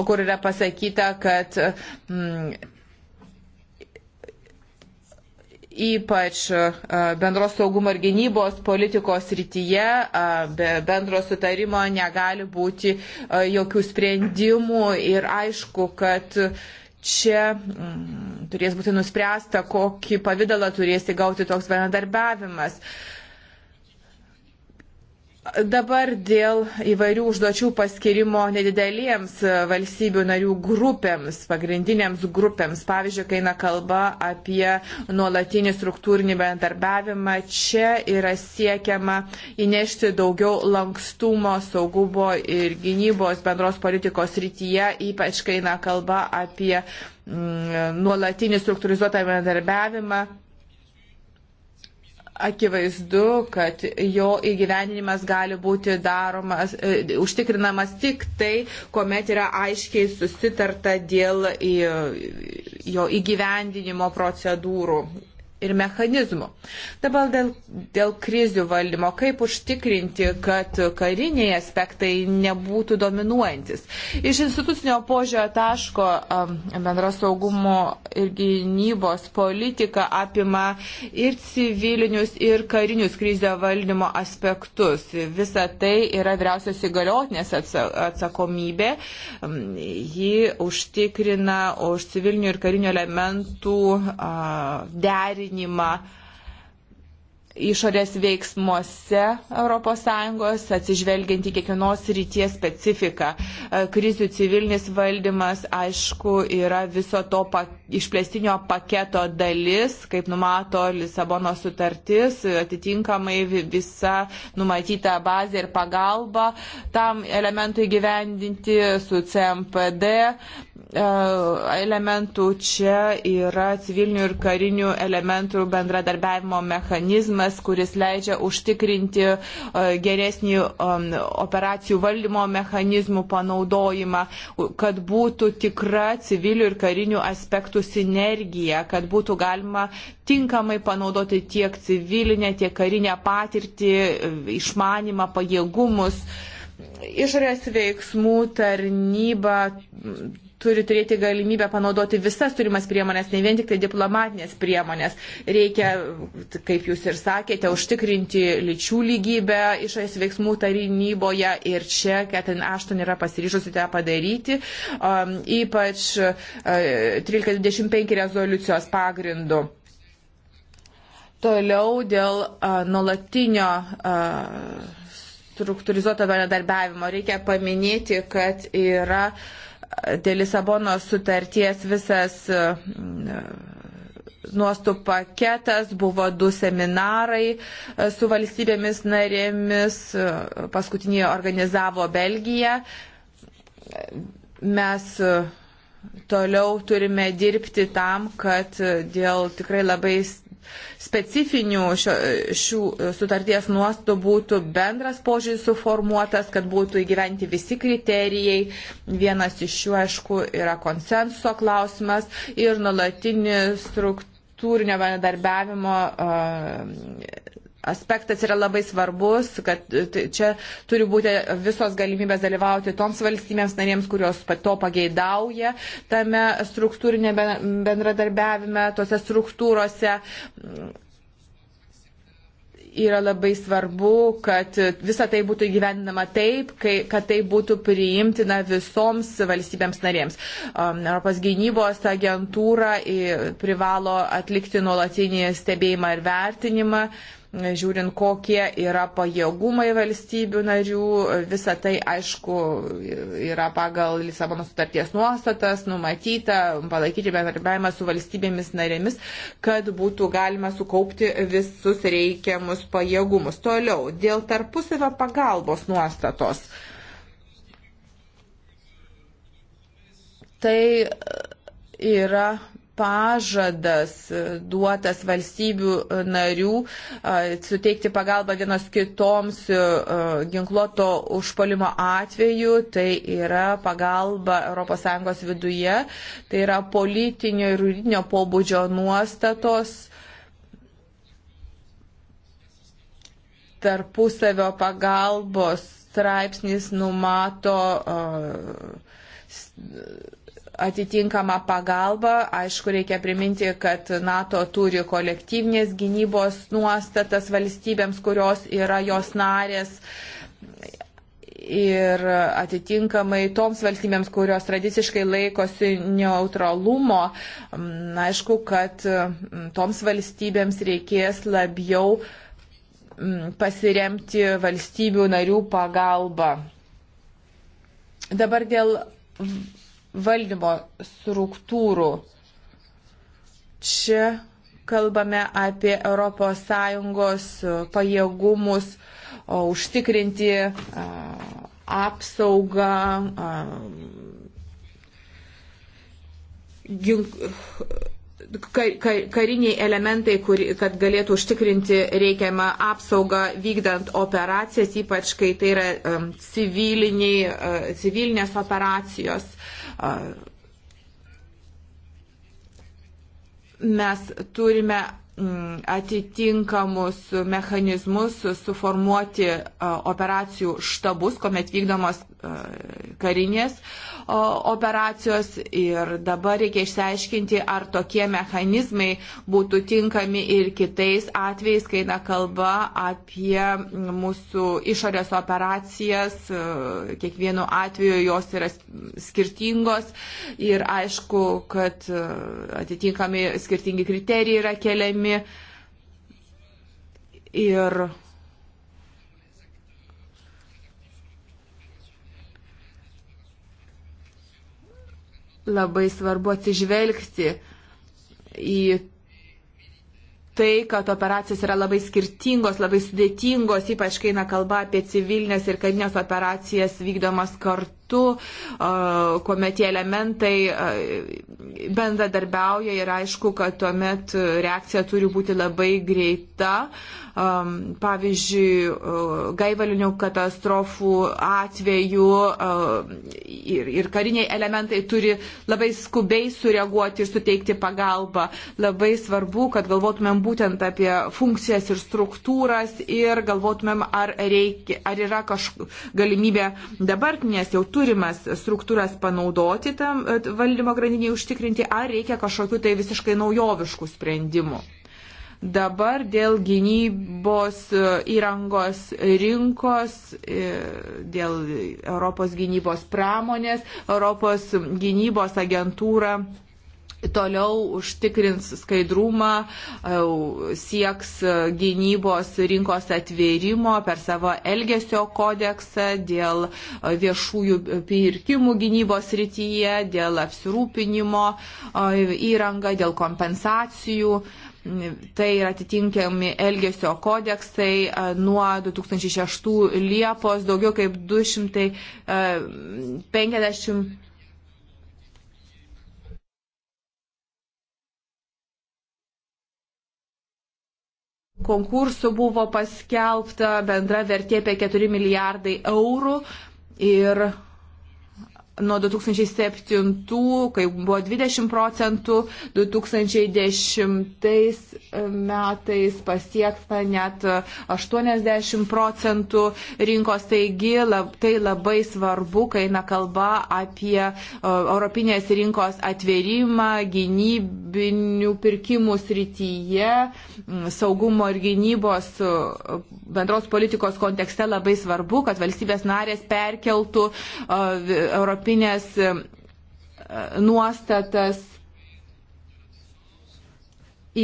kur yra pasakyta, kad mm, ypač e, bendros saugumo ir gynybos politikos rytyje, e, be bendro sutarimo negali būti e, jokių sprendimų ir aišku, kad čia mm, turės būti nuspręsta, kokį pavydalą turės įgauti toks bendradarbiavimas. Dabar dėl įvairių užduočių paskirimo nedidelėms valstybių narių grupėms, pagrindinėms grupėms. Pavyzdžiui, kai eina kalba apie nuolatinį struktūrinį bendarbiavimą, čia yra siekiama įnešti daugiau lankstumo saugumo ir gynybos bendros politikos rytyje, ypač kai eina kalba apie mm, nuolatinį struktūrizuotą bendarbiavimą akivaizdu, kad jo įgyveninimas gali būti daromas, e, užtikrinamas tik tai, kuomet yra aiškiai susitarta dėl e, jo įgyvendinimo procedūrų ir mechanizmų. Dabar dėl, dėl krizių valdymo, kaip užtikrinti, kad kariniai aspektai nebūtų dominuojantis. Iš institucinio požiūrio taško um, bendros saugumo ir gynybos politika apima ir civilinius, ir karinius krizio valdymo aspektus. Visa tai yra vyriausios įgaliotinės atsakomybė. Um, ji užtikrina už civilinių ir karinių elementų uh, derinį vertinimą išorės veiksmuose ES, atsižvelgiant į kiekvienos ryties specifiką. E, krizių civilinis valdymas, aišku, yra viso to pa, išplėstinio paketo dalis, kaip numato Lisabono sutartis, atitinkamai visa numatyta bazė ir pagalba tam elementui gyvendinti su CMPD e, elementų čia yra civilinių ir karinių elementų bendradarbiavimo mechanizmas mechanizmas, kuris leidžia užtikrinti e, geresnį um, operacijų valdymo mechanizmų panaudojimą, kad būtų tikra civilių ir karinių aspektų sinergija, kad būtų galima tinkamai panaudoti tiek civilinę, tiek karinę patirtį, e, išmanimą, pajėgumus. Išorės veiksmų tarnyba turi turėti galimybę panaudoti visas turimas priemonės, ne vien tik tai diplomatinės priemonės. Reikia, kaip jūs ir sakėte, užtikrinti lyčių lygybę išorės veiksmų tarnyboje ir čia Ketin Ašton yra pasiryžusi tą padaryti, um, ypač uh, 1325 rezoliucijos pagrindu. Toliau dėl uh, nuolatinio uh, struktūrizuoto bendradarbiavimo reikia paminėti, kad yra uh, dėl Lisabonos sutarties visas e, nuostų paketas, buvo du seminarai e, su valstybėmis narėmis, e, paskutinį organizavo Belgija. Mes toliau turime dirbti tam, kad dėl tikrai labai specifinių šio, šių sutarties nuostų būtų bendras požiūris suformuotas, kad būtų įgyventi visi kriterijai. Vienas iš jų, aišku, yra konsensuso klausimas ir nuolatinis struktūrinio bendradarbiavimo. Uh, aspektas yra labai svarbus, kad čia turi būti visos galimybės dalyvauti toms valstybėms narėms, kurios to pageidauja tame struktūrinėme bendradarbiavime, tose struktūrose yra labai svarbu, kad visa tai būtų įgyvendinama taip, kai, kad tai būtų priimtina visoms valstybėms narėms. Um, Europos gynybos agentūra privalo atlikti nuolatinį stebėjimą ir vertinimą. Um, žiūrint, kokie yra pajėgumai valstybių narių, visa tai, aišku, yra pagal Lisabono sutarties nuostatas numatyta, palaikyti bendradarbiavimą su valstybėmis narėmis, kad būtų galima sukaupti visus reikiamus pajėgumus. Toliau, dėl tarpusavio pagalbos nuostatos. Tai yra pažadas duotas valstybių narių suteikti pagalbą vienos kitoms ginkluoto užpolimo atveju, tai yra pagalba ES viduje, tai yra politinio ir juridinio pobūdžio nuostatos tarpusavio pagalbos straipsnis numato uh, atitinkamą pagalbą. Aišku, reikia priminti, kad NATO turi kolektyvinės gynybos nuostatas valstybėms, kurios yra jos narės. Ir atitinkamai toms valstybėms, kurios tradiciškai laikosi neutralumo, aišku, kad toms valstybėms reikės labiau pasiremti valstybių narių pagalbą. Dabar dėl valdymo struktūrų. Čia kalbame apie ES e, pajėgumus užtikrinti e, apsaugą e, gink, kariniai elementai, kur, kad galėtų užtikrinti reikiamą apsaugą vykdant operacijas, ypač kai tai yra um, civiliniai, uh, civilinės operacijos. Uh, Mes turime mm, atitinkamus mechanizmus suformuoti operacijų štabus, kuomet vykdomos karinės operacijos ir dabar reikia išsiaiškinti, ar tokie mechanizmai būtų tinkami ir kitais atvejais, kai na kalba apie mūsų išorės operacijas, e, kiekvienu atveju jos yra skirtingos ir aišku, kad e, atitinkami skirtingi kriterijai yra keliami. Ir labai svarbu atsižvelgti į tai, kad operacijos yra labai skirtingos, labai sudėtingos, ypač kai eina kalba apie civilinės ir karinės operacijas vykdomas kartu metu, kuomet tie elementai bendradarbiauja ir aišku, kad tuomet reakcija turi būti labai greita. Pavyzdžiui, gaivalinių katastrofų atveju ir, ir kariniai elementai turi labai skubiai sureaguoti ir suteikti pagalbą. Labai svarbu, kad galvotumėm būtent apie funkcijas ir struktūras ir galvotumėm, ar, reikia, ar yra kažkokia galimybė dabartinės jau turimas struktūras panaudoti tam e, valdymo grandiniai užtikrinti, ar reikia kažkokių tai visiškai naujoviškų sprendimų. Dabar dėl gynybos e, įrangos rinkos, e, dėl Europos gynybos pramonės, Europos gynybos agentūra toliau užtikrins skaidrumą, sieks gynybos rinkos atvėrimo per savo elgesio kodeksą dėl viešųjų pirkimų gynybos rytyje, dėl apsirūpinimo įrangą, dėl kompensacijų tai yra atitinkami Elgesio kodeksai nuo 2006 Liepos, daugiau kaip 250 konkursų buvo paskelbta bendra vertė apie 4 milijardai eurų ir nuo 2007, kai buvo 20 procentų, 2010 e, metais pasiekta net 80 procentų rinkos. Taigi lab, tai labai svarbu, kai eina kalba apie uh, Europinės rinkos atvėrimą gynybinių pirkimų srityje, mm, saugumo ir gynybos uh, bendros politikos kontekste labai svarbu, kad valstybės narės perkeltų uh, Europinės europinės e, nuostatas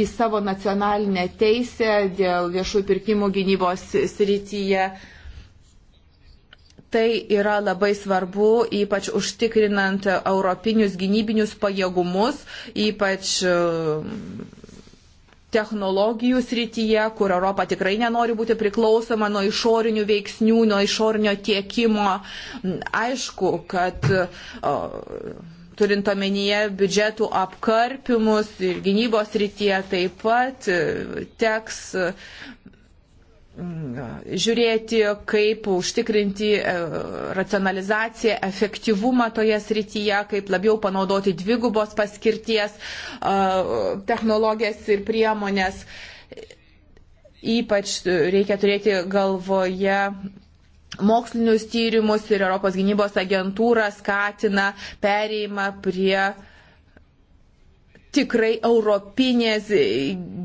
į savo nacionalinę teisę dėl viešų pirkimų gynybos srityje. Tai yra labai svarbu, ypač užtikrinant europinius gynybinius pajėgumus, ypač uh, technologijų srityje, kur Europa tikrai nenori būti priklausoma nuo išorinių veiksnių, nuo išorinio tiekimo. Aišku, kad o, turint omenyje biudžetų apkarpimus ir gynybos srityje taip pat teks žiūrėti, kaip užtikrinti e, racionalizaciją, efektyvumą toje srityje, kaip labiau panaudoti dvigubos paskirties e, technologijas ir priemonės. Ypač reikia turėti galvoje mokslinius tyrimus ir Europos gynybos agentūra skatina pereimą prie tikrai europinės e,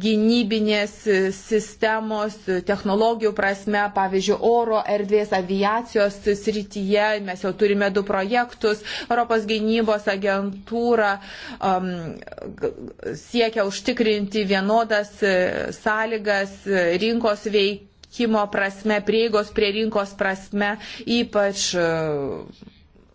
gynybinės e, sistemos e, technologijų prasme, pavyzdžiui, oro erdvės aviacijos srityje. Mes jau turime du projektus. Europos gynybos agentūra um, siekia užtikrinti vienodas sąlygas rinkos veikimo prasme, prieigos prie rinkos prasme, ypač uh,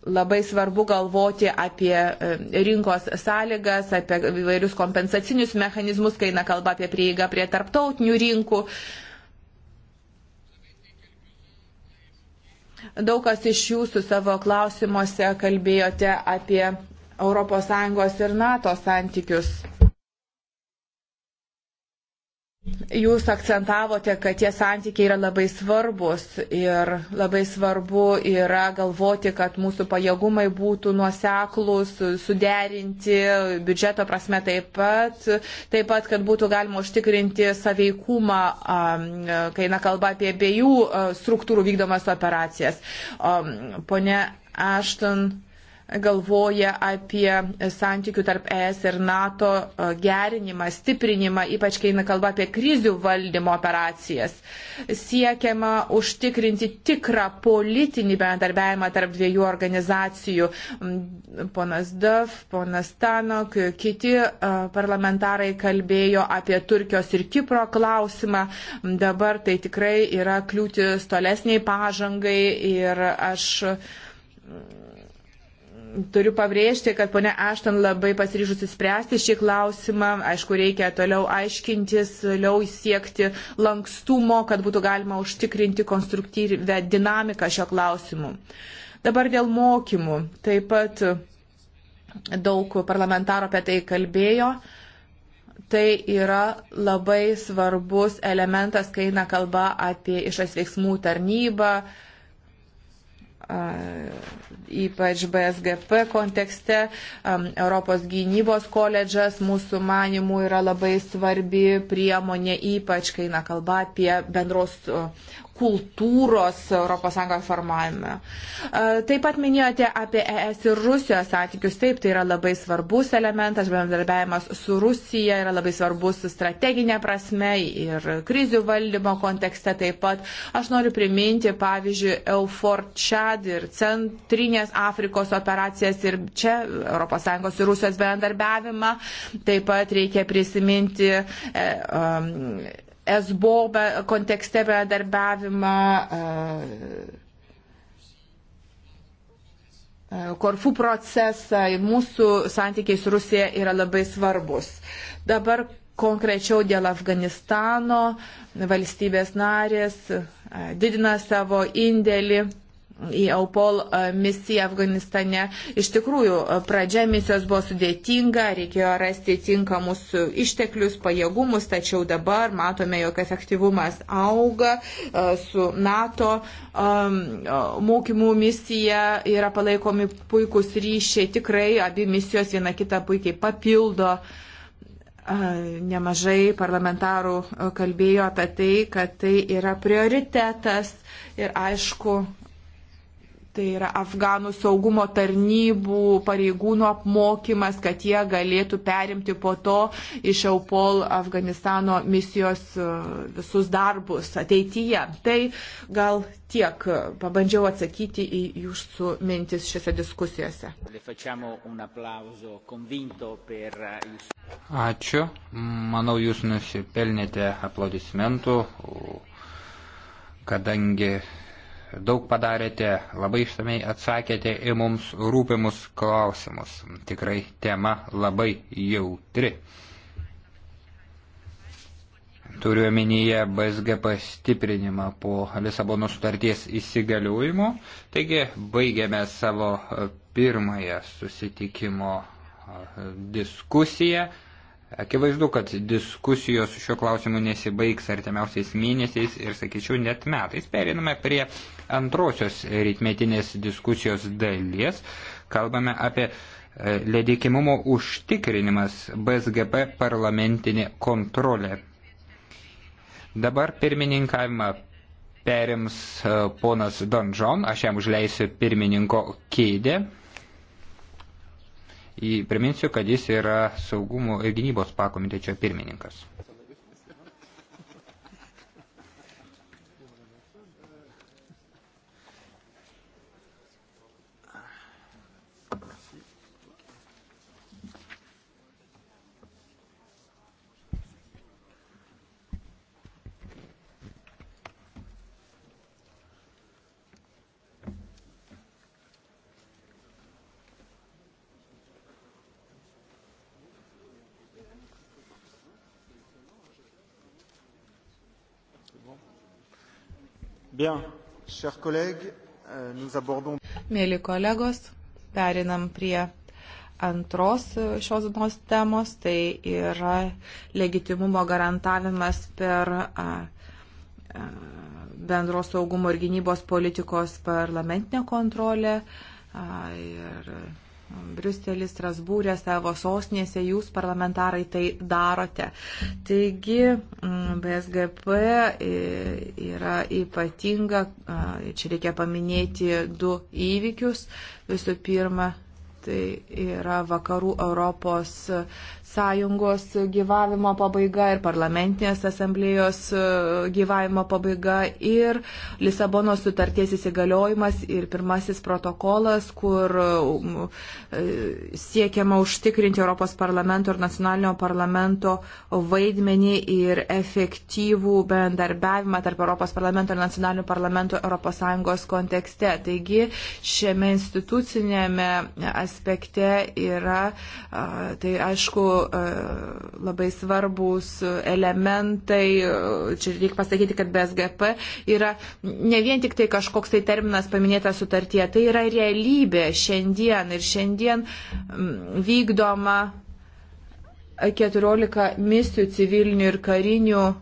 Labai svarbu galvoti apie e, rinkos sąlygas, apie įvairius kompensacinius mechanizmus, kai eina kalba apie prieigą prie tarptautinių rinkų. Daug kas iš jūsų savo klausimuose kalbėjote apie ES ir NATO santykius. Jūs akcentavote, kad tie santykiai yra labai svarbus ir labai svarbu yra galvoti, kad mūsų pajėgumai būtų nuoseklus, suderinti biudžeto prasme taip pat, taip pat, kad būtų galima užtikrinti saveikumą, kai eina kalba apie abiejų struktūrų vykdomas operacijas. Pone Ašton galvoja apie santykių tarp ES ir NATO e, gerinimą, stiprinimą, ypač kai eina kalba apie krizių valdymo operacijas. Siekiama užtikrinti tikrą politinį bendarbiavimą tarp dviejų organizacijų. Ponas Duff, ponas Tanok, kiti e, parlamentarai kalbėjo apie Turkijos ir Kipro klausimą. Dabar tai tikrai yra kliūtis tolesniai pažangai ir aš Turiu pabrėžti, kad ponia Aštan labai pasiryžusi spręsti šį klausimą. Aišku, reikia toliau aiškintis, toliau siekti lankstumo, kad būtų galima užtikrinti konstruktyvę dinamiką šio klausimu. Dabar dėl mokymų. Taip pat daug parlamentarų apie tai kalbėjo. Tai yra labai svarbus elementas, kai eina kalba apie išasveiksmų tarnybą, uh, ypač BSGP kontekste. Europos gynybos koledžas mūsų manimų yra labai svarbi priemonė, ypač kai eina kalba apie bendros kultūros ES formavime. E, taip pat minėjote apie ES ir Rusijos santykius. Taip, tai yra labai svarbus elementas, bendradarbiavimas su Rusija yra labai svarbus strateginė prasme ir krizių valdymo kontekste taip pat. Aš noriu priminti, pavyzdžiui, Eufor Čad ir Centrinės Afrikos operacijas ir čia ES ir Rusijos bendradarbiavimą. Taip pat reikia prisiminti. E, um, SBO kontekste bendarbiavimą, e, e, Korfų procesą ir mūsų santykiai su Rusija yra labai svarbus. Dabar konkrečiau dėl Afganistano valstybės narės e, didina savo indėlį į Eupol e, misiją Afganistane. Iš tikrųjų, e, pradžia misijos buvo sudėtinga, reikėjo rasti tinkamus e, išteklius, pajėgumus, tačiau dabar matome, jog efektyvumas auga su NATO mokymų misija, yra palaikomi puikūs ryšiai, tikrai abi misijos viena kitą puikiai papildo nemažai parlamentarų kalbėjo apie tai, kad tai yra prioritetas ir aišku, Tai yra Afganų saugumo tarnybų pareigūnų apmokymas, kad jie galėtų perimti po to iš Eupol Afganistano misijos e, visus darbus ateityje. Tai gal tiek pabandžiau atsakyti į jūsų mintis šiose diskusijose. Eh, Ačiū. Manau, jūs nusipelnėte aplodismentų, kadangi daug padarėte, labai išsamei atsakėte į mums rūpimus klausimus. Tikrai tema labai jautri. Turiu omenyje BSG pastiprinimą po Lisabono sutarties įsigaliojimo. Taigi baigėme savo pirmąją susitikimo diskusiją. Akivaizdu, kad diskusijos šiuo klausimu nesibaigs artimiausiais mėnesiais ir, sakyčiau, net metais. Periname prie antrosios rytmetinės diskusijos dalies. Kalbame apie e, ledikimumo užtikrinimas BSGP parlamentinė kontrolė. Dabar pirmininkavimą perims e, ponas Donžon, aš jam užleisiu pirmininko kėdę. Priminsiu, kad jis yra saugumo ir gynybos pakomitečio pirmininkas. Bien, chers collègues, euh, nous abordons. Mėly kolegos, perinam prie antros šios dienos temos, tai yra legitimumo garantavimas per a, a, bendros saugumo ir gynybos politikos parlamentinę kontrolę. A, ir, Briuselis, Strasbūrė, savo sostinėse jūs parlamentarai tai darote. Taigi, mm, BSGP e, yra ypatinga, čia reikia paminėti du įvykius. Visų pirma, tai yra vakarų Europos sąjungos gyvavimo pabaiga ir parlamentinės asamblėjos e, gyvavimo pabaiga ir Lisabono sutarties įsigaliojimas ir pirmasis protokolas, kur e, um, e, siekiama užtikrinti Europos parlamento ir nacionalinio parlamento vaidmenį ir efektyvų bendarbiavimą tarp Europos parlamento ir nacionalinių parlamentų ES kontekste. Taigi šiame institucinėme aspekte yra, tai aišku, E, labai svarbus elementai. E, čia reikia pasakyti, kad BSGP yra ne vien tik tai kažkoks tai terminas paminėta sutartie, tai yra realybė šiandien ir šiandien vykdoma 14 misijų civilinių ir karinių e,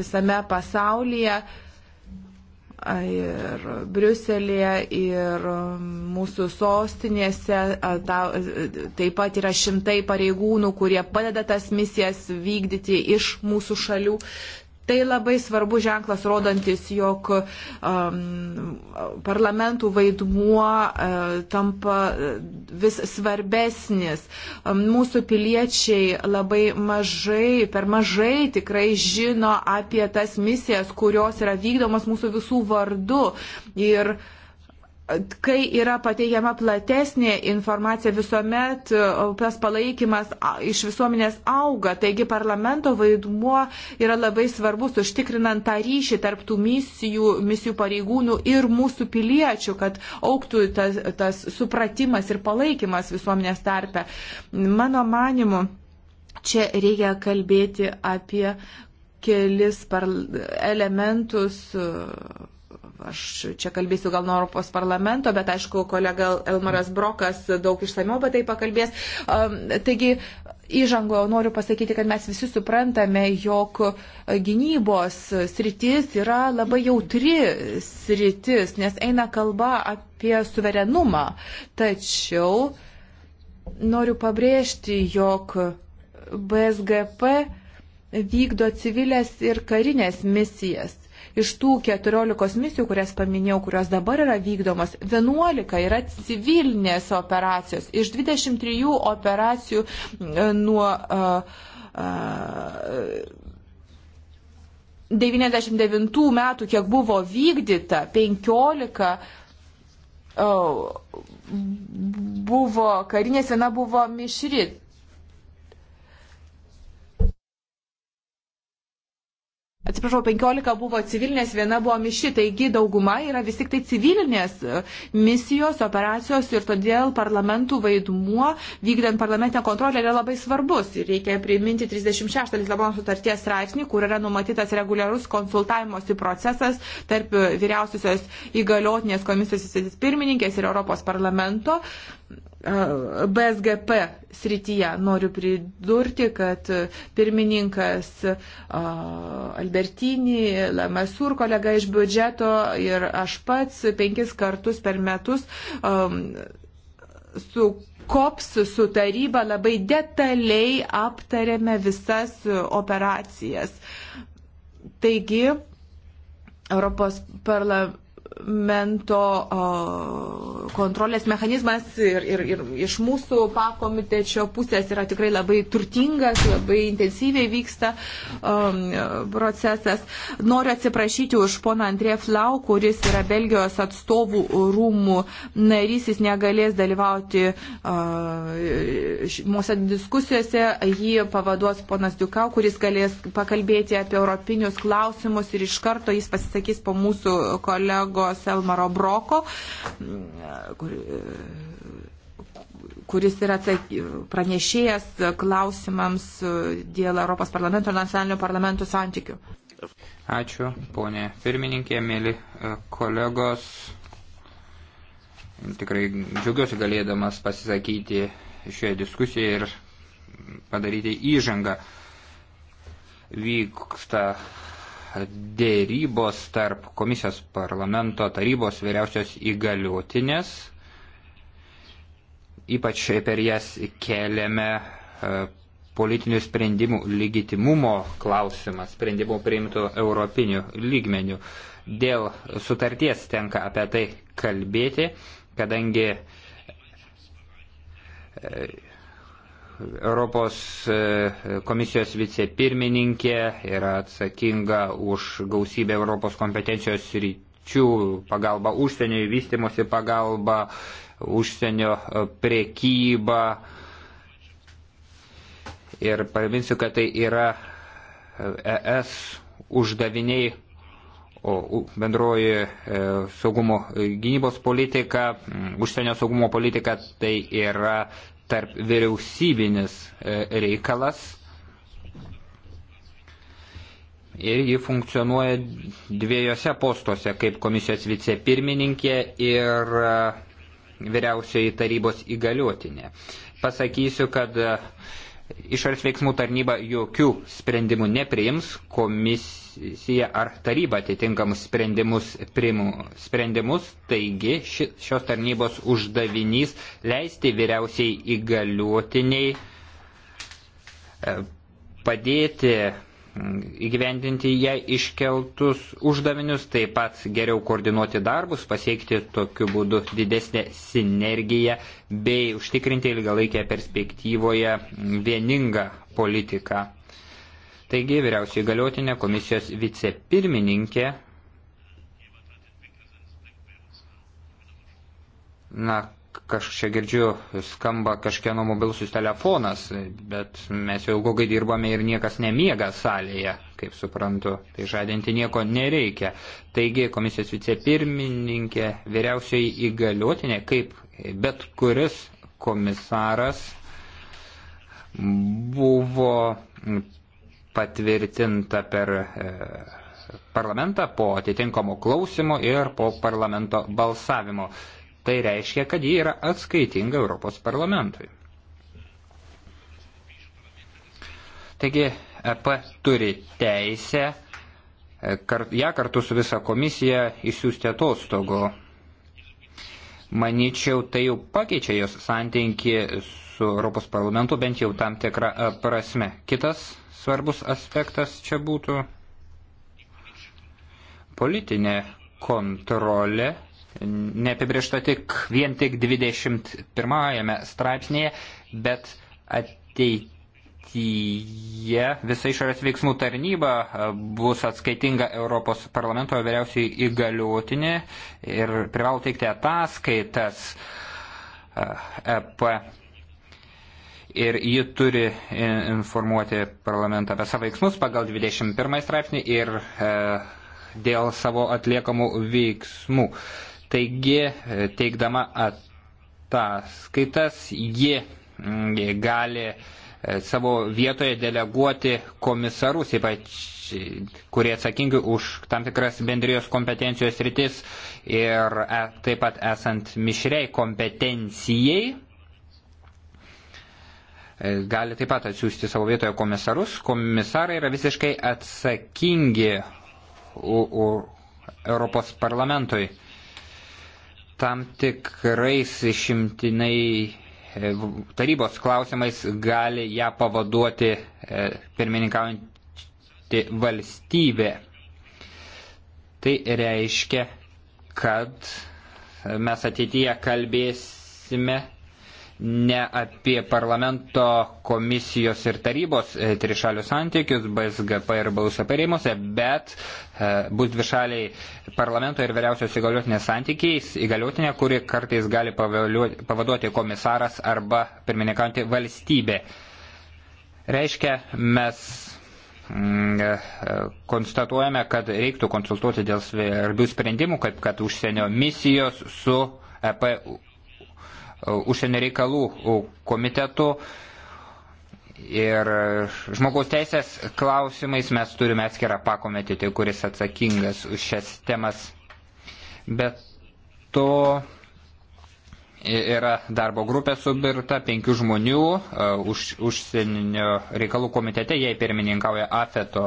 visame pasaulyje ir Briuselėje, ir mūsų sostinėse. Ta, taip pat yra šimtai pareigūnų, kurie padeda tas misijas vykdyti iš mūsų šalių. Tai labai svarbu ženklas rodantis, jog um, parlamentų vaidmuo uh, tampa e, vis svarbesnis. Um, mūsų piliečiai labai mažai, per mažai tikrai žino apie tas misijas, kurios yra vykdomos mūsų visų vardu. Ir uh, kai yra pateikiama platesnė informacija, visuomet e, tas palaikymas iš visuomenės auga. Taigi parlamento vaidmuo yra labai svarbus, užtikrinant tą ryšį tarp tų misijų, misijų pareigūnų ir mūsų piliečių, kad auktų tas, tas supratimas ir palaikymas visuomenės tarpe. Mano manimu, čia reikia kalbėti apie kelis elementus e, Aš čia kalbėsiu gal nuo Europos parlamento, bet aišku, kolega Elmaras Brokas daug išsamiau apie tai pakalbės. Um, taigi, įžangoje noriu pasakyti, kad mes visi suprantame, jog gynybos sritis yra labai jautri sritis, nes eina kalba apie suverenumą. Tačiau noriu pabrėžti, jog BSGP vykdo civilės ir karinės misijas iš tų 14 misijų, kurias paminėjau, kurios dabar yra vykdomos, 11 yra civilinės operacijos. Iš 23 operacijų e, nuo. Uh, uh, 99 metų, kiek buvo vykdyta, 15 uh, e, buvo, karinė sena buvo mišri, atsiprašau, 15 buvo civilinės, viena buvo mišri, taigi dauguma yra vis tik tai civilinės e, misijos, operacijos ir todėl parlamentų vaidmuo vykdant parlamentinę kontrolę yra labai svarbus. Ir reikia priminti 36 Lisabono sutarties straipsnį, kur yra numatytas reguliarus konsultavimosi procesas tarp vyriausiosios įgaliotinės komisijos pirmininkės ir Europos parlamento. BSGP srityje noriu pridurti, kad pirmininkas Albertini, Lamesur kolega iš biudžeto ir aš pats penkis kartus per metus su COPS, su taryba labai detaliai aptarėme visas operacijas. Taigi, Europos parlamentas parlamento kontrolės mechanizmas ir, ir, ir iš mūsų pakomitečio pusės yra tikrai labai turtingas, labai intensyviai vyksta um, procesas. Noriu atsiprašyti už poną Andrė Flau, kuris yra Belgijos atstovų rūmų narys, jis negalės dalyvauti uh, mūsų diskusijose, jį pavaduos ponas Dukau, kuris galės pakalbėti apie europinius klausimus ir iš karto jis pasisakys po mūsų kolego kolegos Elmaro Broko, kur, kuris yra pranešėjas klausimams dėl Europos parlamento ir nacionalinių parlamentų santykių. Ačiū, ponė pirmininkė, mėly e, kolegos. Tikrai džiaugiuosi galėdamas pasisakyti šioje diskusijoje ir padaryti įžangą. Vyksta dėrybos tarp komisijos parlamento tarybos vyriausios įgaliotinės. Ypač per jas keliame e, politinių sprendimų legitimumo klausimas, sprendimų priimtų europinių lygmenių. Dėl sutarties tenka apie tai kalbėti, kadangi e, Europos e, komisijos vicepirmininkė yra atsakinga už gausybę Europos kompetencijos ryčių, pagalba užsienio įvystymosi pagalba, užsienio e, priekyba. Ir priminsiu, kad tai yra ES e uždaviniai, o bendroji saugumo gynybos politika, užsienio saugumo politika tai yra tarp vyriausybinis e, reikalas ir ji funkcionuoja dviejose postuose kaip komisijos vicepirmininkė ir e, vyriausioji tarybos įgaliotinė. Pasakysiu, kad e, išorės veiksmų tarnyba jokių sprendimų nepriims, komisija komisija ar taryba atitinkamus sprendimus primų sprendimus, taigi ši, šios tarnybos uždavinys leisti vyriausiai įgaliuotiniai e, padėti įgyvendinti ją iškeltus uždavinius, taip pat geriau koordinuoti darbus, pasiekti tokiu būdu didesnę sinergiją bei užtikrinti ilgalaikę perspektyvoje vieningą politiką. Taigi vyriausiai galiotinė komisijos vicepirmininkė na, kažkaip girdžiu, skamba kažkieno mobilusis telefonas, bet mes jau ilgokai dirbame ir niekas nemiega salėje, kaip suprantu, tai žadinti nieko nereikia. Taigi komisijos vicepirmininkė, vyriausiai įgaliotinė, kaip bet kuris komisaras buvo patvirtinta per e, parlamentą po atitinkamo klausimo ir po parlamento balsavimo. Tai reiškia, kad ji yra atskaitinga Europos parlamentui. Taigi EP turi teisę e, kart, ją kartu su visa komisija išsiųsti atostogų. Maničiau, tai jau pakeičia jos santinki su Europos parlamentu, bent jau tam tikrą e, prasme. Kitas svarbus aspektas čia būtų politinė kontrolė, neapibriešta tik vien tik 21 straipsnėje, bet ateityje ateityje visa išorės veiksmų tarnyba bus atskaitinga Europos parlamento vyriausiai įgaliotinė ir privalo teikti ataskaitas EP ir ji turi e, informuoti parlamentą apie savo veiksmus pagal 21 straipsnį ir e, dėl savo atliekamų veiksmų. Taigi, e, teikdama ataskaitas, ji gali e, savo vietoje deleguoti komisarus, ypač kurie atsakingi už tam tikras bendrijos kompetencijos rytis ir taip pat esant mišriai kompetencijai E, gali taip pat atsiųsti savo vietoje komisarus. Komisarai yra visiškai atsakingi u, u, Europos parlamentui. Tam tikrais išimtinai e, tarybos klausimais gali ją pavaduoti e, pirmininkaujanti valstybė. Tai reiškia, kad mes ateityje kalbėsime ne apie parlamento komisijos ir tarybos e, trišalius santykius, BSGP ir BUSP rėmose, bet e, bus dvišaliai parlamento ir vyriausios įgaliotinės santykiais, įgaliotinė, kuri kartais gali pavaduoti komisaras arba pirmininkanti valstybė. Reiškia, mes mm, e, konstatuojame, kad reiktų konsultuoti dėl svarbių sprendimų, kaip kad užsienio misijos su EP Uh, užsienio reikalų uh, komitetu. Ir uh, žmogaus teisės klausimais mes turime atskirą pakomitetį, kuris atsakingas už šias temas. Bet to yra darbo grupė subirta penkių žmonių už, užsienio reikalų komitete, jai pirmininkauja AFETO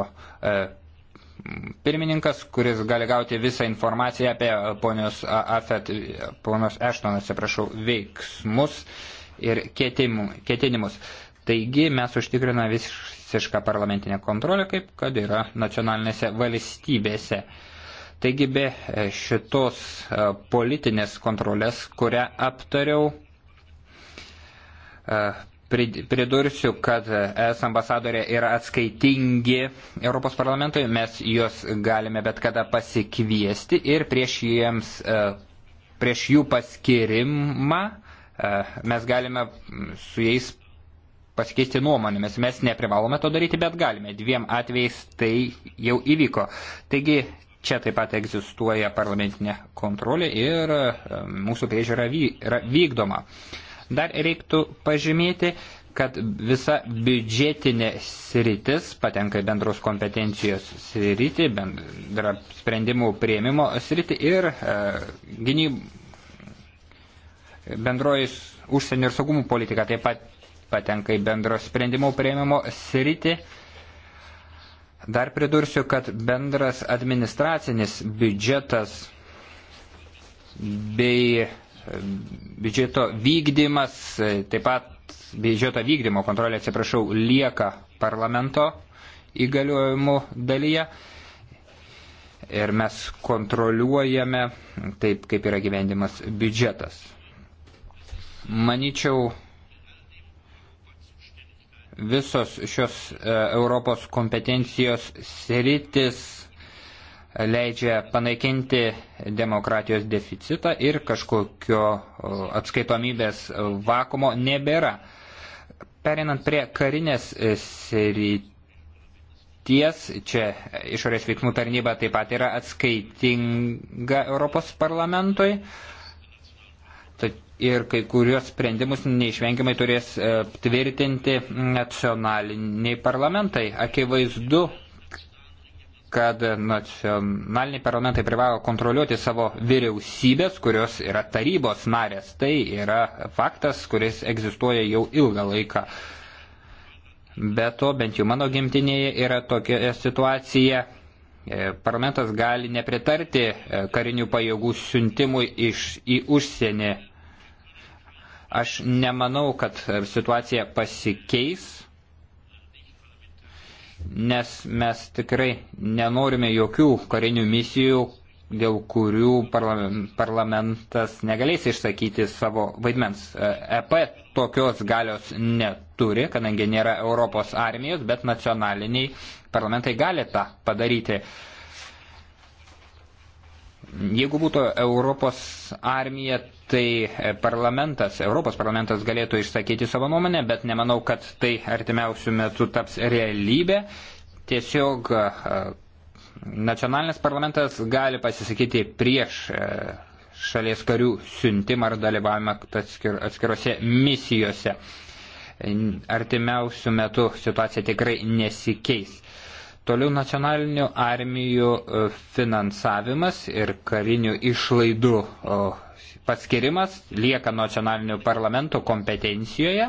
pirmininkas, kuris gali gauti visą informaciją apie ponios Afet, ponios Ešton, atsiprašau, veiksmus ir ketinimus. Taigi mes užtikrina visišką parlamentinę kontrolę, kaip kad yra nacionalinėse valstybėse. Taigi be e, šitos e, politinės kontrolės, kurią aptariau, e, Pridursiu, kad es ambasadorė yra atskaitingi Europos parlamentui, mes juos galime bet kada pasikviesti ir prieš, jiems, e, prieš jų paskirimą e, mes galime su jais pasikeisti nuomonėmis. Mes neprivalome to daryti, bet galime. Dviem atvejais tai jau įvyko. Taigi čia taip pat egzistuoja parlamentinė kontrolė ir e, mūsų priežiūra vykdoma. Vy, Dar reiktų pažymėti, kad visa biudžetinė sritis patenka į bendros kompetencijos sritį, bendrą sprendimų prieimimo sritį ir e, gynyb... bendroji užsienio ir saugumų politika taip pat patenka į bendro sprendimų prieimimo sritį. Dar pridursiu, kad bendras administracinis biudžetas bei biudžeto vykdymas, e, taip pat biudžeto vykdymo kontrolė, atsiprašau, lieka parlamento įgaliojimų dalyje. Ir mes kontroliuojame taip, kaip yra gyvendimas biudžetas. Maničiau, visos šios e, Europos kompetencijos sritis leidžia panaikinti demokratijos deficitą ir kažkokio atskaitomybės vakumo nebėra. Perinant prie karinės e, srities, čia išorės veiksmų tarnyba taip pat yra atskaitinga Europos parlamentui ir kai kurios sprendimus neišvengiamai turės e, tvirtinti nacionaliniai parlamentai. Akivaizdu, kad nacionaliniai parlamentai privalo kontroliuoti savo vyriausybės, kurios yra tarybos narės. Tai yra faktas, kuris egzistuoja jau ilgą laiką. Be to, bent jau mano gimtinėje yra tokia situacija. E, parlamentas gali nepritarti e, karinių pajėgų siuntimui iš, į užsienį. Aš nemanau, kad situacija pasikeis nes mes tikrai nenorime jokių karinių misijų, dėl kurių parlamentas negalės išsakyti savo vaidmens. EP e tokios galios neturi, kadangi nėra Europos armijos, bet nacionaliniai parlamentai gali tą padaryti. Jeigu būtų Europos armija, tai e, parlamentas, Europos parlamentas galėtų išsakyti savo nuomonę, bet nemanau, kad tai artimiausių metų taps realybė. Tiesiog e, nacionalinis parlamentas gali pasisakyti prieš e, šalies karių siuntimą ar dalyvavimą atskirose misijose. Artimiausių metų situacija tikrai nesikeis. Toliau nacionalinių armijų finansavimas ir karinių išlaidų paskirimas lieka nacionalinių parlamentų kompetencijoje.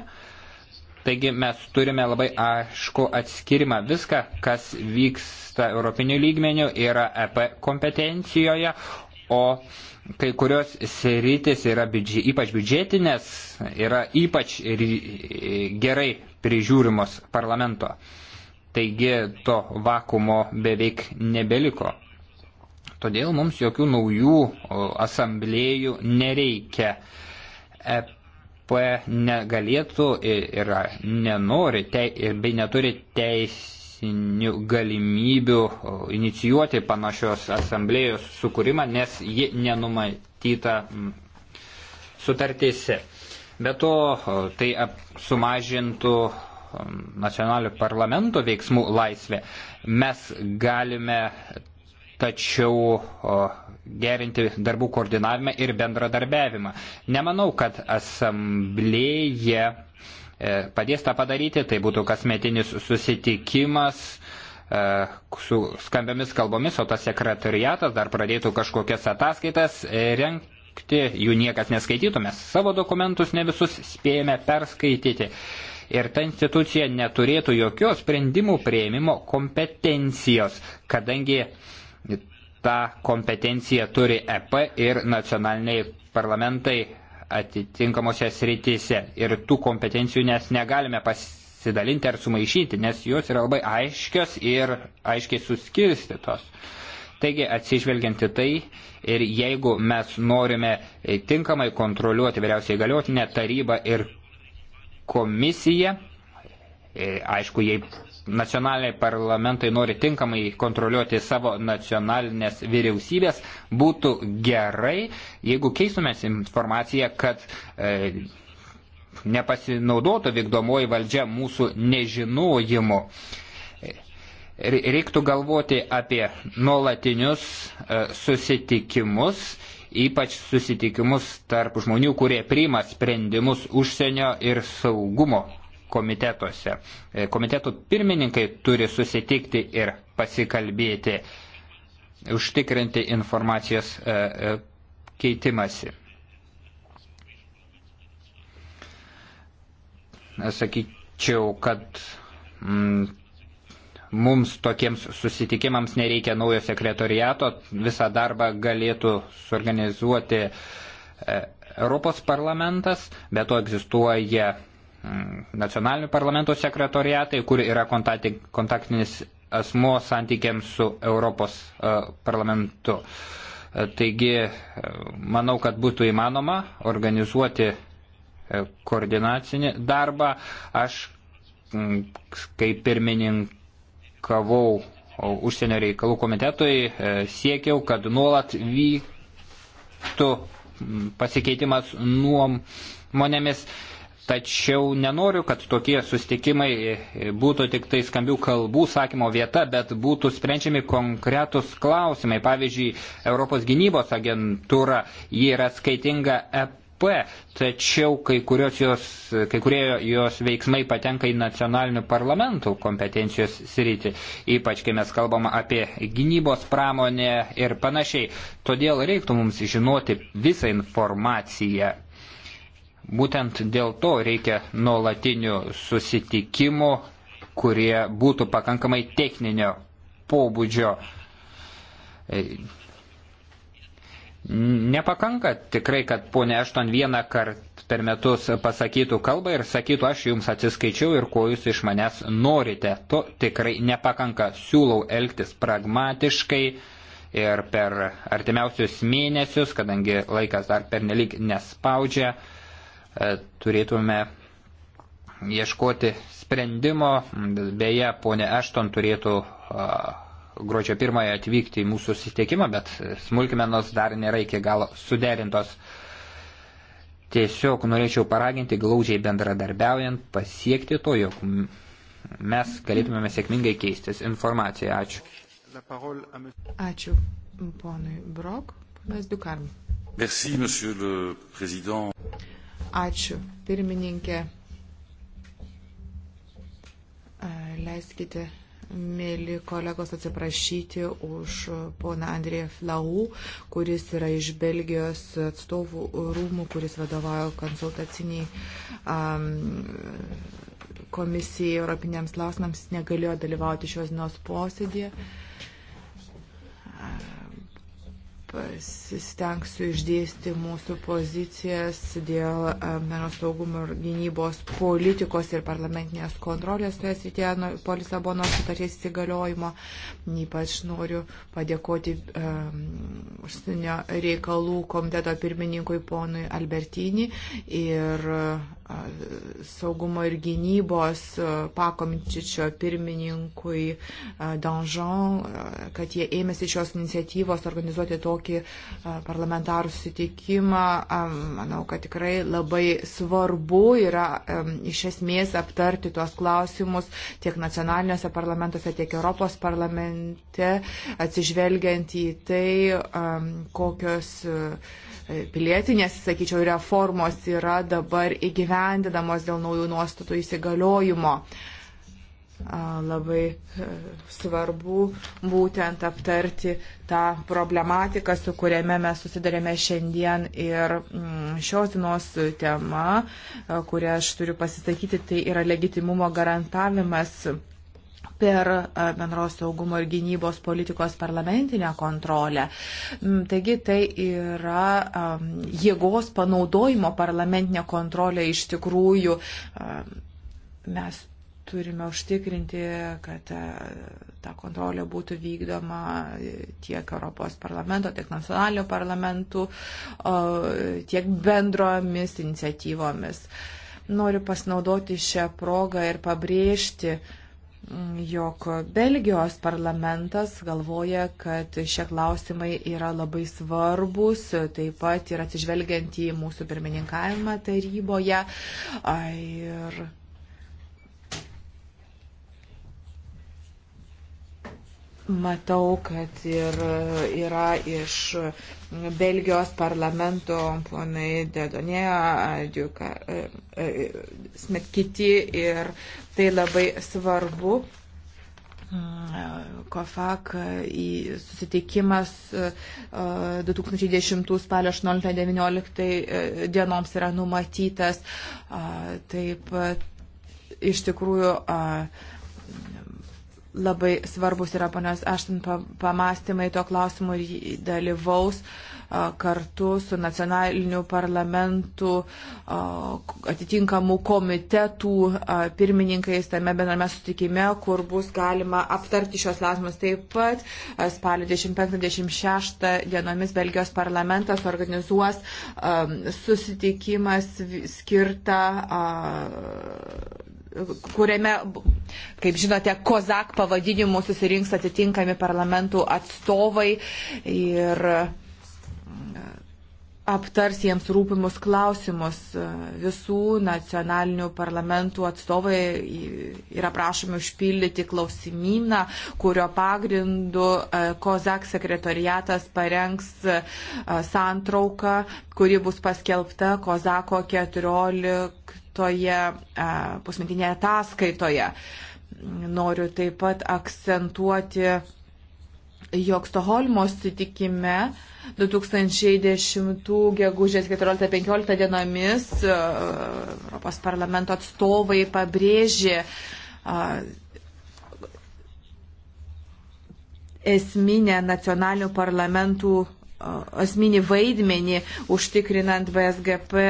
Taigi mes turime labai aišku atskirimą viską, kas vyksta europinių lygmenių, yra EP kompetencijoje, o kai kurios sritis yra biudži, ypač biudžetinės, yra ypač e, gerai prižiūrimos parlamento. Taigi to vakumo beveik nebeliko. Todėl mums jokių naujų asamblėjų nereikia. EP negalėtų ir nenori bei neturi teisinių galimybių inicijuoti panašios asamblėjos sukūrimą, nes ji nenumatyta sutartėse. Be to, tai sumažintų nacionalinių parlamento veiksmų laisvė. Mes galime tačiau gerinti darbų koordinavimą ir bendradarbiavimą. Nemanau, kad asamblėje e, padės tą padaryti, tai būtų kasmetinis susitikimas e, su skambiamis kalbomis, o tas sekretariatas dar pradėtų kažkokias ataskaitas e, renkti, jų niekas neskaitytumės, savo dokumentus ne visus spėjame perskaityti ir ta institucija neturėtų jokios sprendimų prieimimo kompetencijos, kadangi tą kompetenciją turi EP ir nacionaliniai parlamentai atitinkamosiose srityse. Ir tų kompetencijų mes negalime pasidalinti ar sumaišyti, nes jos yra labai aiškios ir aiškiai suskirstytos. Taigi atsižvelgianti tai ir jeigu mes norime tinkamai kontroliuoti vyriausiai galiotinę tarybą ir komisiją, e, aišku, jei nacionaliniai parlamentai nori tinkamai kontroliuoti savo nacionalinės vyriausybės, būtų gerai, jeigu keistumės informaciją, kad e, nepasinaudotų vykdomoji valdžia mūsų nežinojimu. Reiktų galvoti apie nuolatinius e, susitikimus ypač susitikimus tarp žmonių, kurie priima sprendimus užsienio ir saugumo komitetuose. E, komitetų pirmininkai turi susitikti ir pasikalbėti, užtikrinti informacijos e, e, keitimasi. Sakyčiau, kad mm, mums tokiems susitikimams nereikia naujo sekretoriato, visą darbą galėtų suorganizuoti Europos parlamentas, bet to egzistuoja Mm, nacionalinių parlamentų sekretoriatai, kur yra kontaktinis asmo santykiams su Europos e, parlamentu. E, taigi, e, manau, kad būtų įmanoma organizuoti koordinacinį darbą. Aš, mm, kaip pirmininkavau užsienio reikalų komitetui, siekiau, kad nuolat vyktų mm, pasikeitimas nuomonėmis. Nuom Tačiau nenoriu, kad tokie sustikimai būtų tik tai skambių kalbų sakymo vieta, bet būtų sprendžiami konkretus klausimai. Pavyzdžiui, Europos gynybos agentūra, ji yra skaitinga EP, tačiau kai, jos, kai kurie jos veiksmai patenka į nacionalinių parlamentų kompetencijos sritį, ypač kai mes kalbam apie gynybos pramonę ir panašiai. Todėl reiktų mums žinoti visą informaciją Būtent dėl to reikia nuolatinių susitikimų, kurie būtų pakankamai techninio pobūdžio. E, nepakanka tikrai, kad ponė Ešton vieną kartą per metus pasakytų kalbą ir sakytų, aš jums atsiskaičiau ir ko jūs iš manęs norite. To tikrai nepakanka. Siūlau elgtis pragmatiškai ir per artimiausius mėnesius, kadangi laikas dar pernelyg nespaudžia, E, turėtume ieškoti sprendimo. Beje, ponė Ešton turėtų e, gruodžio pirmąją atvykti į mūsų susitikimą, bet smulkmenos dar nėra iki galo suderintos. Tiesiog norėčiau paraginti glaudžiai bendradarbiaujant pasiekti to, jog mes galėtumėme sėkmingai keistis informaciją. Ačiū. Ačiū ponui Brok, ponas Dukarm. Merci, monsieur le président. Ačiū, pirmininkė. Leiskite, mėly kolegos, atsiprašyti už poną Andrėją Flau, kuris yra iš Belgijos atstovų rūmų, kuris vadovauja konsultaciniai um, komisijai europiniams klausimams, negalėjo dalyvauti šios dienos posėdėje pasistengsiu išdėsti mūsų pozicijas dėl e, meno saugumo ir gynybos politikos ir parlamentinės kontrolės toje srityje po Lisabono sutarties įsigaliojimo. Ypač noriu padėkoti e, užsienio reikalų komiteto pirmininkui ponui Albertini ir saugumo ir gynybos e, pakomitčio pirmininkui e, Danžon, e, kad jie ėmėsi šios iniciatyvos organizuoti tokį parlamentarų susitikimą. Manau, kad tikrai labai svarbu yra iš esmės aptarti tuos klausimus tiek nacionaliniuose parlamentuose, tiek Europos parlamente, atsižvelgiant į tai, kokios pilietinės, sakyčiau, reformos yra dabar įgyvendinamos dėl naujų nuostatų įsigaliojimo. Labai e, svarbu būtent aptarti tą problematiką, su kuriame mes susidarėme šiandien ir mm, šios dienos tema, kurią aš turiu pasisakyti, tai yra legitimumo garantavimas per bendros saugumo ir gynybos politikos parlamentinę kontrolę. Taigi tai yra jėgos panaudojimo parlamentinė kontrolė iš tikrųjų. Mes turime užtikrinti, kad ta kontrolė būtų vykdoma tiek Europos parlamento, tiek nacionalinio parlamentų, tiek bendromis iniciatyvomis. Noriu pasinaudoti šią progą ir pabrėžti, jog Belgijos parlamentas galvoja, kad šie klausimai yra labai svarbus, taip pat ir atsižvelgiant į mūsų pirmininkavimą taryboje. Ir matau, kad ir yra iš Belgijos parlamento ponai Dedonėja, Diuka, e, e, smet kiti ir tai labai svarbu. Mm, Kofak į susitikimas 2010 e, spalio 18-19 dienoms yra numatytas. Taip pat iš tikrųjų labai svarbus yra ponios Ašten pamastymai tuo klausimu ir dalyvaus kartu su nacionaliniu parlamentu atitinkamų komitetų pirmininkais tame bendrame sutikime, kur bus galima aptarti šios klausimus. Taip pat spalio 25-26 dienomis Belgijos parlamentas organizuos susitikimas skirtą kuriame, kaip žinote, Kozak pavadinimu susirinks atitinkami parlamentų atstovai ir mm, aptars jiems rūpimus klausimus. Visų nacionalinių parlamentų atstovai yra prašomi užpildyti klausimyną, kurio pagrindu e, Kozak sekretoriatas parengs e, santrauką, kuri bus paskelbta Kozako 14 toje pusmetinėje ataskaitoje. Noriu taip pat akcentuoti, jog Stoholmo sutikime 2010 gegužės 14-15 dienomis Europos parlamento atstovai pabrėžė esminę nacionalinių parlamentų asmenį vaidmenį užtikrinant VSGP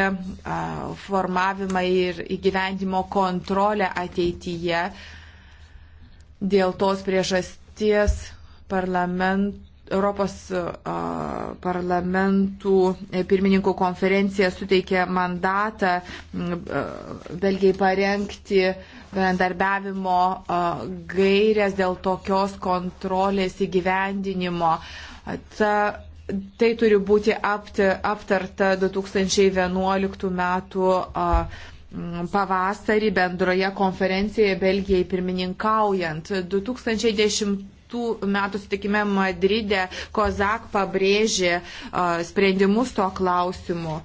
formavimą ir įgyvendimo kontrolę ateityje. Dėl tos priežasties parlament, Europos parlamentų pirmininkų konferencija suteikė mandatą Belgijai parengti bendarbiavimo gairias dėl tokios kontrolės įgyvendinimo. Ta Tai turi būti aptarta 2011 metų pavasarį bendroje konferencijoje Belgijai pirmininkaujant. 2010 metų sutikime Madride Kozak pabrėžė sprendimus to klausimu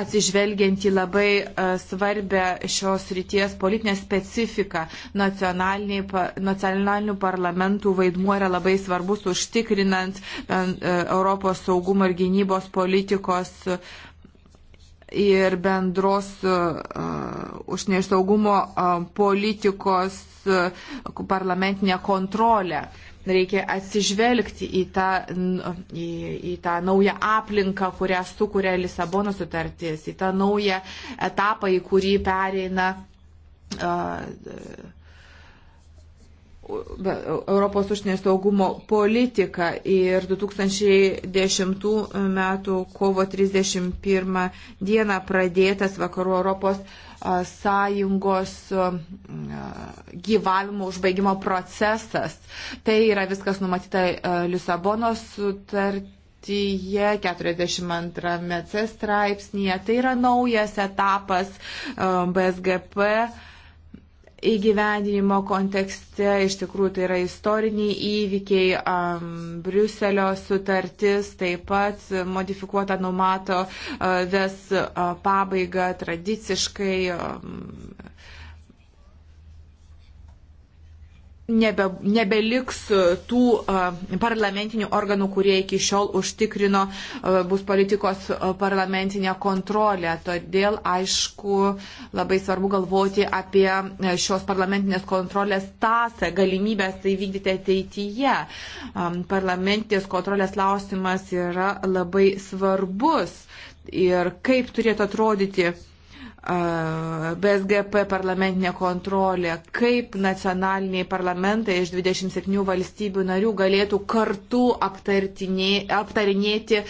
atsižvelgiant į labai e, svarbę šios ryties politinę specifiką. Nacionalinių parlamentų vaidmuo yra labai svarbus užtikrinant e, e, Europos saugumo ir gynybos politikos ir bendros uh, užsienio saugumo uh, politikos uh, parlamentinę kontrolę. Uh, reikia atsižvelgti į tą, į, į tą naują aplinką, kurią sukuria Lisabono sutartis, į tą naują etapą, į kurį pereina uh, Europos užsienio saugumo politiką ir 2010 m. kovo 31 dieną pradėtas Vakarų Europos uh, sąjungos gyvavimo užbaigimo procesas. Tai yra viskas numatyta Lisabonos sutartį. 42 straipsnėje. Tai yra naujas etapas BSGP įgyvendinimo kontekste. Iš tikrųjų, tai yra istoriniai įvykiai. Um, Briuselio sutartis taip pat modifikuota numato uh, ves uh, pabaigą tradiciškai. Um, nebe, nebeliks e, tų e, parlamentinių organų, kurie iki šiol užtikrino e, bus politikos parlamentinę kontrolę. Todėl, aišku, labai svarbu galvoti apie šios parlamentinės kontrolės tasą, galimybės tai vykdyti ateityje. Parlamentinės kontrolės klausimas yra labai svarbus ir kaip turėtų atrodyti BSGP parlamentinė kontrolė, kaip nacionaliniai parlamentai iš 27 valstybių narių galėtų kartu aptarinėti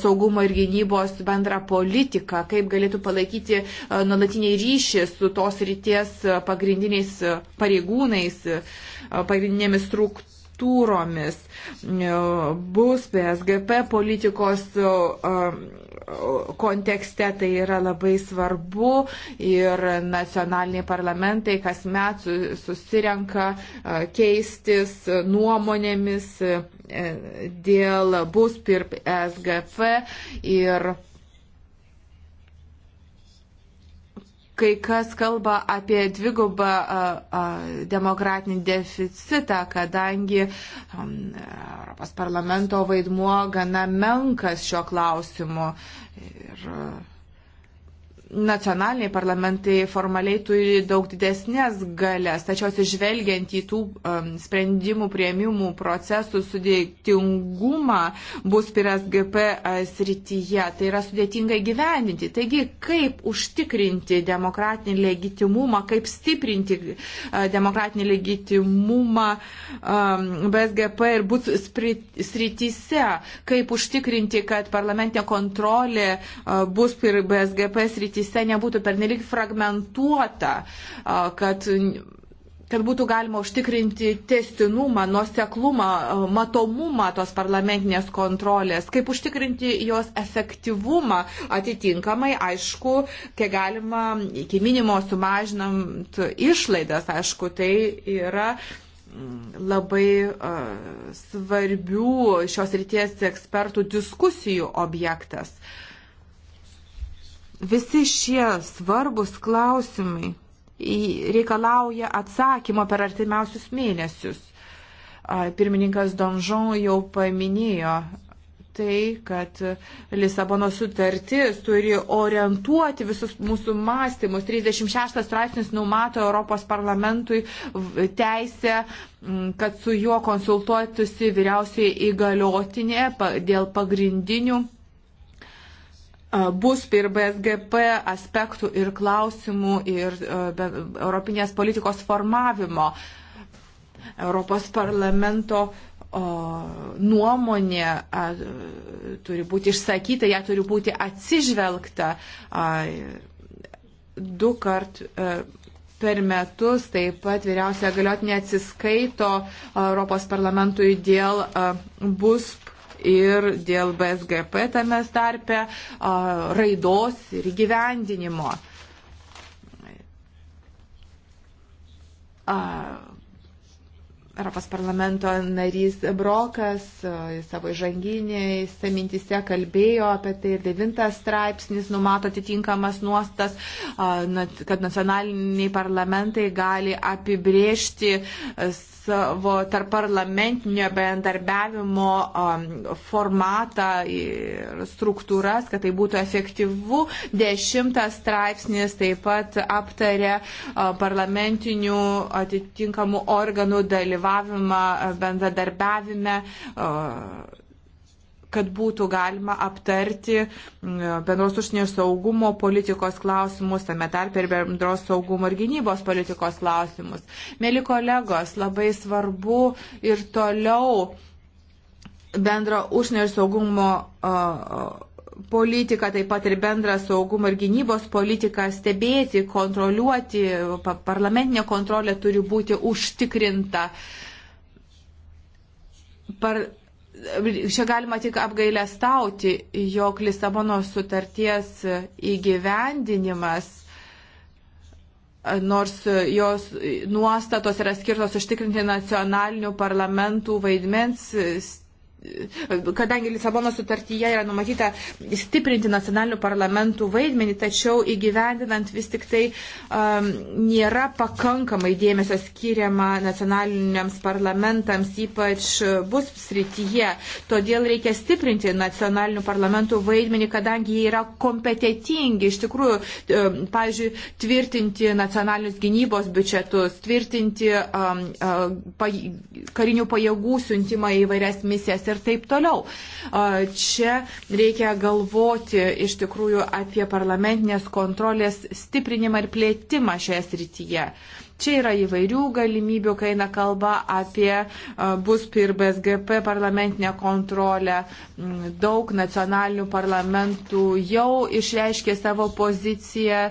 saugumo ir gynybos bendrą politiką, kaip galėtų palaikyti nuolatiniai ryšį su tos ryties pagrindiniais pareigūnais, pagrindinėmis struktūromis. Bus BSGP politikos kontekste tai yra labai svarbu ir nacionaliniai parlamentai kasmet susirenka keistis nuomonėmis e, dėl bus pirp SGF ir kai kas kalba apie dvigubą demokratinį deficitą, kadangi um, Europos parlamento vaidmuo gana menkas šio klausimu. Ir, a, nacionaliniai parlamentai formaliai turi daug didesnės galės, tačiau atsižvelgiant į tų um, sprendimų prieimimų procesų sudėtingumą bus piras GP srityje, tai yra sudėtinga gyveninti. Taigi, kaip užtikrinti demokratinį legitimumą, kaip stiprinti uh, demokratinį legitimumą um, BSGP ir bus srityse, kaip užtikrinti, kad parlamentinė kontrolė uh, bus ir BSGP srityje srityse nebūtų pernelik fragmentuota, kad kad būtų galima užtikrinti testinumą, nuoseklumą, matomumą tos parlamentinės kontrolės, kaip užtikrinti jos efektyvumą atitinkamai, aišku, kiek galima iki minimo sumažinant išlaidas, aišku, tai yra labai uh, svarbių šios ryties ekspertų diskusijų objektas. Uh, Visi šie svarbus klausimai reikalauja atsakymo per artimiausius mėnesius. Pirmininkas Donžon jau paminėjo tai, kad Lisabono sutartis turi orientuoti visus mūsų mąstymus. 36 straipsnis numato Europos parlamentui teisę, kad su juo konsultuotųsi vyriausiai įgaliotinė dėl pagrindinių bus ir BSGP aspektų ir klausimų ir e, Europinės politikos formavimo. Europos parlamento o, nuomonė a, turi būti išsakyta, ją turi būti atsižvelgta a, du kart a, e, per metus. Taip pat vyriausia galiotinė atsiskaito Europos parlamentui dėl a, e, bus ir dėl BSGP tame tarpe raidos ir gyvendinimo. Europos parlamento narys Brokas savo žanginiais mintise kalbėjo apie tai ir devintas straipsnis numato atitinkamas nuostas, kad nacionaliniai parlamentai gali apibriežti savo tarp parlamentinio bendarbiavimo um, formatą ir struktūras, kad tai būtų efektyvu. Dešimtas straipsnis taip pat aptarė uh, parlamentinių atitinkamų organų dalyvavimą uh, bendradarbiavime uh, kad būtų galima aptarti bendros užsienio saugumo politikos klausimus, tame tarp ir bendros saugumo ir gynybos politikos klausimus. Mėly kolegos, labai svarbu ir toliau bendro užsienio ir saugumo uh, politiką, taip pat ir bendrą saugumą ir gynybos politiką stebėti, kontroliuoti, parlamentinė kontrolė turi būti užtikrinta. Par, čia galima tik apgailę stauti, jog Lisabono sutarties įgyvendinimas nors jos nuostatos yra skirtos užtikrinti nacionalinių parlamentų vaidmens kadangi Lisabono sutartyje yra numatyta stiprinti nacionalinių parlamentų vaidmenį, tačiau įgyvendinant vis tik tai um, nėra pakankamai dėmesio skiriama nacionaliniams parlamentams, ypač bus srityje. Todėl reikia stiprinti nacionalinių parlamentų vaidmenį, kadangi jie yra kompetitingi iš tikrųjų, um, pavyzdžiui, tvirtinti nacionalinius gynybos biudžetus, tvirtinti um, um, uh, pa, karinių pajėgų siuntimą į vairias misijas ir taip toliau. Čia reikia galvoti iš tikrųjų apie parlamentinės kontrolės stiprinimą ir plėtimą šioje srityje. Čia yra įvairių galimybių, kai eina kalba apie bus ir BSGP parlamentinę kontrolę. Mm, daug nacionalinių parlamentų jau išreiškė savo poziciją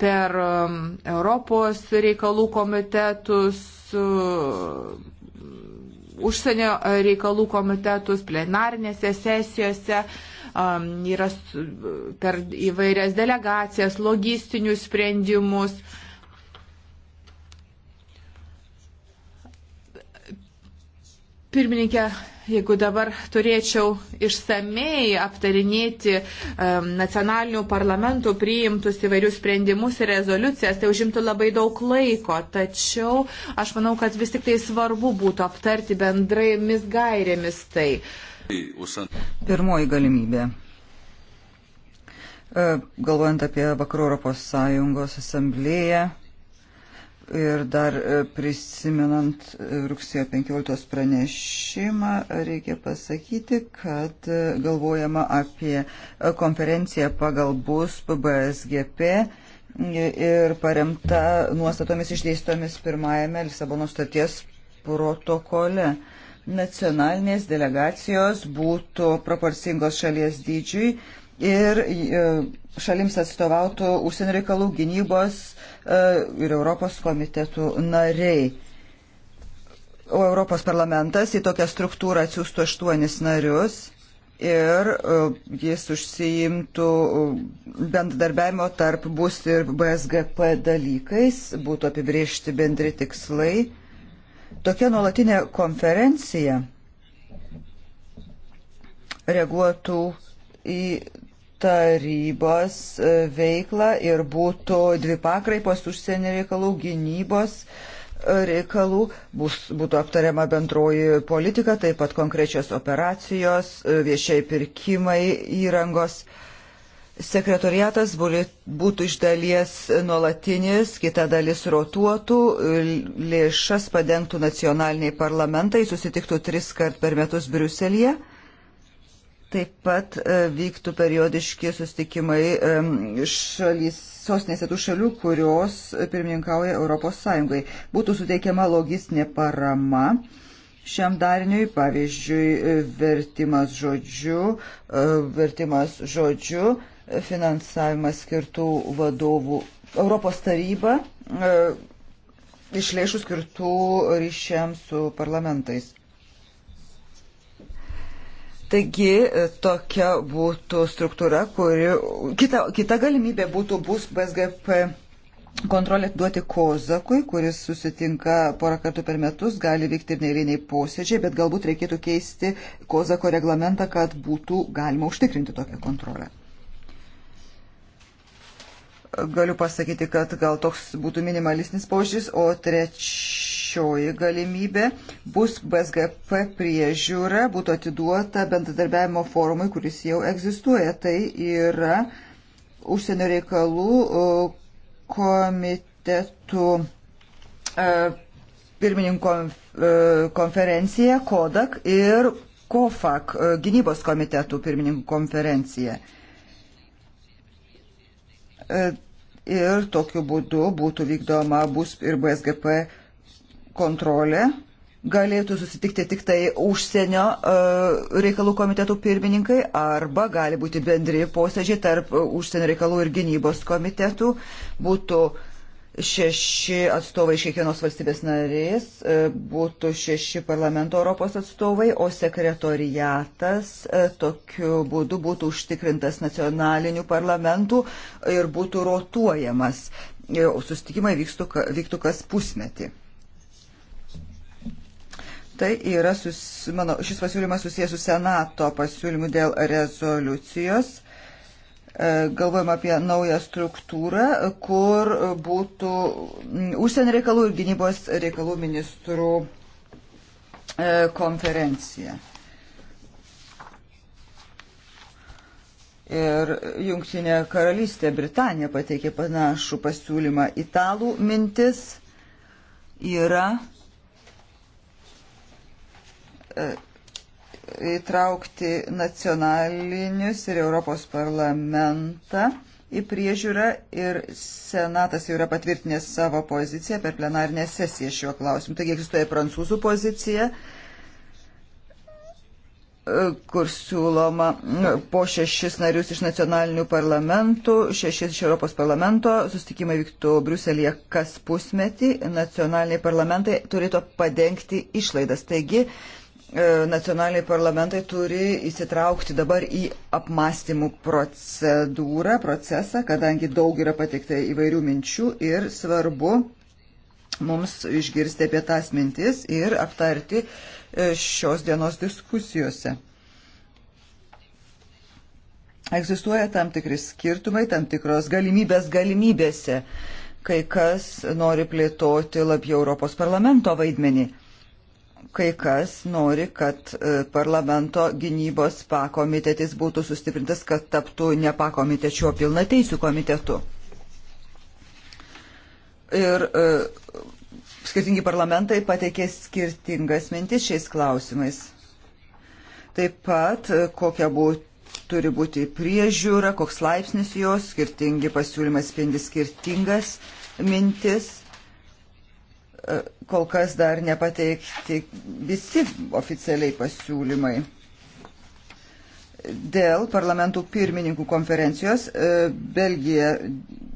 per mm, Europos reikalų komitetus užsienio reikalų komitetus, plenarinėse sesijose, um, yra per įvairias delegacijas, logistinius sprendimus. Pirmininkė, jeigu dabar turėčiau išsamei aptarinėti um, nacionalinių parlamentų priimtus įvairius sprendimus ir rezoliucijas, tai užimtų labai daug laiko. Tačiau aš manau, kad vis tik tai svarbu būtų aptarti bendraimis gairėmis tai. Pirmoji galimybė. E, galvojant apie Vakarų Europos Sąjungos asamblėją, Ir dar e, prisimenant e, rugsėjo 15 pranešimą, reikia pasakyti, kad e, galvojama apie konferenciją pagal bus PBSGP ir paremta nuostatomis išdėstomis pirmajame Lisabono staties protokole. Nacionalinės delegacijos būtų proporcingos šalies dydžiui ir šalims atstovautų užsienio reikalų gynybos e, ir Europos komitetų nariai. O Europos parlamentas į tokią struktūrą atsiųstų aštuonis narius ir e, jis užsiimtų e, bendradarbiavimo tarp bus ir BSGP dalykais, būtų apibriežti bendri tikslai. Tokia nuolatinė konferencija reaguotų į tarybos e, veiklą ir būtų dvi pakraipos užsienio reikalų, gynybos e, reikalų, bus, būtų aptariama bendroji politika, taip pat konkrečios operacijos, e, viešiai pirkimai įrangos. Sekretoriatas būtų iš dalies nuolatinis, kita dalis rotuotų, lėšas padengtų nacionaliniai parlamentai, susitiktų tris kart per metus Briuselėje Taip pat e, vyktų periodiški sustikimai e, šalys, sostinėse tų šalių, kurios pirmininkauja Europos Sąjungai. Būtų suteikiama logistinė parama šiam dariniui, pavyzdžiui, e, vertimas žodžiu, vertimas žodžiu, finansavimas skirtų vadovų Europos taryba, išlėšų skirtų ryšiams su parlamentais. Taigi e, tokia būtų struktūra, kuri, kita, kita galimybė būtų bus BSGP kontrolė duoti Kozakui, kuris susitinka porą kartų per metus, gali vykti ir neįliniai posėdžiai, bet galbūt reikėtų keisti Kozako reglamentą, kad būtų galima užtikrinti tokią kontrolę galiu pasakyti, kad gal toks būtų minimalistinis požiūris, o treč, trečioji galimybė bus BSGP priežiūra, būtų atiduota bendradarbiavimo forumui, kuris jau egzistuoja. Tai yra užsienio reikalų komitetų e, pirmininko e, konferencija Kodak ir COFAC e, gynybos komitetų pirmininkų konferencija. Ir tokiu būdu būtų vykdoma bus ir BSGP kontrolė galėtų susitikti tik tai užsienio e, reikalų komitetų pirmininkai arba gali būti bendri posėdžiai tarp e, užsienio reikalų ir gynybos komitetų. Būtų šeši atstovai iš kiekvienos valstybės narės, e, būtų šeši parlamento Europos atstovai, o sekretoriatas tokiu būdu būtų užtikrintas nacionalinių parlamentų ir būtų rotuojamas. Sustikimai vyktų, vyktų kas pusmetį. Tai yra, sus, mano, šis pasiūlymas susijęs su Senato pasiūlymu dėl rezoliucijos. E, galvojam apie naują struktūrą, kur būtų užsienio reikalų ir gynybos reikalų ministrų e, konferencija. Ir Junktinė karalystė Britanija pateikė panašų pasiūlymą. Italų mintis yra E, įtraukti nacionalinius ir Europos parlamentą į priežiūrą ir Senatas jau yra patvirtinęs savo poziciją per plenarinę sesiją šiuo klausimu. Taigi egzistuoja prancūzų pozicija, e, kur siūloma e, po šešis narius iš nacionalinių parlamentų, šešis iš Europos parlamento, sustikimai vyktų Bruselėje kas pusmetį, nacionaliniai parlamentai turėtų padengti išlaidas. Taigi, uh, E, nacionaliniai parlamentai turi įsitraukti dabar į apmąstymų procedūrą, procesą, kadangi daug yra pateikta įvairių minčių ir svarbu mums išgirsti apie tas mintis ir aptarti e, šios dienos diskusijose. Egzistuoja tam tikri skirtumai, tam tikros galimybės galimybėse, kai kas nori plėtoti labiau Europos parlamento vaidmenį kai kas nori, kad e, parlamento gynybos pakomitetis būtų sustiprintas, kad taptų ne pakomitečiu, o pilna teisų komitetu. Ir e, skirtingi parlamentai pateikė skirtingas mintis šiais klausimais. Taip pat, e, kokia būtų turi būti priežiūra, koks laipsnis jos, skirtingi pasiūlymai spindi skirtingas mintis kol kas dar nepateikti visi oficialiai pasiūlymai. Dėl parlamentų pirmininkų konferencijos e, Belgija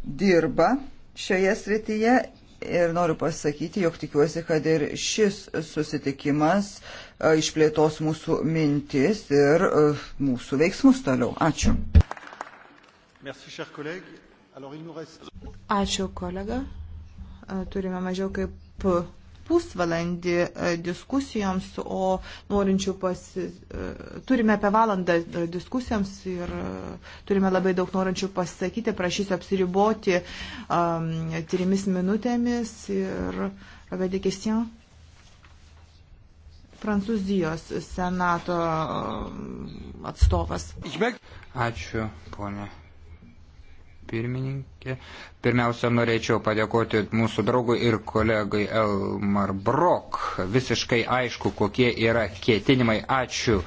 dirba šioje srityje ir noriu pasakyti, jog tikiuosi, kad ir šis susitikimas e, išplėtos mūsų mintis ir e, mūsų veiksmus toliau. Ačiū. Ačiū, kolega. Turime mažiau kaip pusvalandį e, diskusijoms, o norinčių pasi... E, turime apie valandą e, diskusijoms ir turime labai daug norinčių pasakyti, prašysiu apsiriboti um, trimis minutėmis ir Robert Kestien. Prancūzijos senato atstovas. Ačiū, ponė pirmininkė. Pirmiausia, norėčiau padėkoti mūsų draugui ir kolegai Elmar Brok. Visiškai aišku, kokie yra kėtinimai. Ačiū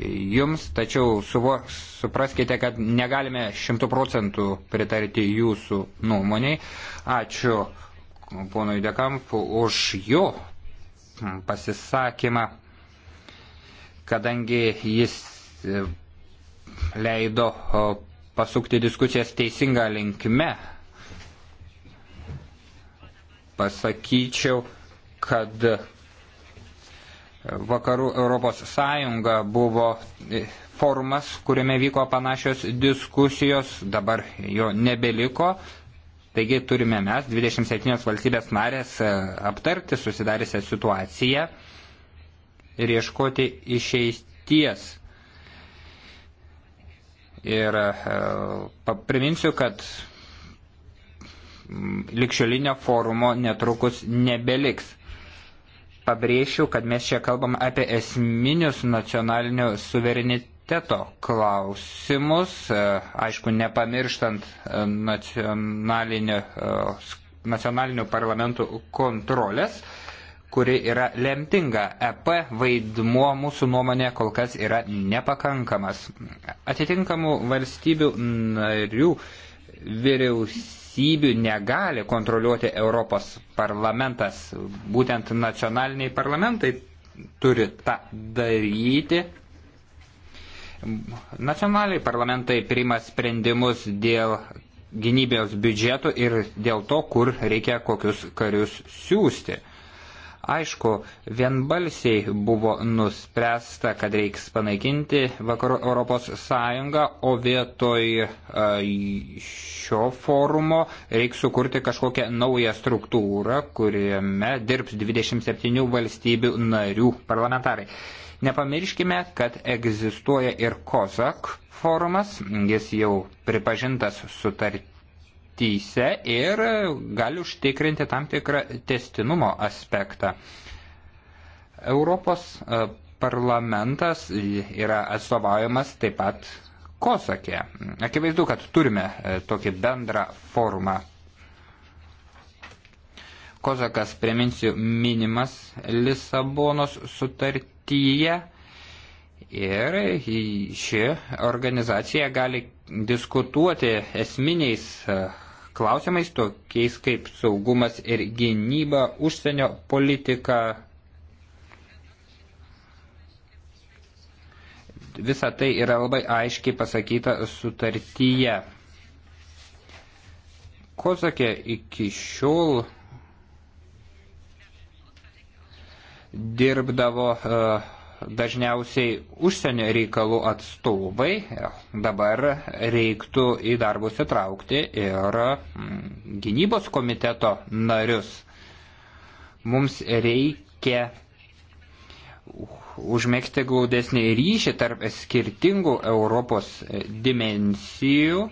Jums, tačiau suvo, supraskite, kad negalime šimtų procentų pritarti Jūsų nuomoniai. Ačiū ponui Dekampu už jo pasisakymą, kadangi jis leido pasukti diskusijas teisinga linkme. Pasakyčiau, kad Vakarų Europos Sąjunga buvo formas, kuriame vyko panašios diskusijos, dabar jo nebeliko. Taigi turime mes, 27 valstybės narės, aptarti susidariusią situaciją ir ieškoti išeities. Ir e, priminsiu, kad likščiolinio forumo netrukus nebeliks. Pabrėšiu, kad mes čia kalbam apie esminius nacionalinio suvereniteto klausimus, e, aišku, nepamirštant e, nacionalinio, nacionalinių parlamentų kontrolės kuri yra lemtinga. EP vaidmuo mūsų nuomonė kol kas yra nepakankamas. Atitinkamų valstybių narių vyriausybių negali kontroliuoti Europos parlamentas. Būtent nacionaliniai parlamentai turi tą daryti. Nacionaliai parlamentai priima sprendimus dėl gynybės biudžetų ir dėl to, kur reikia kokius karius siūsti. Aišku, vienbalsiai buvo nuspręsta, kad reiks panaikinti Vakarų Europos Sąjungą, o vietoj e, šio forumo reiks sukurti kažkokią naują struktūrą, kuriame dirbs 27 valstybių narių parlamentarai. Nepamirškime, kad egzistuoja ir COSAC forumas, jis jau pripažintas sutartį sutartyse ir gali užtikrinti tam tikrą testinumo aspektą. Europos e, parlamentas yra atstovaujamas taip pat Kosakė. Akivaizdu, kad turime e, tokį bendrą formą. Kozakas, priminsiu, minimas Lisabonos sutartyje ir ši organizacija gali diskutuoti esminiais e, klausimais, tokiais kaip saugumas ir gynyba, užsienio politika. Visa tai yra labai aiškiai pasakyta sutartyje. Kozakė iki šiol dirbdavo uh, dažniausiai užsienio reikalų atstovai dabar reiktų į darbus įtraukti ir mm, gynybos komiteto narius. Mums reikia užmėgsti glaudesnį ryšį tarp skirtingų Europos dimensijų,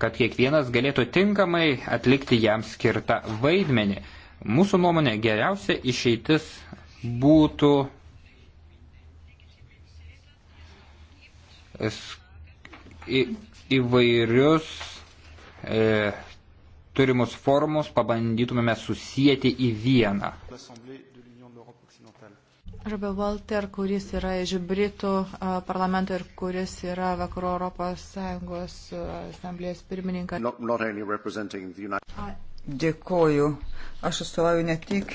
kad kiekvienas galėtų tinkamai atlikti jam skirtą vaidmenį. Mūsų nuomonė geriausia išeitis būtų į, įvairius e, turimus formus pabandytumėme susijęti į vieną. Arba Walter, kuris yra iš Britų e, parlamento ir kuris yra Vakarų Europos Sąjungos e, asamblėjos pirmininkas. Dėkoju. Aš atstovauju ne tik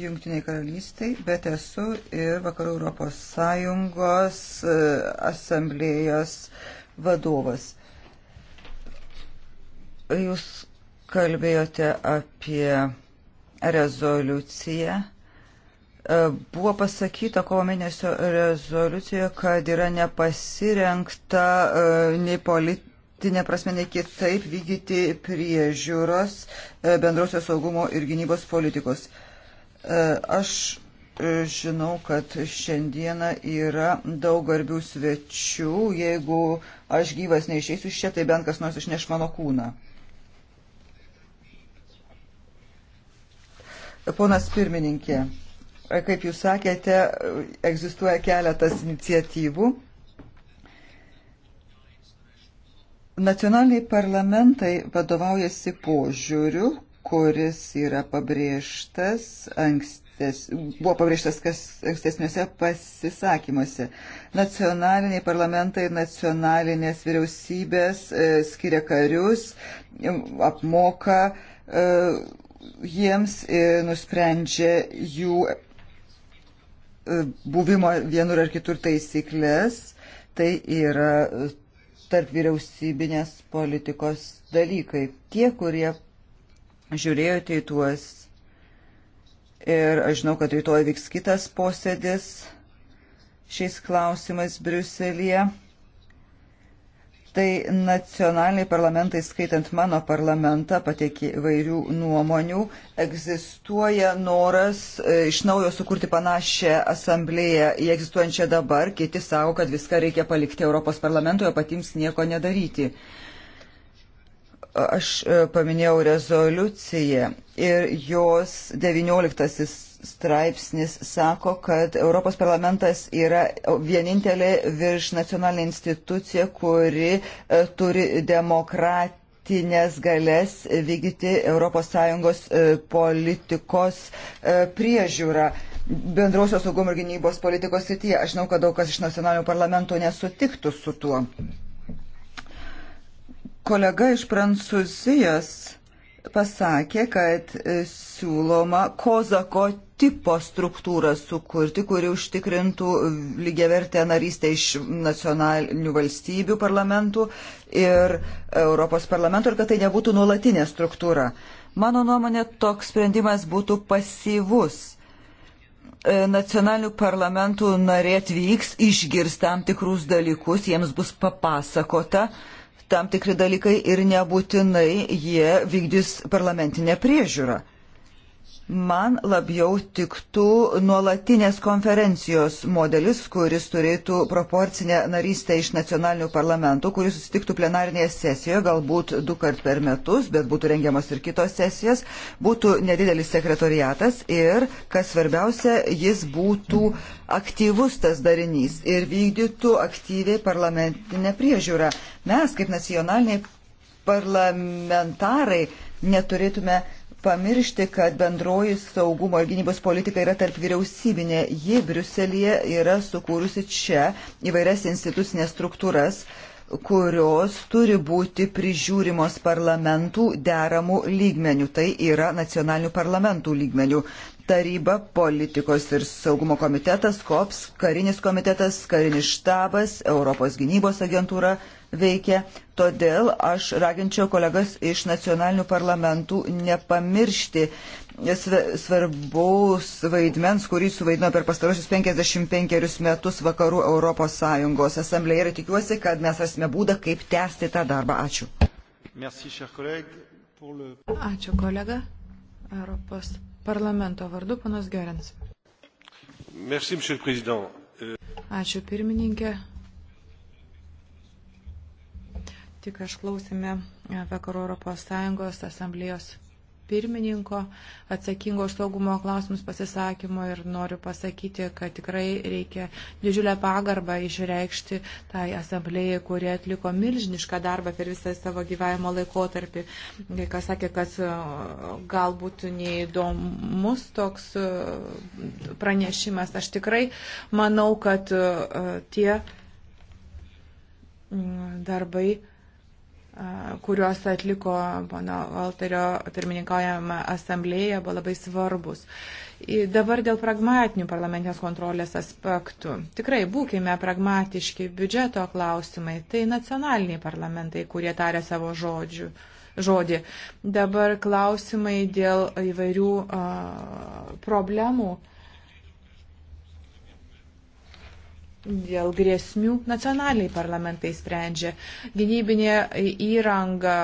Jungtiniai karalystiai, bet esu ir Vakarų Europos Sąjungos e, asamblėjos vadovas. Jūs kalbėjote apie rezoliuciją. E, buvo pasakyta kovo mėnesio rezoliucijoje, kad yra nepasirengta e, nei politika politinė prasme, nei kitaip vykdyti priežiūros bendrosios saugumo ir gynybos politikos. E, aš e, žinau, kad šiandieną yra daug garbių svečių. Jeigu aš gyvas neišeisiu iš čia, tai bent kas nors išneš mano kūną. Ponas pirmininkė, e, kaip jūs sakėte, egzistuoja keletas iniciatyvų. Nacionaliniai parlamentai vadovaujasi požiūriu, kuris yra pabrėžtas ankstes, buvo pabrėžtas kas ankstesniuose pasisakymuose. Nacionaliniai parlamentai ir nacionalinės vyriausybės e, skiria karius, e, apmoka e, jiems ir nusprendžia jų e, buvimo vienur ar kitur taisyklės. Tai yra e, tarp vyriausybinės politikos dalykai. Tie, kurie žiūrėjote į tuos. Ir aš žinau, kad rytoj vyks kitas posėdis šiais klausimais Briuselėje. Tai nacionaliniai parlamentai, skaitant mano parlamentą, patiekė įvairių nuomonių, egzistuoja noras e, iš naujo sukurti panašią asamblėją į egzistuojančią dabar, kiti savo, kad viską reikia palikti Europos parlamentoje, patims nieko nedaryti. Uh, Aš e, paminėjau rezoliuciją ir jos 19 straipsnis sako, kad Europos parlamentas yra vienintelė virš nacionalinė institucija, kuri e, turi demokratiją politinės galės vykdyti ES e, politikos priežiūrą bendrosios saugumo ir gynybos politikos srityje. Aš žinau, kad daug kas iš nacionalinių parlamentų nesutiktų su tuo. Kolega iš Prancūzijos pasakė, kad e, siūloma Kozako tipo struktūrą sukurti, kuri užtikrintų lygiavertę narystę iš nacionalinių valstybių parlamentų ir Europos parlamento ir kad tai nebūtų nuolatinė struktūra. Mano nuomonė, toks sprendimas būtų pasyvus. E, nacionalinių parlamentų narė atvyks, išgirs tam tikrus dalykus, jiems bus papasakota tam tikri dalykai ir nebūtinai jie vykdys parlamentinę priežiūrą. Man labiau tiktų nuolatinės konferencijos modelis, kuris turėtų proporcinę narystę iš nacionalinių parlamentų, kuris susitiktų plenarinėje sesijoje, galbūt du kart per metus, bet būtų rengiamas ir kitos sesijas, būtų nedidelis sekretoriatas ir, kas svarbiausia, jis būtų aktyvus tas darinys ir vykdytų aktyviai parlamentinę priežiūrą. Mes, kaip nacionaliniai parlamentarai, neturėtume pamiršti, kad bendroji saugumo ir gynybos politika yra tarp vyriausybinė. Ji Briuselėje yra sukūrusi čia įvairias institucinės struktūras kurios turi būti prižiūrimos parlamentų deramų lygmenių, tai yra nacionalinių parlamentų lygmenių. Taryba, politikos ir saugumo komitetas, COPS, karinis komitetas, karinis štabas, Europos gynybos agentūra, veikia. Todėl aš raginčiau kolegas iš nacionalinių parlamentų nepamiršti svarbaus vaidmens, kurį suvaidino per pastarosius 55 metus Vakarų Europos Sąjungos asamblėje ir tikiuosi, kad mes rasime būdą, kaip tęsti tą darbą. Ačiū. Merci, Ačiū kolega. Europos parlamento vardu panas Gerens. Merci, euh, Ačiū pirmininkė. tik išklausėme e, Vakarų Europos Sąjungos asamblėjos pirmininko atsakingo saugumo klausimus pasisakymo ir noriu pasakyti, kad tikrai reikia didžiulę pagarbą išreikšti tai asamblėjai, kurie atliko milžinišką darbą per visą savo gyvavimo laikotarpį. Kai kas sakė, kad e, galbūt neįdomus toks e, pranešimas, aš tikrai manau, kad tie mm, darbai kuriuos atliko pono Valterio pirmininkaujama asamblėje, buvo labai svarbus. Dabar dėl pragmatinių parlamentinės kontrolės aspektų. Tikrai būkime pragmatiški biudžeto klausimai. Tai nacionaliniai parlamentai, kurie taria savo žodžių, žodį. Dabar klausimai dėl įvairių a, problemų. A, dėl grėsmių nacionaliai parlamentai sprendžia. Gynybinė įranga,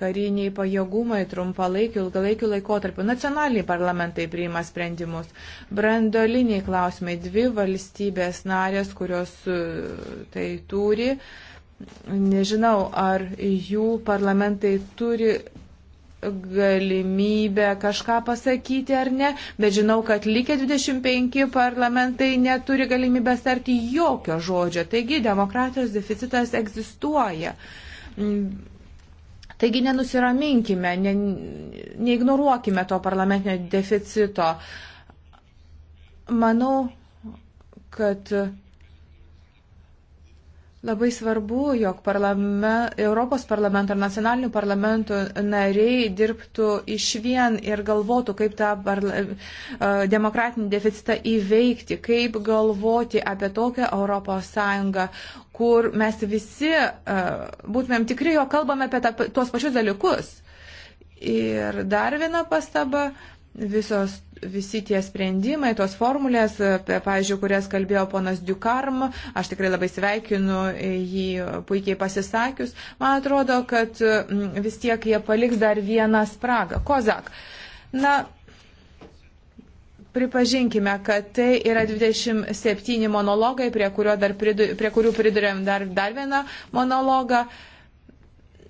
kariniai pajėgumai trumpalaikiu, ilgalaikiu laikotarpiu. Nacionaliai parlamentai priima sprendimus. Brandoliniai klausimai. Dvi valstybės narės, kurios tai turi. Nežinau, ar jų parlamentai turi galimybę kažką pasakyti ar ne, bet žinau, kad likę 25 parlamentai neturi galimybės tarti jokio žodžio. Taigi demokratijos deficitas egzistuoja. Mm. Taigi nenusiraminkime, ne, neignoruokime to parlamentinio deficito. Manau, kad Labai svarbu, jog parlame, Europos parlamento ir nacionalinių parlamentų nariai dirbtų iš vien ir galvotų, kaip tą parla, e, demokratinį deficitą įveikti, kaip galvoti apie tokią Europos Sąjungą, kur mes visi e, būtumėm tikri, jo kalbame apie ta, tuos pačius dalykus. Ir dar viena pastaba, visos visi tie sprendimai, tos formulės, e, pavyzdžiui, kurias kalbėjo ponas Dukarm, aš tikrai labai sveikinu e, jį puikiai pasisakius, man atrodo, kad vis tiek jie paliks dar vieną spragą. Kozak. Na, pripažinkime, kad tai yra 27 monologai, prie, dar pridu, prie kurių pridurėm dar, dar vieną monologą. Uh,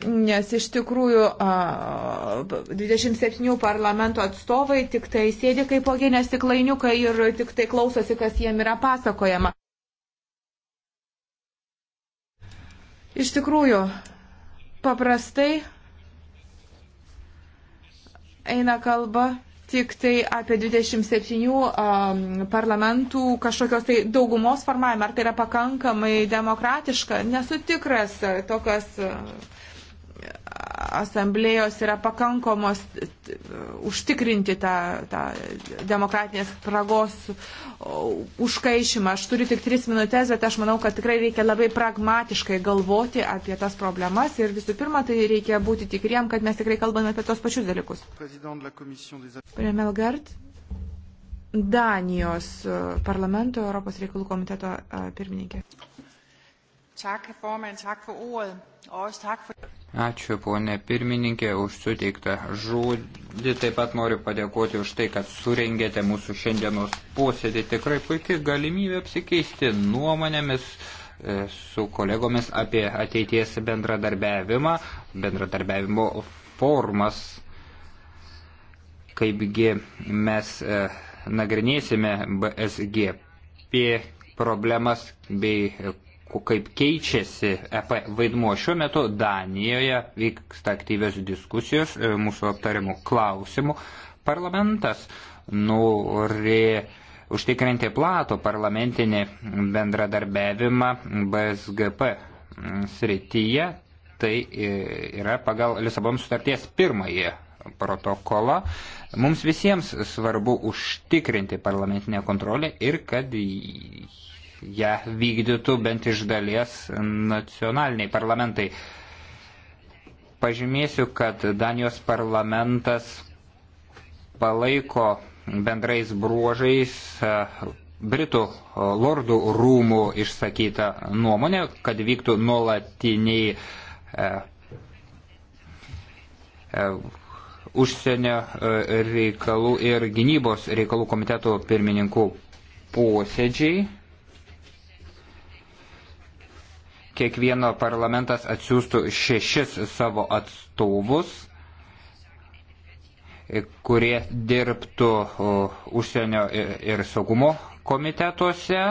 nes iš tikrųjų 27 parlamento atstovai tik tai sėdi kaip ogienės stiklainiukai ir tik tai klausosi, kas jiem yra pasakojama. Iš tikrųjų, paprastai eina kalba tik tai apie 27 um, parlamentų kažkokios tai daugumos formavimą. Ar tai yra pakankamai demokratiška? Nesu tikras tokios. Uh, asamblėjos yra pakankamos užtikrinti tą, tą demokratinės spragos užkaišymą. Aš turiu tik tris minutės, bet aš manau, kad tikrai reikia labai pragmatiškai galvoti apie tas problemas ir visų pirma, tai reikia būti tikriem, kad mes tikrai kalbame apie tos pačius dalykus. Prie Melgard, Danijos e, parlamento Europos reikalų komiteto e, pirmininkė. Ačiū ponė pirmininkė už suteiktą žodį. Taip pat noriu padėkoti už tai, kad surengėte mūsų šiandienos posėdį. Tikrai puikiai galimybė apsikeisti nuomonėmis e, su kolegomis apie ateities bendradarbiavimą, bendradarbiavimo formas, kaipgi mes e, nagrinėsime BSGP problemas bei kaip keičiasi EP vaidmuo. Šiuo metu Danijoje vyksta aktyvios diskusijos e, mūsų aptarimų klausimų. Parlamentas nori užtikrinti platų parlamentinį bendradarbiavimą BSGP srityje. Tai e, yra pagal Lisabonų sutarties pirmąjį protokolą. Mums visiems svarbu užtikrinti parlamentinę kontrolę ir kad ją vykdytų bent iš dalies nacionaliniai parlamentai. Pažymėsiu, kad Danijos parlamentas palaiko bendrais bruožais e, Britų e, lordų rūmų išsakytą nuomonę, kad vyktų nuolatiniai e, e, užsienio e, reikalų ir gynybos reikalų komitetų pirmininkų posėdžiai. kiekvieno parlamentas atsiųstų šešis savo atstovus, kurie dirbtų užsienio ir saugumo komitetuose.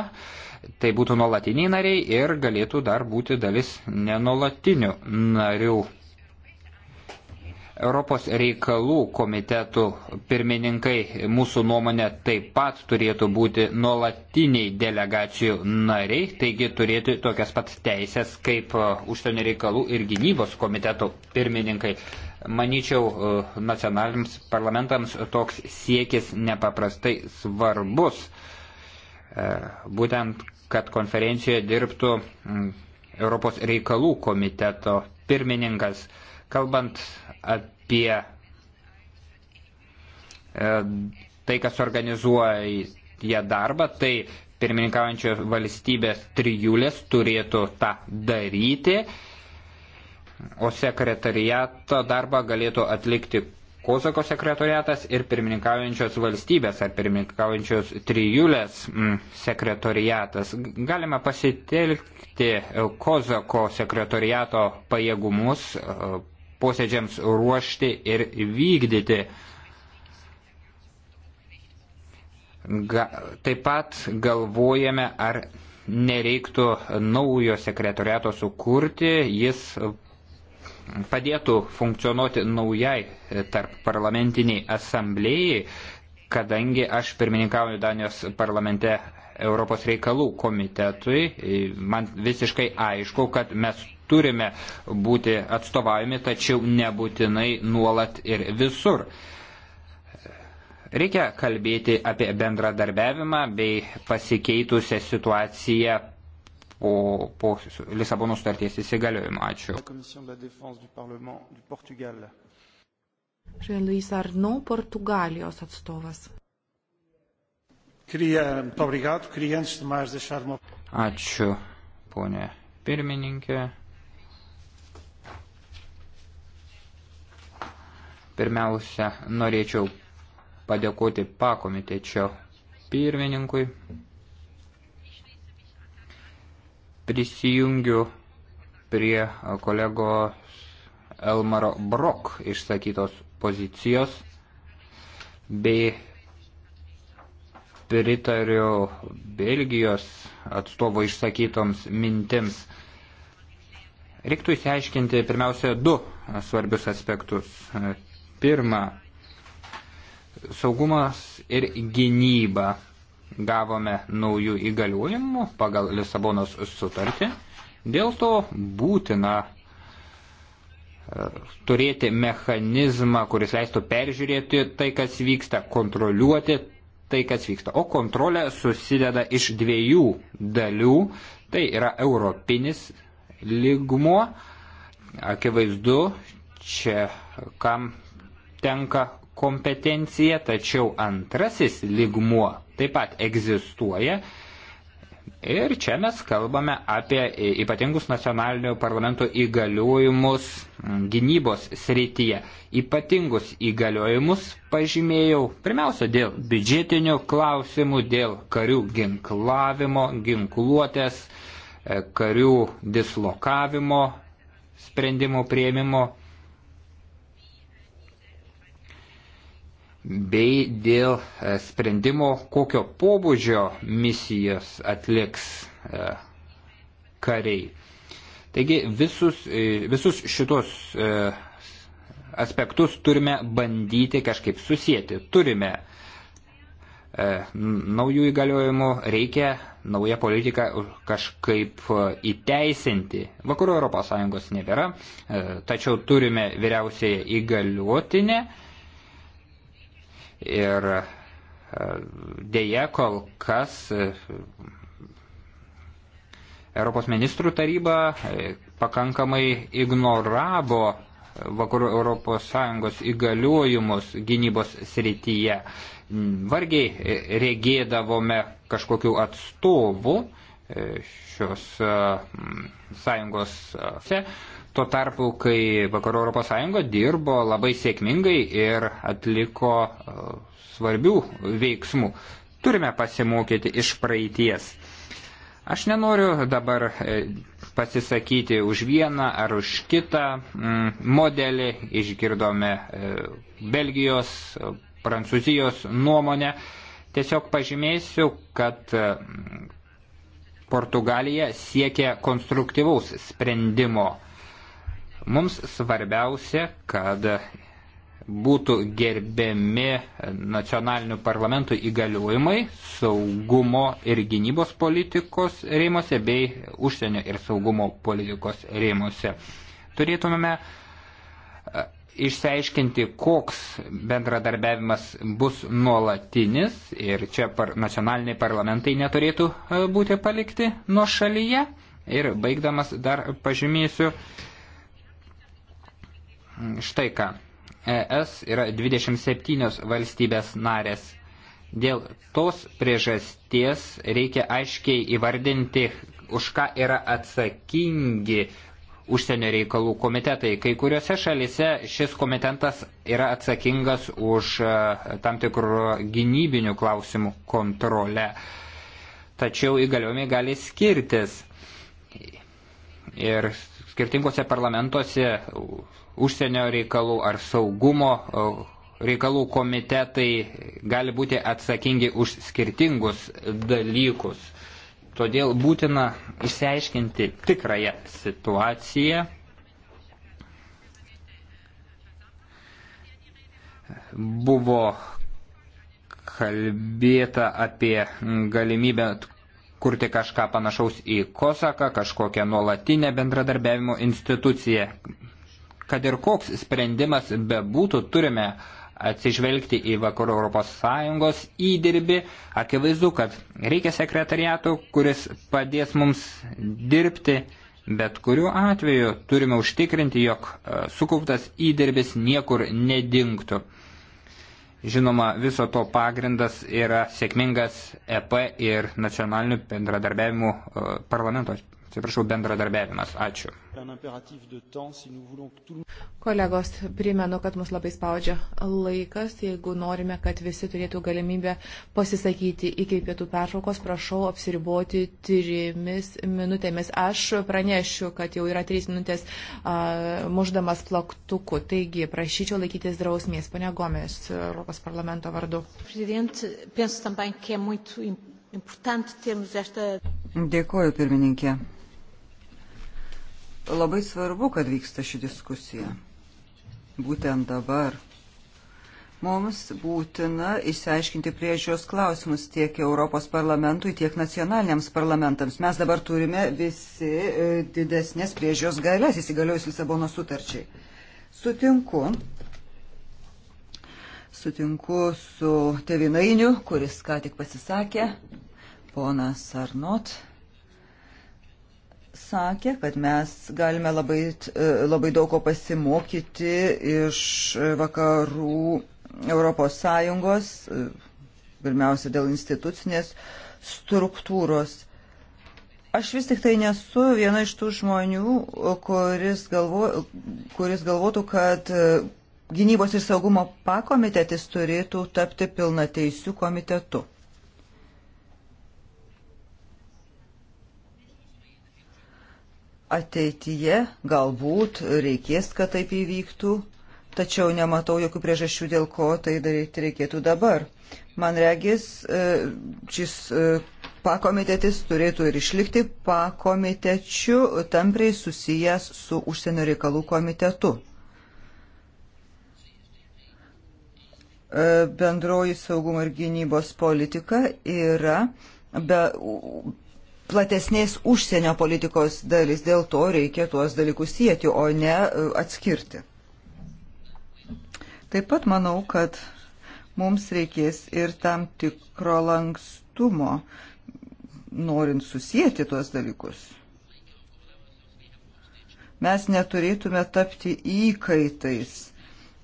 Tai būtų nuolatiniai nariai ir galėtų dar būti dalis nenolatinių narių. Europos reikalų komitetų pirmininkai mūsų nuomonė taip pat turėtų būti nuolatiniai delegacijų nariai, taigi turėti tokias pat teisės kaip e, užsienio reikalų ir gynybos komitetų pirmininkai. Maničiau, e, nacionaliniams parlamentams toks siekis nepaprastai svarbus. E, būtent, kad konferencijoje dirbtų Europos reikalų komiteto pirmininkas. Kalbant apie e, tai, kas organizuoja darbą, tai pirmininkaujančio valstybės trijulės turėtų tą daryti, o sekretariato darbą galėtų atlikti Kosako sekretariatas ir pirmininkaujančios valstybės ar pirmininkaujančios trijulės mm, sekretariatas. Galima pasitelkti e, Kosako sekretariato pajėgumus e, posėdžiams ruošti ir vykdyti. Ga, taip pat galvojame, ar nereiktų naujo sekretoriato sukurti, jis padėtų funkcionuoti naujai tarp parlamentiniai asamblėjai, kadangi aš pirmininkauju Danijos parlamente Europos reikalų komitetui, man visiškai aišku, kad mes turime būti atstovavimi, tačiau nebūtinai nuolat ir visur. Reikia kalbėti apie bendradarbiavimą bei pasikeitusią situaciją po, po Lisabono sutarties įsigaliojimo. Ačiū. Luis Arnaud, Portugalijos atstovas. Queria, muito obrigado. Queria, antes de mais, deixar uma. Ačiū, ponė pirmininkė. Pirmiausia, norėčiau padėkoti pakomitečio pirmininkui. Prisijungiu prie kolegos Elmaro Brok išsakytos pozicijos bei pritariu Belgijos atstovo išsakytoms mintims. Reiktų įsiaiškinti pirmiausia du svarbius aspektus. Pirma, saugumas ir gynyba gavome naujų įgaliojimų pagal Lisabonos sutartį. Dėl to būtina e, turėti mechanizmą, kuris leistų peržiūrėti tai, kas vyksta, kontroliuoti tai, kas vyksta. O kontrolė susideda iš dviejų dalių. Tai yra europinis lygmuo. Akivaizdu, čia kam tenka kompetencija, tačiau antrasis ligmuo taip pat egzistuoja. Ir čia mes kalbame apie ypatingus nacionalinio parlamento įgaliojimus gynybos srityje. Ypatingus įgaliojimus pažymėjau pirmiausia dėl biudžetinių klausimų, dėl karių ginklavimo, ginkluotės, e, karių dislokavimo, sprendimų prieimimo bei dėl e, sprendimo, kokio pobūdžio misijos atliks e, kariai. Taigi visus, e, visus šitos aspektus turime bandyti kažkaip susijęti. Turime naujų įgaliojimų, reikia naują politiką kažkaip įteisinti. Vakarų Europos Sąjungos nebėra, tačiau turime vyriausiąją įgaliotinę Ir e, dėje kol kas e, Europos ministrų taryba e, pakankamai ignoravo Vakarų Europos Sąjungos įgaliojimus gynybos srityje. Vargiai regėdavome kažkokių atstovų šios sąjungos. Tuo tarpu, kai Vakarų Europos Sąjunga dirbo labai sėkmingai ir atliko e, svarbių veiksmų, turime pasimokyti iš praeities. Aš nenoriu dabar e, pasisakyti už vieną ar už kitą mm, modelį, išgirdome e, Belgijos, Prancūzijos nuomonę. Tiesiog pažymėsiu, kad Portugalija siekia konstruktyvaus sprendimo Mums svarbiausia, kad būtų gerbiami nacionalinių parlamentų įgaliojimai saugumo ir gynybos politikos rėmose bei užsienio ir saugumo politikos rėmose. Turėtumėme e, išsiaiškinti, koks bendradarbiavimas bus nuolatinis ir čia par, nacionaliniai parlamentai neturėtų e, būti palikti nuo šalyje. Ir baigdamas dar pažymėsiu, štai ką. ES yra 27 valstybės narės. Dėl tos priežasties reikia aiškiai įvardinti, už ką yra atsakingi užsienio reikalų komitetai. Kai kuriuose šalise šis komitetas yra atsakingas už e, tam tikrų gynybinių klausimų kontrolę. Tačiau įgaliojimai gali skirtis. Ir skirtingose parlamentuose užsienio reikalų ar saugumo reikalų komitetai gali būti atsakingi už skirtingus dalykus. Todėl būtina išsiaiškinti tikrąją situaciją. Buvo kalbėta apie galimybę kurti kažką panašaus į Kosaką, kažkokią nuolatinę bendradarbiavimo instituciją kad ir koks sprendimas bebūtų, turime atsižvelgti į Vakarų Europos Sąjungos įdirbį. Akivaizdu, kad reikia sekretariato, kuris padės mums dirbti, bet kuriuo atveju turime užtikrinti, jog e, sukauptas įdirbis niekur nedingtų. Žinoma, viso to pagrindas yra sėkmingas EP ir nacionalinių bendradarbiavimų e, parlamento atsiprašau, bendradarbiavimas. Ačiū. Kolegos, primenu, kad mus labai spaudžia laikas. Jeigu norime, kad visi turėtų galimybę pasisakyti iki pietų pertraukos, prašau apsiriboti trimis minutėmis. Aš pranešiu, kad jau yra trys minutės a, muždamas plaktuku. Taigi, prašyčiau laikytis drausmės. Pane Gomes, Europos parlamento vardu. Dėkuoju, pirmininkė. Labai svarbu, kad vyksta ši diskusija. Būtent dabar. Mums būtina išsiaiškinti priežiūros klausimus tiek Europos parlamentui, tiek nacionaliniams parlamentams. Mes dabar turime visi e, didesnės priežiūros galės įsigaliojus Lisabono sutarčiai. Sutinku. Sutinku su tevinainiu, kuris ką tik pasisakė, ponas Arnot sakė, kad mes galime labai, e, labai daug ko pasimokyti iš e, vakarų Europos Sąjungos, e, pirmiausia dėl institucinės struktūros. Aš vis tik tai nesu viena iš tų žmonių, kuris, galvo, kuris galvotų, kad gynybos ir saugumo pakomitetis turėtų tapti pilnateisių komitetu. ateityje galbūt reikės, kad taip įvyktų, tačiau nematau jokių priežasčių, dėl ko tai daryti reikėtų dabar. Man regis, e, šis e, pakomitetis turėtų ir išlikti pakomitečiu tampriai susijęs su užsienio reikalų komitetu. E, bendroji saugumo ir gynybos politika yra be platesnės užsienio politikos dalis. Dėl to reikia tuos dalykus sieti, o ne e, atskirti. Taip pat manau, kad mums reikės ir tam tikro lankstumo, norint susijęti tuos dalykus. Mes neturėtume tapti įkaitais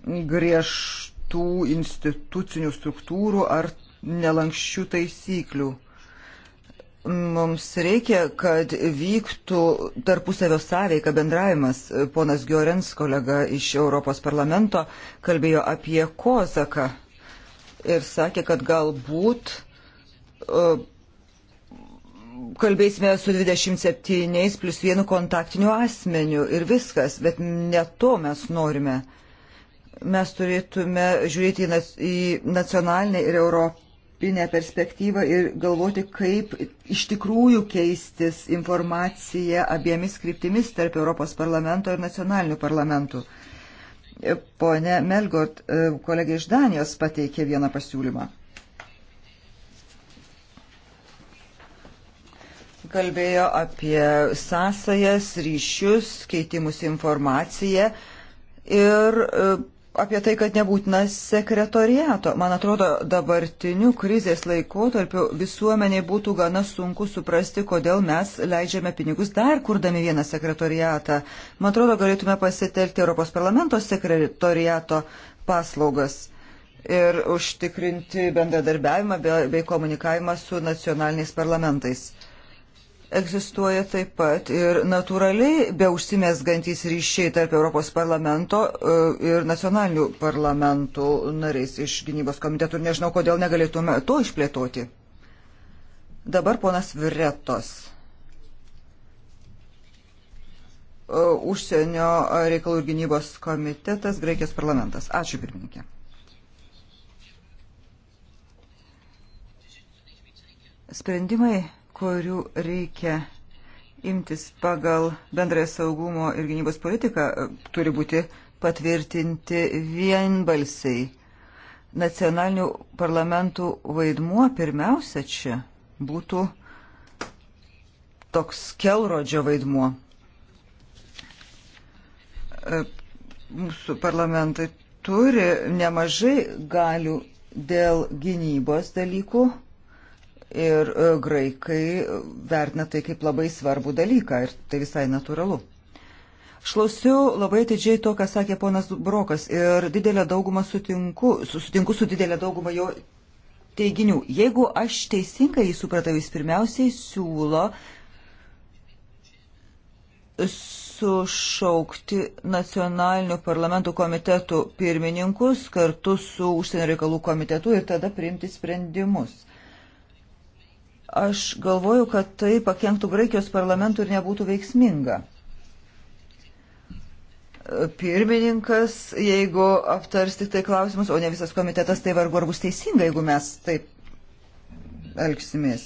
griežtų institucinių struktūrų ar nelankščių taisyklių. Mums reikia, kad vyktų tarpusavio sąveika bendravimas. Ponas Giorens, kolega iš Europos parlamento, kalbėjo apie Kozaką ir sakė, kad galbūt uh, kalbėsime su 27 plus vienu kontaktiniu asmeniu ir viskas, bet ne to mes norime. Mes turėtume žiūrėti į nacionalinę ir Europą europinę perspektyvą ir galvoti, kaip iš tikrųjų keistis informacija abiemis kryptimis tarp Europos parlamento ir nacionalinių parlamentų. Pone Melgort, e, kolegai iš Danijos pateikė vieną pasiūlymą. Kalbėjo apie sąsajas, ryšius, keitimus informaciją ir e, apie tai, kad nebūtina sekretoriato. Man atrodo, dabartiniu krizės laikotarpiu visuomeniai būtų gana sunku suprasti, kodėl mes leidžiame pinigus dar kurdami vieną sekretoriatą. Man atrodo, galėtume pasitelkti Europos parlamento sekretoriato paslaugas ir užtikrinti bendradarbiavimą bei komunikavimą su nacionaliniais parlamentais egzistuoja taip pat ir natūraliai be užsimesgantys ryšiai tarp Europos parlamento e, ir nacionalinių parlamentų nariais iš gynybos komitetų ir nežinau, kodėl negalėtume to išplėtoti. Dabar ponas Viretos. E, užsienio reikalų ir gynybos komitetas, Graikijos parlamentas. Ačiū pirmininkė. Sprendimai kurių reikia imtis pagal bendrąją saugumo ir gynybos politiką, turi būti patvirtinti vienbalsiai. Nacionalinių parlamentų vaidmuo pirmiausia čia būtų toks kelrodžio vaidmuo. E, mūsų parlamentai turi nemažai galių dėl gynybos dalykų, ir e, graikai e, vertina tai kaip labai svarbų dalyką ir tai visai natūralu. Aš klausiau labai atidžiai to, ką sakė ponas Brokas ir didelę daugumą sutinku, sutinku su didelė dauguma jo teiginių. Jeigu aš teisingai jį supratau, jis pirmiausiai siūlo sušaukti nacionalinių parlamentų komitetų pirmininkus kartu su užsienio reikalų komitetu ir tada priimti sprendimus. Aš galvoju, kad tai pakenktų Graikijos parlamentui ir nebūtų veiksminga pirmininkas, jeigu aptars tik tai klausimus, o ne visas komitetas, tai vargu ar bus teisinga, jeigu mes taip elgsimės.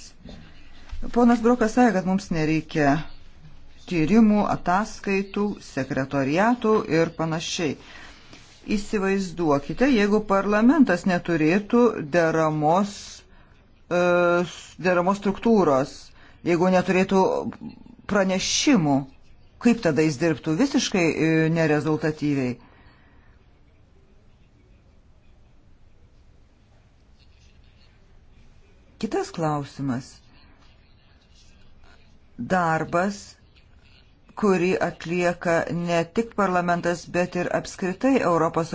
Ponas Brokas sąja, kad mums nereikia tyrimų, ataskaitų, sekretoriatų ir panašiai. Įsivaizduokite, jeigu parlamentas neturėtų deramos E, deramos struktūros, jeigu neturėtų pranešimų, kaip tada jis dirbtų visiškai e, nerezultatyviai. Kitas klausimas. Darbas, kurį atlieka ne tik parlamentas, bet ir apskritai Europos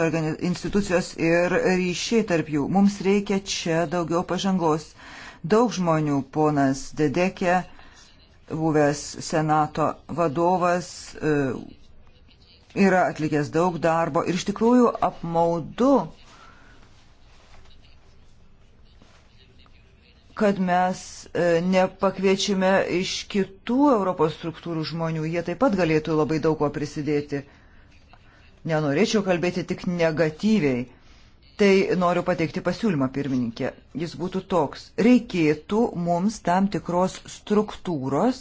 institucijos ir ryšiai tarp jų. Mums reikia čia daugiau pažangos Daug žmonių, ponas Dedekė, buvęs Senato vadovas, e, yra atlikęs daug darbo ir iš tikrųjų apmaudu, kad mes e, nepakviečiame iš kitų Europos struktūrų žmonių. Jie taip pat galėtų labai daug ko prisidėti. Nenorėčiau kalbėti tik negatyviai Tai noriu pateikti pasiūlymą, pirmininkė. Jis būtų toks. Reikėtų mums tam tikros struktūros,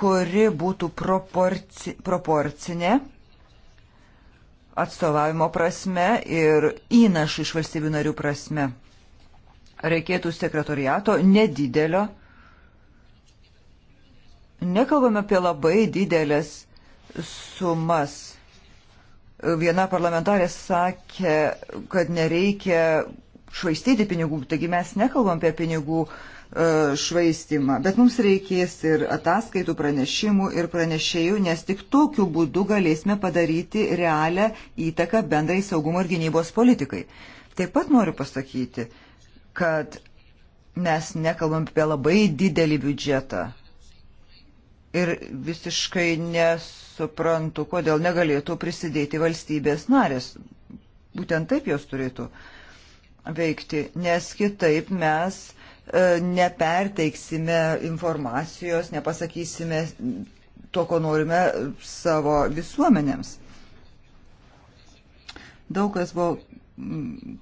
kuri būtų proporci, proporcinė atstovavimo prasme ir įnašų iš valstybių narių prasme. Reikėtų sekretoriato nedidelio. Nekalbame apie labai didelės sumas Viena parlamentarė sakė, kad nereikia švaistyti pinigų, taigi mes nekalbam apie pinigų e, švaistimą, bet mums reikės ir ataskaitų pranešimų ir pranešėjų, nes tik tokiu būdu galėsime padaryti realią įtaką bendrai saugumo ir gynybos politikai. Taip pat noriu pasakyti, kad mes nekalbam apie labai didelį biudžetą, ir visiškai nesuprantu, kodėl negalėtų prisidėti valstybės narės. Būtent taip jos turėtų veikti, nes kitaip mes e, neperteiksime informacijos, nepasakysime to, ko norime savo visuomenėms. Daug kas buvo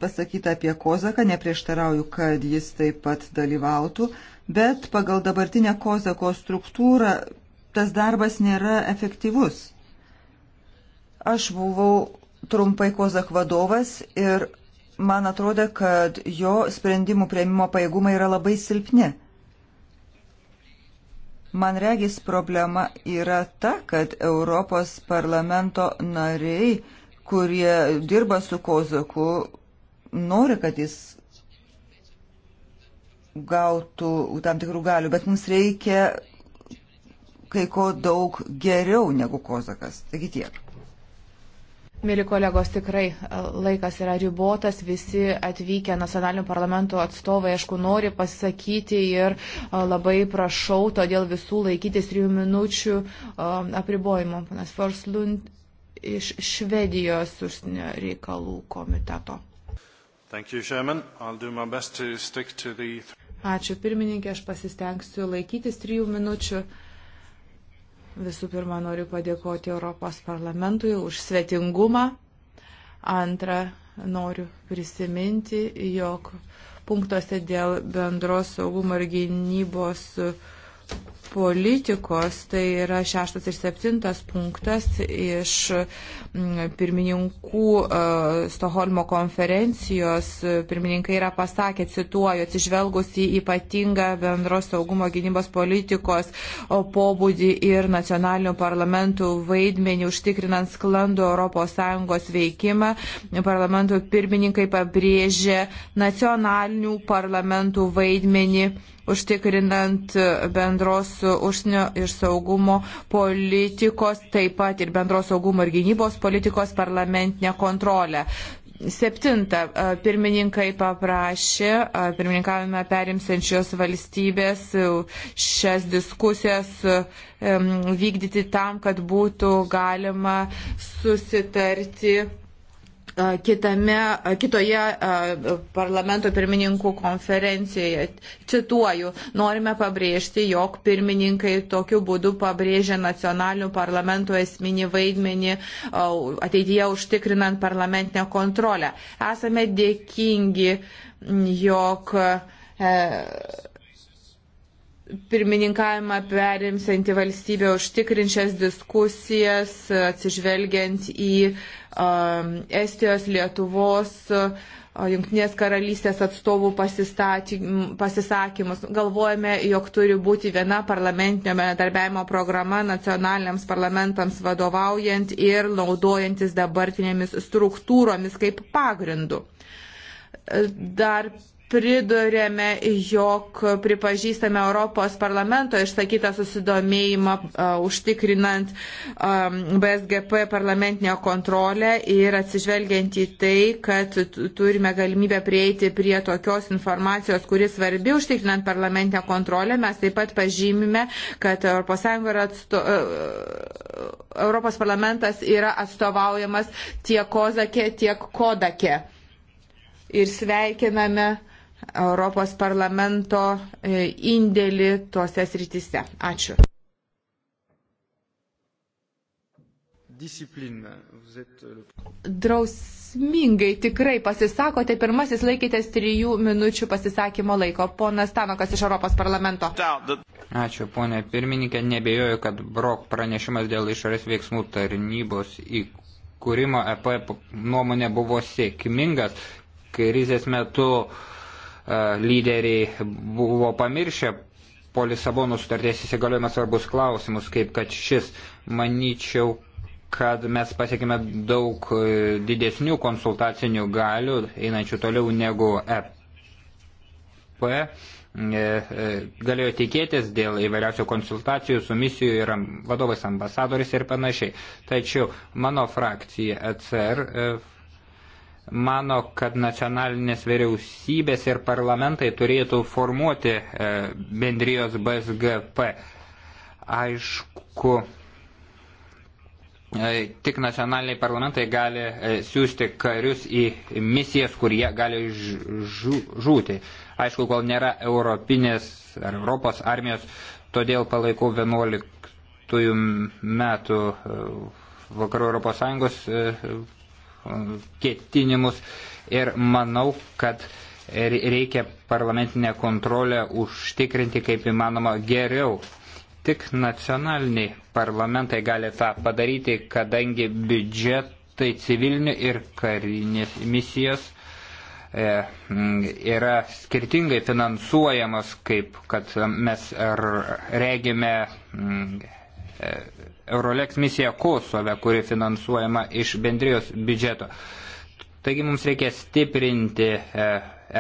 pasakyta apie Kozaką, neprieštarauju, kad jis taip pat dalyvautų, bet pagal dabartinę Kozako struktūrą tas darbas nėra efektyvus. Aš buvau trumpai Kozak vadovas ir man atrodo, kad jo sprendimų prieimimo pajėgumai yra labai silpni. Man regis problema yra ta, kad Europos parlamento nariai, kurie dirba su Kozaku, nori, kad jis gautų tam tikrų galių, bet mums reikia kai ko daug geriau negu Kozakas. Taigi tiek. Mėly kolegos, tikrai e, laikas yra ribotas, visi atvykę nacionalinių parlamentų atstovai, aišku, nori pasisakyti ir e, labai prašau, todėl visų laikytis trijų minučių e, apribojimo. Panas Forslund iš Švedijos užsienio reikalų komiteto. You, to to the... Ačiū pirmininkė, aš pasistengsiu laikytis trijų minučių. Visų pirma, noriu padėkoti Europos parlamentui už svetingumą. Antra, noriu prisiminti, jog punktuose dėl bendros saugumo ir gynybos politikos, tai yra šeštas ir septintas punktas iš mm, pirmininkų e, Stoholmo konferencijos. Pirmininkai yra pasakę, cituoju, atsižvelgus į ypatingą bendros saugumo gynybos politikos pobūdį ir nacionalinių parlamentų vaidmenį užtikrinant sklandų ES veikimą, parlamentų pirmininkai pabrėžė nacionalinių parlamentų vaidmenį užtikrinant bendros užsienio ir saugumo politikos, taip pat ir bendros saugumo ir gynybos politikos parlamentinę kontrolę. Septinta, e, pirmininkai paprašė, e, pirmininkavimą perimsenčios valstybės e, šias diskusijas vykdyti tam, kad būtų galima susitarti kitame, kitoje parlamento pirmininkų konferencijoje. Cituoju, norime pabrėžti, jog pirmininkai tokiu būdu pabrėžia nacionalinių parlamentų esminį vaidmenį ateityje užtikrinant parlamentinę kontrolę. Esame dėkingi, jog e, pirmininkavimą perimsianti valstybė užtikrinčias diskusijas, atsižvelgiant į um, Estijos, Lietuvos, uh, Junktinės karalystės atstovų pasisakymus. Galvojame, jog turi būti viena parlamentinio bendradarbiavimo programa nacionaliniams parlamentams vadovaujant ir naudojantis dabartinėmis struktūromis kaip pagrindu. Dar pridurėme, jog pripažįstame Europos parlamento išsakytą susidomėjimą uh, užtikrinant um, BSGP parlamentinę kontrolę ir atsižvelgiant į tai, kad turime galimybę prieiti prie tokios informacijos, kuris svarbi užtikrinant parlamentinę kontrolę, mes taip pat pažymime, kad ES yra atsto, uh, Europos parlamentas yra atstovaujamas tiek Kozakė, tiek Kodakė. Ir sveikiname Europos parlamento e, indėlį tuose srityse. Ačiū. Euh, Drausmingai tikrai pasisakote, pirmasis laikytės trijų minučių pasisakymo laiko. Ponas Tanokas iš Europos parlamento. Ačiū, ponė pirmininkė. Nebejoju, kad Brok pranešimas dėl išorės veiksmų tarnybos įkūrimo EP nuomonė buvo sėkmingas. Krizės metu uh, E, lyderiai buvo pamiršę po Lisabono sutarties įsigaliojimą svarbus klausimus, kaip kad šis. Manyčiau, kad mes pasiekime daug e, didesnių konsultacinių galių, einančių toliau negu EP e, galėjo tikėtis dėl įvairiausių konsultacijų su misijų ir vadovais ambasadoris ir panašiai. Tačiau mano frakcija ECR mano, kad nacionalinės vyriausybės ir parlamentai turėtų formuoti e, bendrijos BSGP. Aišku, e, tik nacionaliniai parlamentai gali e, siūsti karius į misijas, kur jie gali žūti. Aišku, kol nėra europinės ar Europos armijos, todėl palaikau 11 metų vakarų Europos Sąjungos ketinimus ir manau, kad reikia parlamentinę kontrolę užtikrinti kaip įmanoma geriau. Tik nacionaliniai parlamentai gali tą padaryti, kadangi biudžetai civilinių ir karinės misijos e, yra skirtingai finansuojamas, kaip kad mes regime e, Euroleks misija Kosove, kuri finansuojama iš bendrijos biudžeto. Taigi mums reikia stiprinti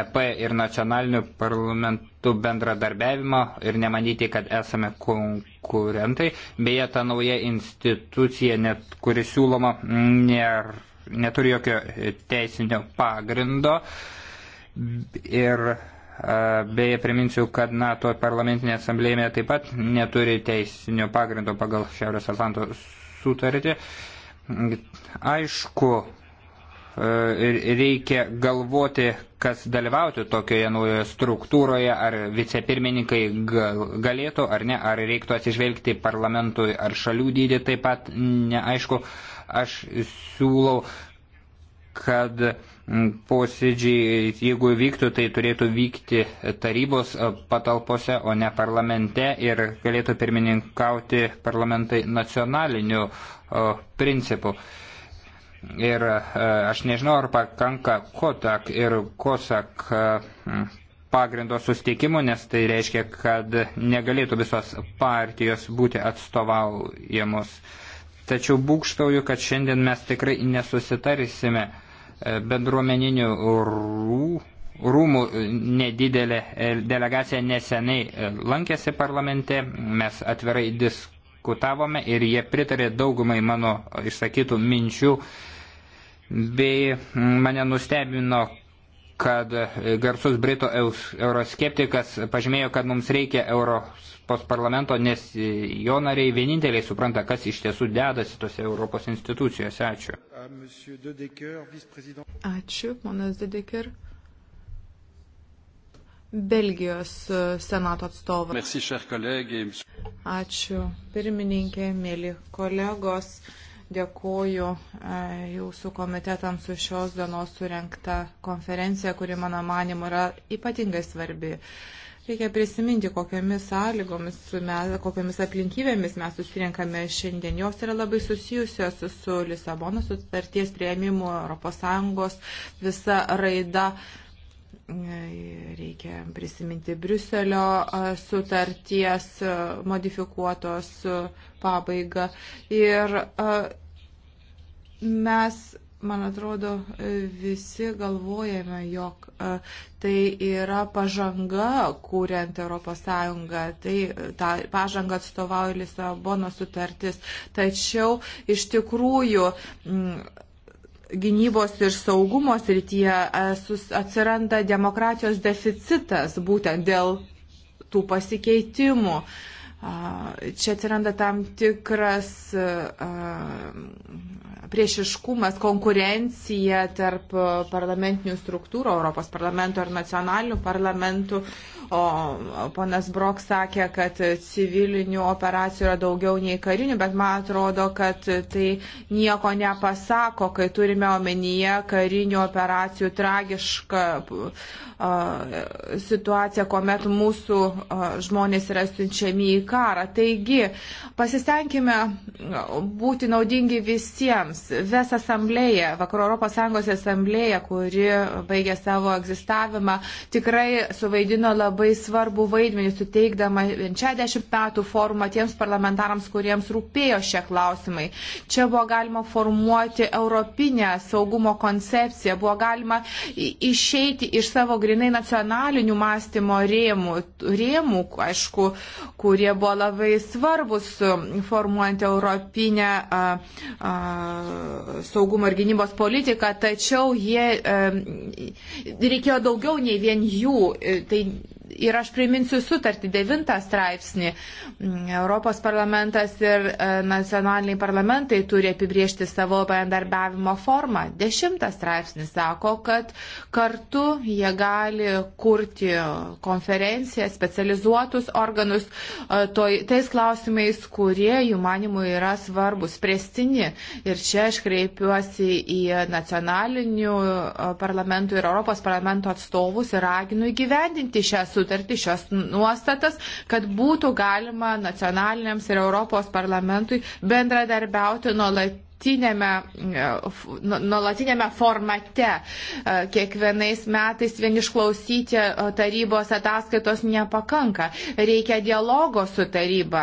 EP e ir nacionalinių parlamentų bendradarbiavimą ir nemanyti, kad esame konkurentai. Beje, ta nauja institucija, net, kuri siūloma, nėr, neturi jokio teisinio pagrindo. Ir Beje, priminsiu, kad NATO parlamentinė asamblėjime taip pat neturi teisinio pagrindo pagal Šiaurės Atlanto sutartį. Aišku, e, reikia galvoti, kas dalyvauti tokioje naujoje struktūroje, ar vicepirmininkai galėtų ar ne, ar reiktų atsižvelgti parlamentui ar šalių dydį taip pat, neaišku, aš siūlau, kad uh, posėdžiai, jeigu vyktų, tai turėtų vykti tarybos patalpose, o ne parlamente ir galėtų pirmininkauti parlamentai nacionaliniu principu. Ir e, aš nežinau, ar pakanka Kotak ir Kosak e, pagrindo susteikimų, nes tai reiškia, kad negalėtų visos partijos būti atstovaujamos. Tačiau būkštauju, kad šiandien mes tikrai nesusitarsime bendruomeninių rūmų rūmų e, nedidelė e, delegacija neseniai e, lankėsi parlamente, mes atvirai diskutavome ir jie pritarė daugumai mano išsakytų minčių, bei mane nustebino, kad garsus Brito euroskeptikas pažymėjo, kad mums reikia Europos Europos parlamento, nes jo nariai vieninteliai supranta, kas iš tiesų dedasi tose Europos institucijose. Ačiū. Ačiū, ponas Dedeker. Belgijos e, senato atstovas. Ačiū, pirmininkė, mėly kolegos. Dėkuoju e, jūsų komitetams už šios dienos surenktą konferenciją, kuri mano manimu yra ypatingai svarbi. Reikia prisiminti, kokiamis sąlygomis, mes, kokiamis aplinkybėmis mes susirinkame šiandien. Jos yra labai susijusios su Lisabono sutarties prieimimu, ES visa raida reikia prisiminti Briuselio sutarties modifikuotos pabaigą. Ir mes man atrodo, e, visi galvojame, jog e, tai yra pažanga, kuriant ES, tai e, tą pažangą atstovauja Lisabono sutartis. Tačiau iš tikrųjų. M, gynybos ir saugumo srityje atsiranda demokratijos deficitas būtent dėl tų pasikeitimų. Čia atsiranda tam tikras uh, priešiškumas, konkurencija tarp e, parlamentinių struktūrų, Europos parlamento ir nacionalinių parlamentų. O ponas Brok sakė, kad civilinių operacijų yra daugiau nei karinių, bet man atrodo, kad tai nieko nepasako, kai turime omenyje karinių operacijų tragišką situaciją, kuomet mūsų žmonės yra siunčiami į karą. Taigi, pasistengime būti naudingi visiems. VES asamblėje, Vakarų Europos Sąjungos asamblėje, kuri baigė savo egzistavimą, tikrai suvaidino labai svarbu vaidmenį, suteikdama 60 metų formą tiems parlamentarams, kuriems rūpėjo šie klausimai. Čia buvo galima formuoti europinę saugumo koncepciją, buvo galima išeiti iš savo grėsmės grinai nacionalinių mąstymo rėmų, rėmų, aišku, kurie buvo labai svarbus um, formuojant europinę a, a, saugumo ir gynybos politiką, tačiau jie a, um, reikėjo daugiau nei vien jų. E, tai Ir aš priminsiu sutartį, devintą straipsnį. Mm, Europos parlamentas ir e, nacionaliniai parlamentai turi apibriežti savo bendarbiavimo formą. Dešimtas straipsnis sako, kad kartu jie gali kurti konferenciją, specializuotus organus e, toj, tais klausimais, kurie jų manimų yra svarbus, spręstini. Ir čia aš kreipiuosi į nacionalinių e, parlamentų ir Europos parlamento atstovus ir raginu įgyvendinti šią sutartį sutartį, šios nuostatas, kad būtų galima nacionaliniams ir Europos parlamentui bendradarbiauti nuolat E, nu, nuolatinėme formate. E, kiekvienais metais vien išklausyti e, tarybos ataskaitos nepakanka. Reikia dialogo su taryba.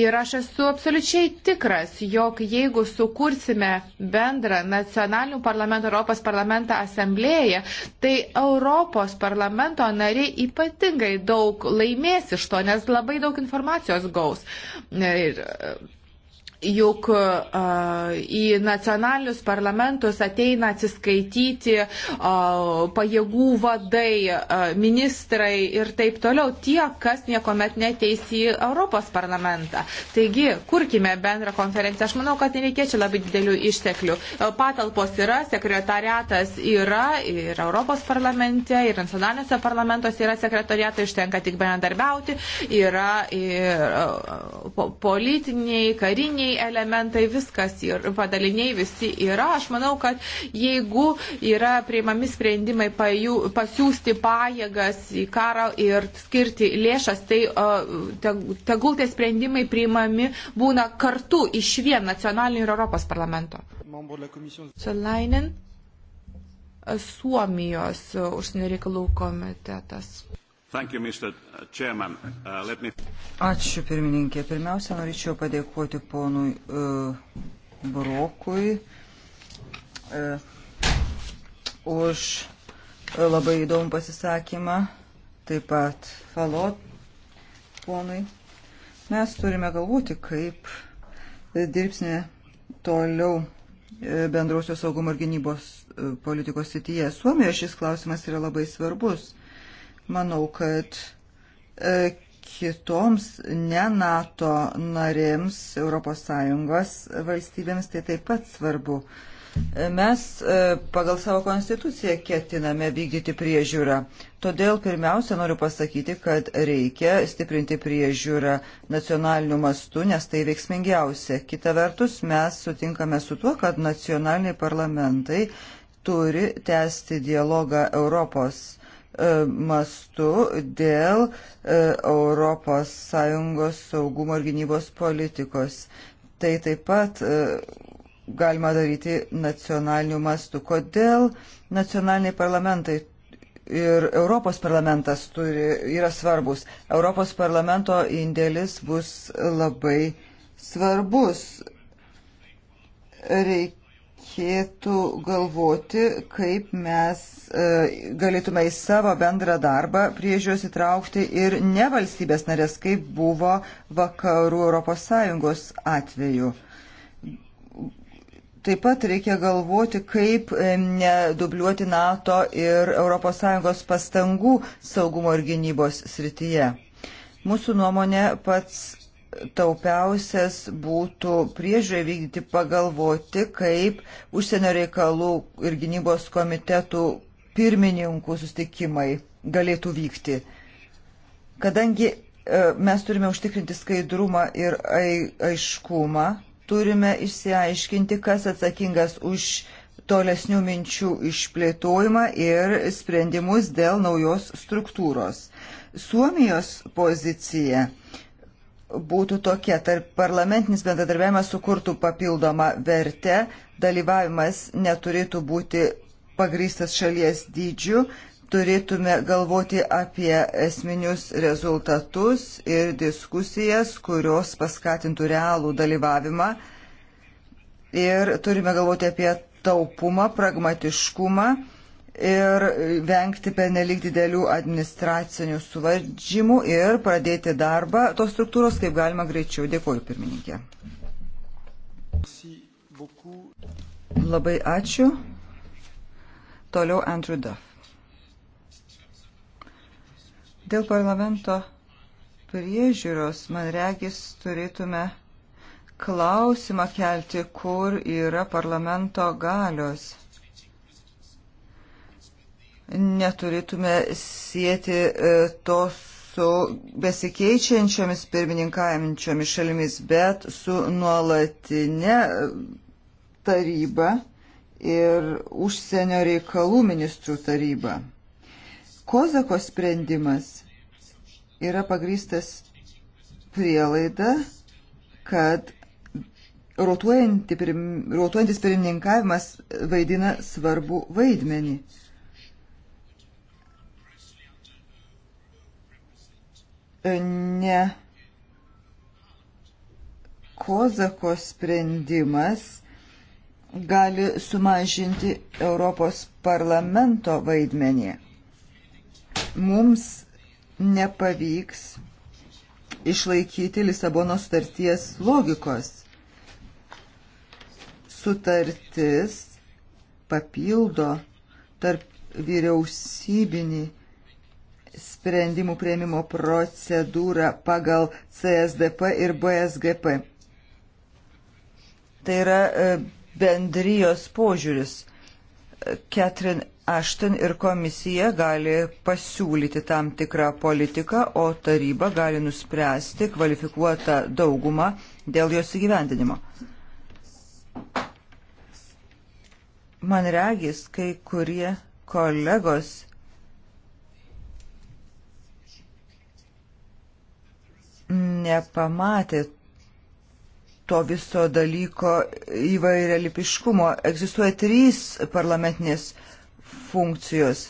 Ir aš esu absoliučiai tikras, jog jeigu sukursime bendrą nacionalinių parlamentų Europos parlamentą asamblėją, tai Europos parlamento nariai ypatingai daug laimės iš to, nes labai daug informacijos gaus. Ir Juk uh, į nacionalinius parlamentus ateina atsiskaityti uh, pajėgų vadai, uh, ministrai ir taip toliau tie, kas niekuomet neteis į Europos parlamentą. Taigi, kurkime bendrą konferenciją. Aš manau, kad nereikia čia labai didelių išteklių. Uh, patalpos yra, sekretariatas yra ir Europos parlamente, ir nacionaliniuose parlamentuose yra sekretariatai, ištenka tik bendarbiauti, yra ir uh, politiniai, kariniai kariniai elementai, viskas ir padaliniai visi yra. Aš manau, kad jeigu yra prieimami sprendimai pajų, pasiūsti pajėgas į karą ir skirti lėšas, tai tegul tie sprendimai priimami būna kartu iš vien nacionalinių ir Europos parlamento. Solainen, Suomijos užsienio reikalų komitetas. You, uh, uh me... Ačiū pirmininkė. Pirmiausia, norėčiau padėkoti ponui uh, Brokui uh, už uh, labai įdomų pasisakymą, taip pat Falot ponui. Mes turime galvoti, kaip dirbsime toliau uh, bendrausios saugumo ir gynybos politikos sityje. Suomijoje šis klausimas yra labai svarbus. Manau, kad e, kitoms ne NATO narėms ES valstybėms tai taip pat svarbu. E, mes e, pagal savo konstituciją ketiname vykdyti priežiūrą. Todėl pirmiausia noriu pasakyti, kad reikia stiprinti priežiūrą nacionaliniu mastu, nes tai veiksmingiausia. Kita vertus, mes sutinkame su tuo, kad nacionaliniai parlamentai turi tęsti dialogą Europos E, mastu dėl ES saugumo ir gynybos politikos. Tai taip pat e, galima daryti nacionaliniu mastu. Kodėl nacionaliniai parlamentai ir Europos parlamentas turi, yra svarbus? Europos parlamento indėlis bus labai svarbus. Reikia reikėtų galvoti, kaip mes E, galėtume į savo bendrą darbą priežiūros įtraukti ir ne valstybės narės, kaip buvo vakarų ES atveju. Taip pat reikia galvoti, kaip e, nedubliuoti NATO ir ES pastangų saugumo ir gynybos srityje. Mūsų nuomonė pats taupiausias būtų priežiūrė vykdyti pagalvoti, kaip užsienio reikalų ir gynybos komitetų pirmininkų sustikimai galėtų vykti. Kadangi e, mes turime užtikrinti skaidrumą ir aiškumą, turime išsiaiškinti, kas atsakingas už tolesnių minčių išplėtojimą ir sprendimus dėl naujos struktūros. Suomijos pozicija būtų tokia, tarp parlamentinis bendradarbiavimas sukurtų papildomą vertę, dalyvavimas neturėtų būti pagrįstas šalies dydžiu, turėtume galvoti apie esminius rezultatus ir diskusijas, kurios paskatintų realų dalyvavimą. Ir turime galvoti apie taupumą, pragmatiškumą ir vengti pernelyg didelių administracinių suvaržymų ir pradėti darbą tos struktūros kaip galima greičiau. Dėkuoju, pirmininkė. Labai ačiū. Toliau Andrew Duff. Dėl parlamento priežiūros, man regis, turėtume klausimą kelti, kur yra parlamento galios. Neturėtume sėti e, to su besikeičiančiomis pirmininkaujančiomis šalimis, bet su nuolatinė e, taryba ir užsienio reikalų ministrų taryba. Kozako sprendimas yra pagrystas prielaida, kad rotuojantis pirmininkavimas vaidina svarbu vaidmenį. Ne Kozako sprendimas gali sumažinti Europos parlamento vaidmenį. Mums nepavyks išlaikyti Lisabono sutarties logikos. Sutartis papildo tarp vyriausybinį sprendimų prieimimo procedūrą pagal CSDP ir BSGP. Tai yra e, bendrijos požiūris. Ketrin Ashton ir komisija gali pasiūlyti tam tikrą politiką, o taryba gali nuspręsti kvalifikuotą daugumą dėl jos įgyvendinimo. Man regis, kai kurie kolegos nepamatė to viso dalyko įvairialipiškumo. Egzistuoja trys parlamentinės funkcijos.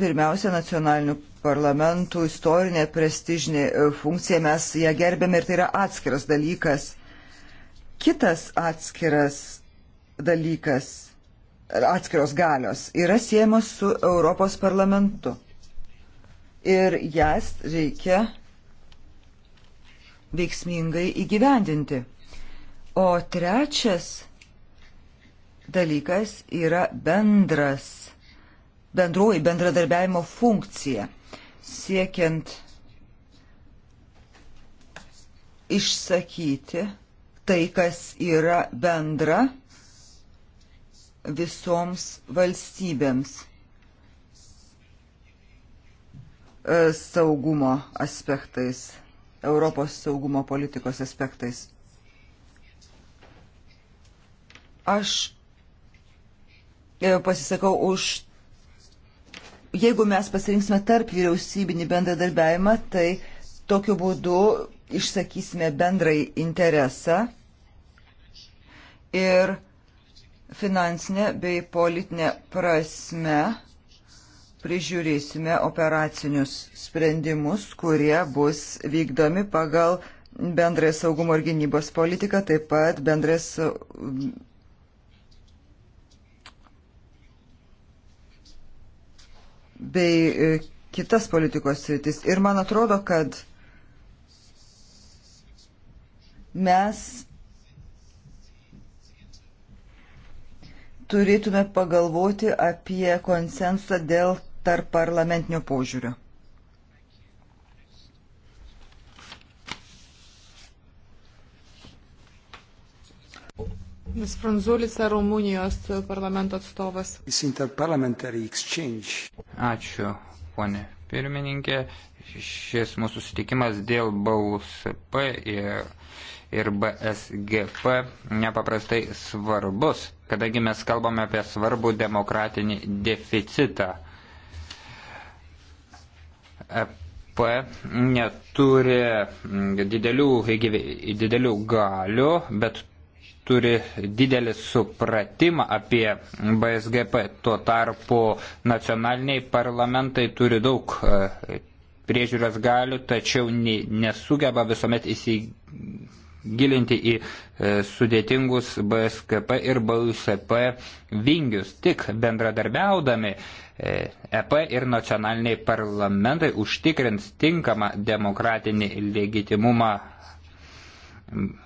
Pirmiausia, nacionalinių parlamentų istorinė prestižinė funkcija, mes ją gerbėme ir tai yra atskiras dalykas. Kitas atskiras dalykas, atskiros galios yra siejamos su Europos parlamentu. Ir jas reikia veiksmingai įgyvendinti. O trečias dalykas yra bendras, bendroji bendradarbiavimo funkcija, siekiant išsakyti tai, kas yra bendra visoms valstybėms e, saugumo aspektais. Europos saugumo politikos aspektais. Aš e, pasisakau už, jeigu mes pasirinksime tarp vyriausybinį bendradarbiavimą, tai tokiu būdu išsakysime bendrai interesą ir finansinę bei politinę prasme prižiūrėsime operacinius sprendimus, kurie bus vykdomi pagal bendrąją saugumo ir gynybos politiką, taip pat bendrės bei e, kitas politikos sritis. Ir man atrodo, kad mes turėtume pagalvoti apie konsensą dėl tarp parlamentinio požiūrio. Ms. Franzulis, ar Rumunijos parlamento atstovas? Ačiū, ponė pirmininkė. Šis mūsų susitikimas dėl BAUSP ir, ir BSGP nepaprastai svarbus, kadangi mes kalbame apie svarbų demokratinį deficitą. EP neturi didelių, didelių galių, bet turi didelį supratimą apie BSGP. Tuo tarpu nacionaliniai parlamentai turi daug e, priežiūros galių, tačiau nesugeba visuomet įsigilinti į e, sudėtingus BSKP ir BUSP vingius. Tik bendradarbiaudami EP e ir nacionaliniai parlamentai užtikrins tinkamą demokratinį legitimumą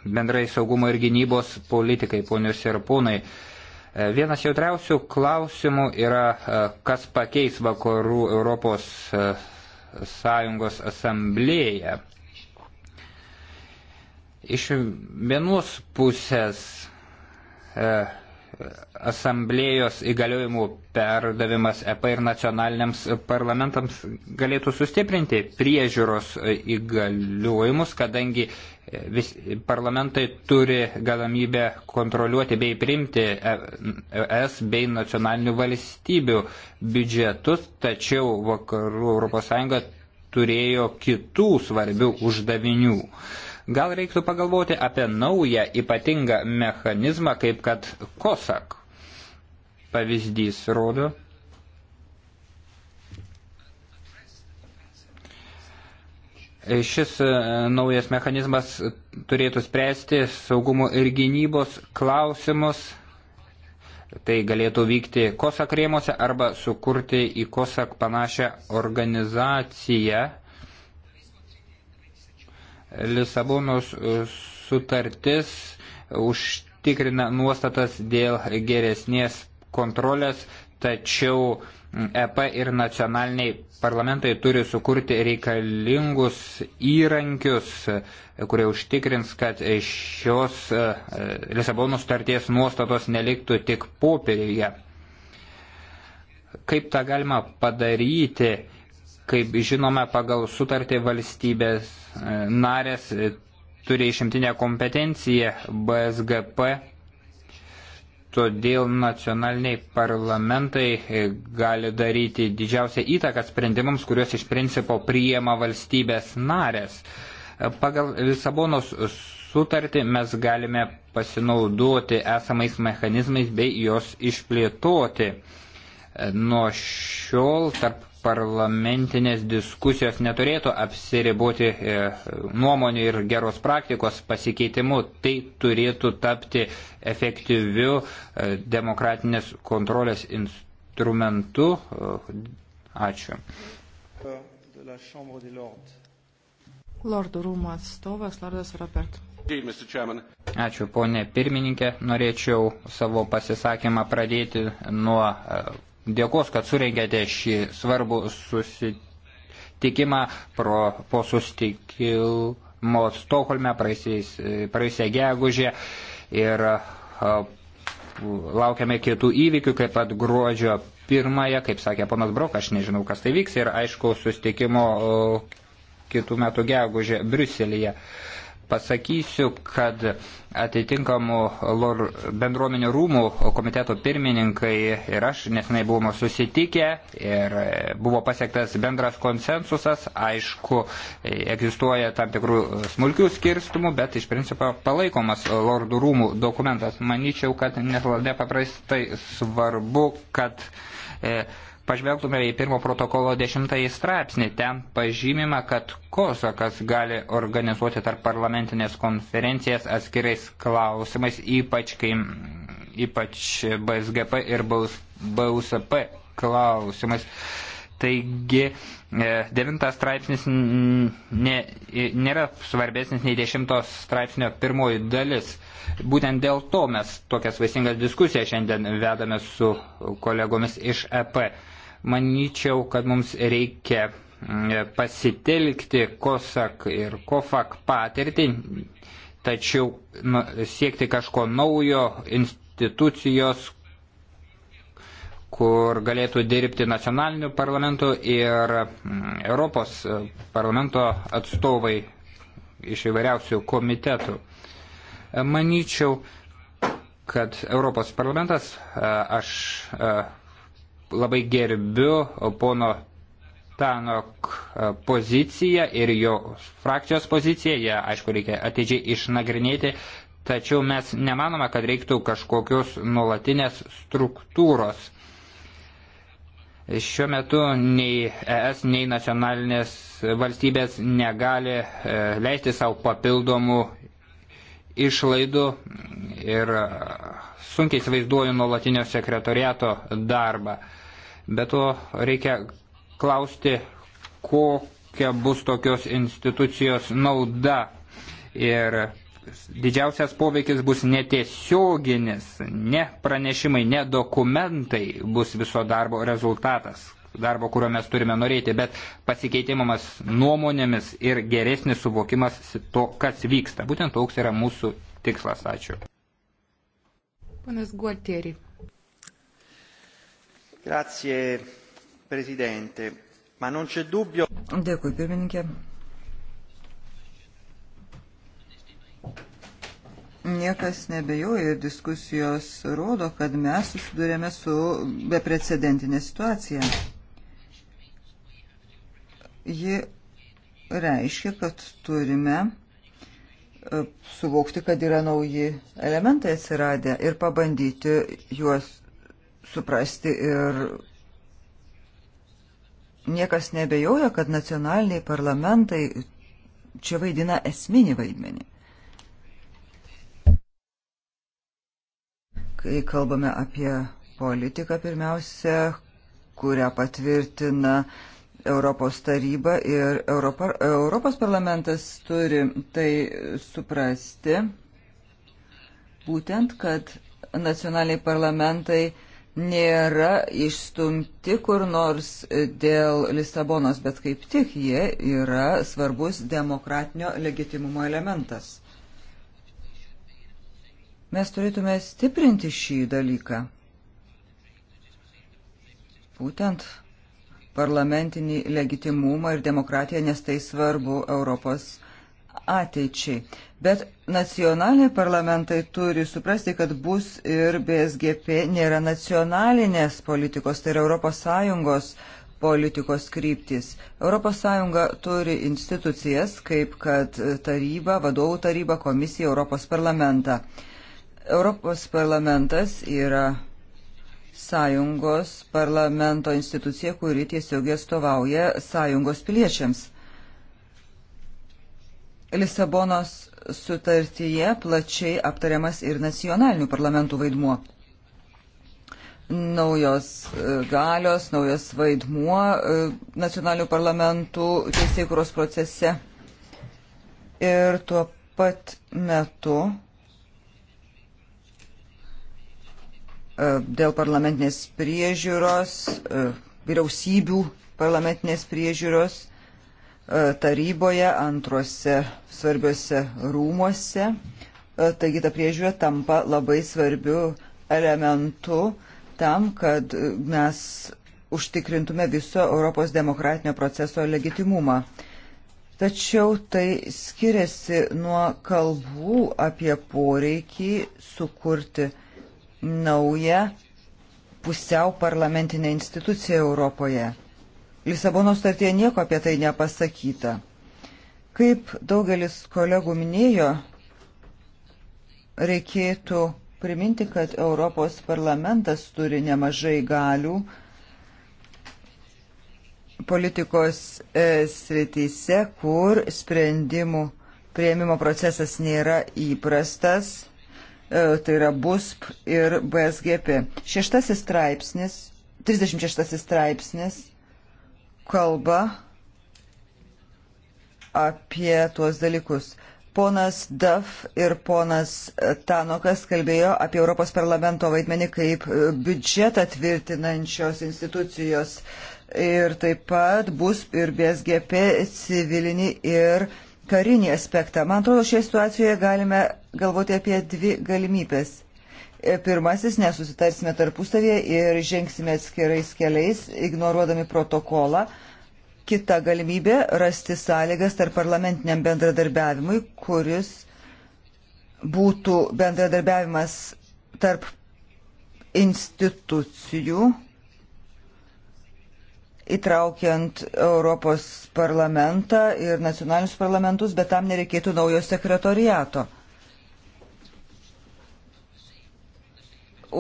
bendrai saugumo ir gynybos politikai, ponios ir ponai. E, Vienas jautriausių klausimų yra, e, kas pakeis vakarų Europos Sąjungos asamblėje. Iš vienos pusės asamblėjos įgaliojimų perdavimas EP ir nacionaliniams parlamentams galėtų sustiprinti priežiūros įgaliojimus, kadangi e, vis, parlamentai turi galimybę kontroliuoti bei primti ES e bei nacionalinių valstybių biudžetus, tačiau vakarų ES turėjo kitų svarbių uždavinių. Uh, Gal reiktų pagalvoti apie naują ypatingą mechanizmą, kaip kad COSAC pavyzdys rodo. Šis e, naujas mechanizmas turėtų spręsti saugumo ir gynybos klausimus. Tai galėtų vykti COSAC rėmose arba sukurti į COSAC panašią organizaciją Lisabonos e, sutartis užtikrina nuostatas dėl geresnės kontrolės, tačiau EP ir nacionaliniai parlamentai turi sukurti reikalingus įrankius, kurie užtikrins, kad šios e, Lisabonos starties nuostatos neliktų tik popieriuje. Kaip tą galima padaryti? Kaip žinome, pagal sutartį valstybės e, narės e, turi išimtinę kompetenciją BSGP, todėl nacionaliniai parlamentai e, gali daryti didžiausią įtaką sprendimams, kuriuos iš principo priema valstybės narės. Pagal Lisabonos sutartį mes galime pasinaudoti esamais mechanizmais bei jos išplėtoti. Nuo šiol tarp parlamentinės diskusijos neturėtų apsiriboti e, nuomonių ir geros praktikos pasikeitimu. Tai turėtų tapti efektyviu e, demokratinės kontrolės instrumentu. E, ačiū. Lordų rūmų atstovas Lardas Robert. Ačiū, ponė pirmininkė. Norėčiau savo pasisakymą pradėti nuo dėkos, kad surengėte šį svarbų susitikimą pro, po susitikimo Stokholme praėjusią gegužę ir laukiame kitų įvykių, kaip pat gruodžio pirmąją, kaip sakė ponas Brok, aš nežinau, kas tai vyks ir aišku, susitikimo kitų metų gegužė Briuselėje pasakysiu, kad atitinkamų bendruomenių rūmų komiteto pirmininkai ir aš nesinai buvome susitikę ir e, buvo pasiektas bendras konsensusas, aišku, e, egzistuoja tam tikrų smulkių skirstumų, bet iš principo palaikomas lordų rūmų dokumentas. Manyčiau, kad nepaprastai svarbu, kad e, Pažvelgtume į pirmo protokolo dešimtąjį straipsnį. Ten pažymima, kad Kosakas gali organizuoti tarp parlamentinės konferencijas atskirais klausimais, ypač, kai, ypač BSGP ir BUSP klausimais. Taigi, e, devintas straipsnis ne, nėra svarbesnis nei dešimtos straipsnio pirmoji dalis. Būtent dėl to mes tokias vaisingas diskusijas šiandien vedame su kolegomis iš EP. Manyčiau, kad mums reikia mm, pasitelkti COSAC ir COFAC patirtį, tačiau nu, siekti kažko naujo institucijos, kur galėtų dirbti nacionalinių parlamentų ir mm, Europos parlamento atstovai iš įvairiausių komitetų. Manyčiau, kad Europos parlamentas, aš labai gerbiu pono Tanok e, poziciją ir jo frakcijos poziciją, ją aišku reikia atidžiai išnagrinėti, tačiau mes nemanome, kad reiktų kažkokios nuolatinės struktūros. Šiuo metu nei ES, nei nacionalinės valstybės negali e, leisti savo papildomų išlaidų ir sunkiai įsivaizduoju nuolatinio sekretoriato darbą. Be to reikia klausti, kokia bus tokios institucijos nauda. Ir didžiausias poveikis bus netiesioginis, ne pranešimai, ne dokumentai bus viso darbo rezultatas darbo, kurio mes turime norėti, bet pasikeitimas nuomonėmis ir geresnis suvokimas to, kas vyksta. Būtent toks yra mūsų tikslas. Ačiū. Panas Gualtieri. Grazie, prezidente. Ma non c'è dubbio. Dėkui, pirmininkė. niekas nebejoja ir diskusijos rodo, kad mes susidurėme su beprecedentinė situacija. Ji reiškia, kad turime e, suvokti, kad yra nauji elementai atsiradę ir pabandyti juos suprasti ir niekas nebejoja, kad nacionaliniai parlamentai čia vaidina esminį vaidmenį. Kai kalbame apie politiką, pirmiausia, kurią patvirtina uh, Europos taryba ir Europa, Europos parlamentas turi tai suprasti, būtent, kad nacionaliniai parlamentai nėra išstumti kur nors dėl Lisabonos, bet kaip tik jie yra svarbus demokratinio legitimumo elementas. Mes turėtume stiprinti šį dalyką. Būtent parlamentinį legitimumą ir demokratiją, nes tai svarbu Europos ateičiai. Bet nacionaliniai parlamentai turi suprasti, kad bus ir BSGP nėra nacionalinės politikos, tai yra ES politikos kryptis. ES turi institucijas, kaip kad taryba, vadovų taryba, komisija, Europos parlamentą. Europos parlamentas yra sąjungos parlamento institucija, kuri tiesiogiai atstovauja sąjungos piliečiams. Lisabonos sutartyje plačiai aptariamas ir nacionalinių parlamentų vaidmuo. Naujos e, galios, naujas vaidmuo e, nacionalinių parlamentų teisėkuros procese. Ir tuo pat metu E, dėl parlamentinės priežiūros, e, vyriausybių parlamentinės priežiūros e, taryboje, antruose svarbiuose rūmuose. Taigi ta priežiūra tampa labai svarbiu elementu tam, kad mes užtikrintume viso Europos demokratinio proceso legitimumą. Tačiau tai skiriasi nuo kalbų apie poreikį sukurti uh, naują pusiau parlamentinę instituciją Europoje. Lisabono startėje nieko apie tai nepasakyta. Kaip daugelis kolegų minėjo, reikėtų priminti, kad Europos parlamentas turi nemažai galių politikos e, srityse, kur sprendimų prieimimo procesas nėra įprastas E, tai yra BUSP ir BSGP. Šeštasis straipsnis, 36 straipsnis kalba apie tuos dalykus. Ponas Duff ir ponas Tanokas kalbėjo apie Europos parlamento vaidmenį kaip biudžetą tvirtinančios institucijos ir taip pat bus ir BSGP civilinį ir uh, karinį aspektą. Man atrodo, šioje situacijoje galime galvoti apie dvi galimybės. E, pirmasis, nesusitarsime tarpusavėje ir žengsime atskirais keliais, ignoruodami protokolą. Kita galimybė - rasti sąlygas tarp parlamentiniam bendradarbiavimui, kuris būtų bendradarbiavimas tarp institucijų įtraukiant Europos parlamentą ir nacionalinius parlamentus, bet tam nereikėtų naujo sekretoriato.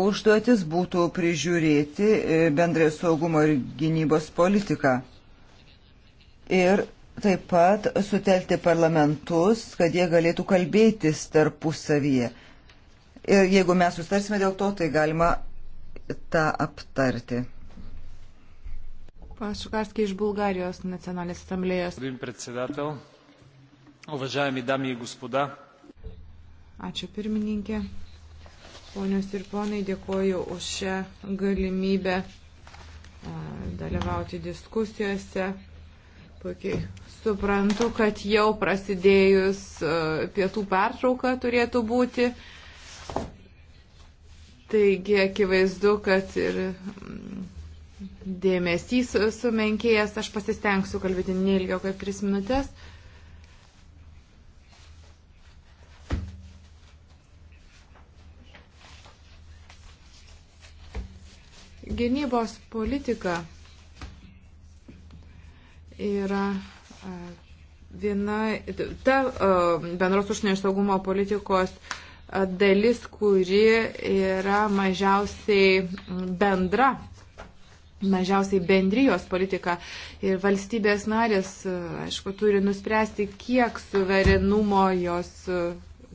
Užduotis būtų prižiūrėti e, bendrąją saugumo ir gynybos politiką. Ir taip pat sutelkti parlamentus, kad jie galėtų kalbėtis tarpusavyje. Ir jeigu mes sustarsime dėl to, tai galima tą aptarti. Пан Шукарски из Булгариос, Национальной ассамблеи. Господин председател, уважаеми дами и господа. Ačiū pirmininkė. Ponios ir ponai, dėkoju už šią galimybę dalyvauti diskusijose. Puikiai suprantu, kad jau prasidėjus pietų pertrauka turėtų būti. Taigi akivaizdu, kad ir dėmesys sumenkėjęs, aš pasistengsiu kalbėti neilgiau kaip 3 minutės. Gynybos politika yra viena, ta bendros užsienio saugumo politikos dalis, kuri yra mažiausiai bendra mažiausiai bendrijos politika ir valstybės narės, aišku, turi nuspręsti, kiek suverenumo jos e,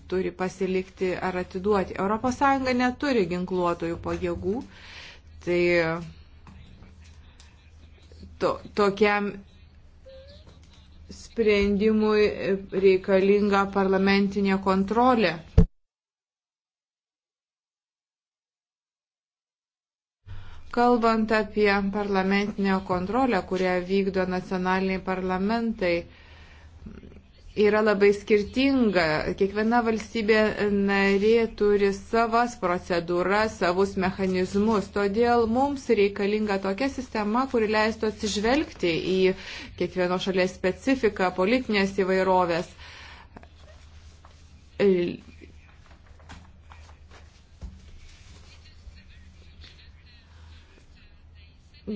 turi pasilikti ar atiduoti. ES neturi ginkluotojų pajėgų, tai to, tokiam sprendimui reikalinga parlamentinė kontrolė. Kalbant apie parlamentinę kontrolę, kurią vykdo nacionaliniai parlamentai, yra labai skirtinga. Kiekviena valstybė narė turi savas procedūras, savus mechanizmus. Todėl mums reikalinga tokia sistema, kuri leistų atsižvelgti į kiekvieno šalies specifiką, politinės įvairovės.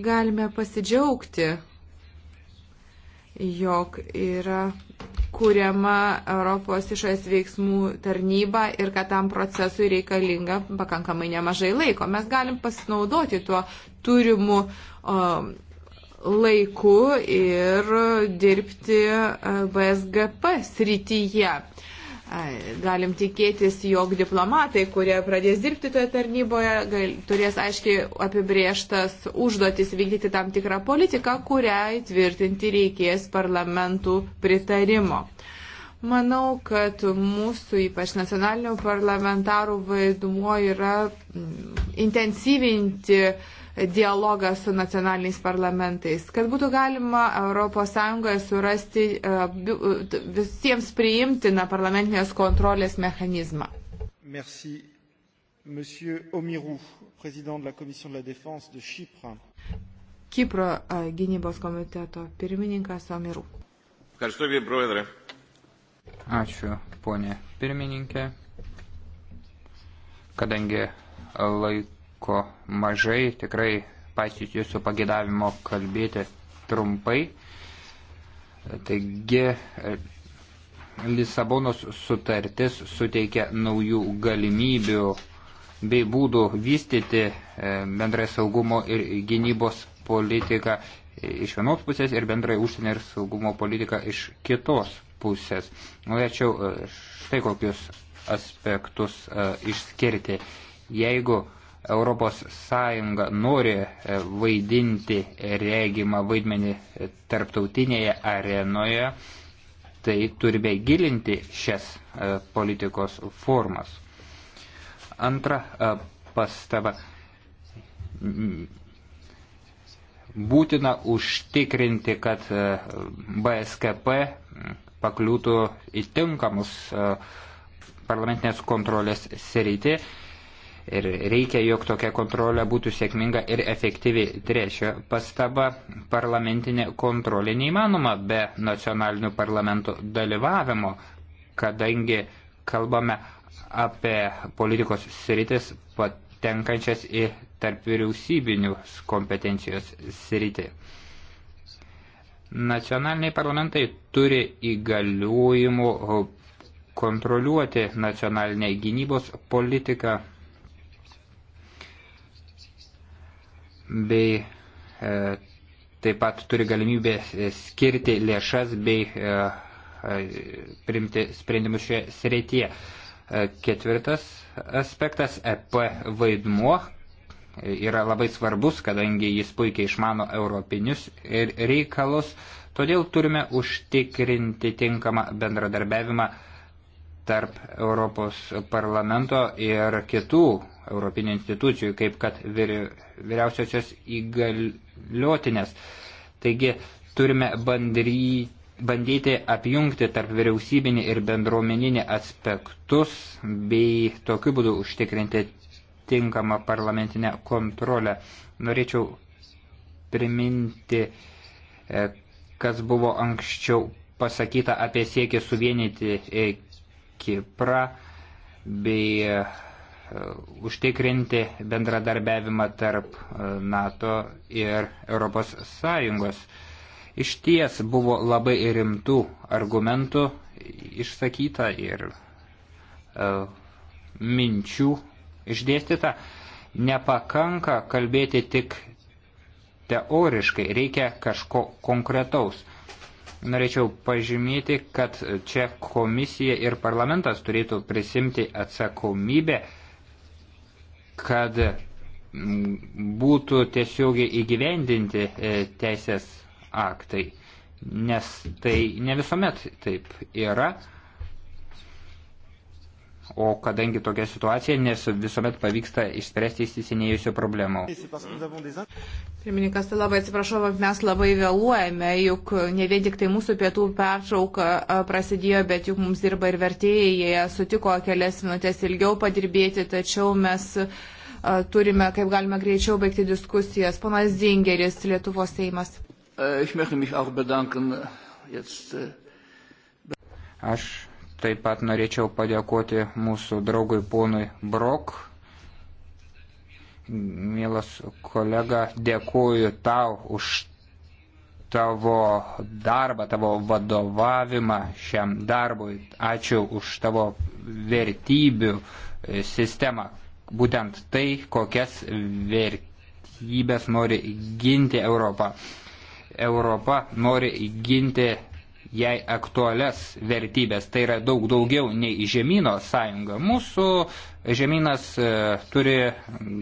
galime pasidžiaugti, jog yra kuriama Europos išorės veiksmų tarnyba ir kad tam procesui reikalinga pakankamai nemažai laiko. Mes galim pasinaudoti tuo turimu um, laiku ir dirbti BSGP e, srityje. Uh, galim tikėtis, jog diplomatai, kurie pradės dirbti toje tarnyboje, gal, turės aiškiai apibrieštas užduotis vykdyti tam tikrą politiką, kuriai tvirtinti reikės parlamentų pritarimo. Manau, kad mūsų, ypač nacionalinių parlamentarų vaidmuo yra intensyvinti uh, dialogą su nacionaliniais parlamentais, kad būtų galima ES surasti e, visiems priimtiną parlamentinės kontrolės mechanizmą. Merci. Monsieur Omirou, président de la Commission de la Défense de Chypre. Kipro e, gynybos komiteto pirmininkas Omirų. Ačiū, ponė pirmininkė. Kadangi laik laiko mažai, tikrai paisys jūsų pagėdavimo kalbėti trumpai. Taigi, Lisabonos sutartis suteikia naujų galimybių bei būdų vystyti e, bendrąją saugumo ir gynybos politiką iš vienos pusės ir bendrąją užsienio ir saugumo politiką iš kitos pusės. Norėčiau e, štai kokius aspektus e, išskirti. Jeigu ES nori e, vaidinti regimą vaidmenį tarptautinėje arenoje, tai turime gilinti šias e, politikos formas. Antra e, pastaba. Būtina užtikrinti, kad BSKP pakliūtų į tinkamus parlamentinės kontrolės sritį ir reikia, jog tokia kontrolė būtų sėkminga ir efektyvi. Trečia pastaba - parlamentinė kontrolė neįmanoma be nacionalinių parlamentų dalyvavimo, kadangi kalbame apie politikos sritis patenkančias į tarp vyriausybinių kompetencijos sritį. Nacionaliniai parlamentai turi įgaliojimų kontroliuoti nacionalinę gynybos politiką bei e, taip pat turi galimybę skirti lėšas bei e, e, primti sprendimus šioje srityje. Ketvirtas aspektas - EP vaidmuo yra labai svarbus, kadangi jis puikiai išmano europinius reikalus, todėl turime užtikrinti tinkamą bendradarbiavimą tarp Europos parlamento ir kitų Europinių institucijų, kaip kad vyriausiosios įgaliotinės. Taigi turime bandry, bandyti apjungti tarp vyriausybinį ir bendruomeninį aspektus bei tokiu būdu užtikrinti tinkamą parlamentinę kontrolę. Norėčiau priminti, e, kas buvo anksčiau pasakyta apie siekį suvienyti e, Kiprą bei e, E, užtikrinti bendradarbiavimą tarp e, NATO ir ES. Iš ties buvo labai rimtų argumentų išsakyta ir uh, minčių išdėstyta. Nepakanka kalbėti tik teoriškai, reikia kažko konkretaus. Norėčiau pažymėti, kad čia komisija ir parlamentas turėtų prisimti atsakomybę kad būtų tiesiogiai įgyvendinti e, teisės aktai, nes tai ne visuomet taip yra o kadangi tokia situacija, nes visuomet pavyksta išspręsti įsisinėjusių problemų. Pirmininkas, tai labai atsiprašau, bet mes labai vėluojame, juk ne vien tik tai mūsų pietų peršauka prasidėjo, bet juk mums dirba ir vertėjai, jie sutiko kelias minutės ilgiau padirbėti, tačiau mes turime, kaip galime greičiau baigti diskusijas. Ponas Zingeris, Lietuvos Seimas. E, e, Aš Taip pat norėčiau padėkoti mūsų draugui ponui Brok. Mielas kolega, dėkuoju tau už tavo darbą, tavo vadovavimą šiam darbui. Ačiū už tavo vertybių e, sistemą. Būtent tai, kokias vertybės nori ginti Europą. Europa nori ginti jai aktualias vertybės. Tai yra daug daugiau nei žemynų sąjunga. Mūsų žemynas e, turi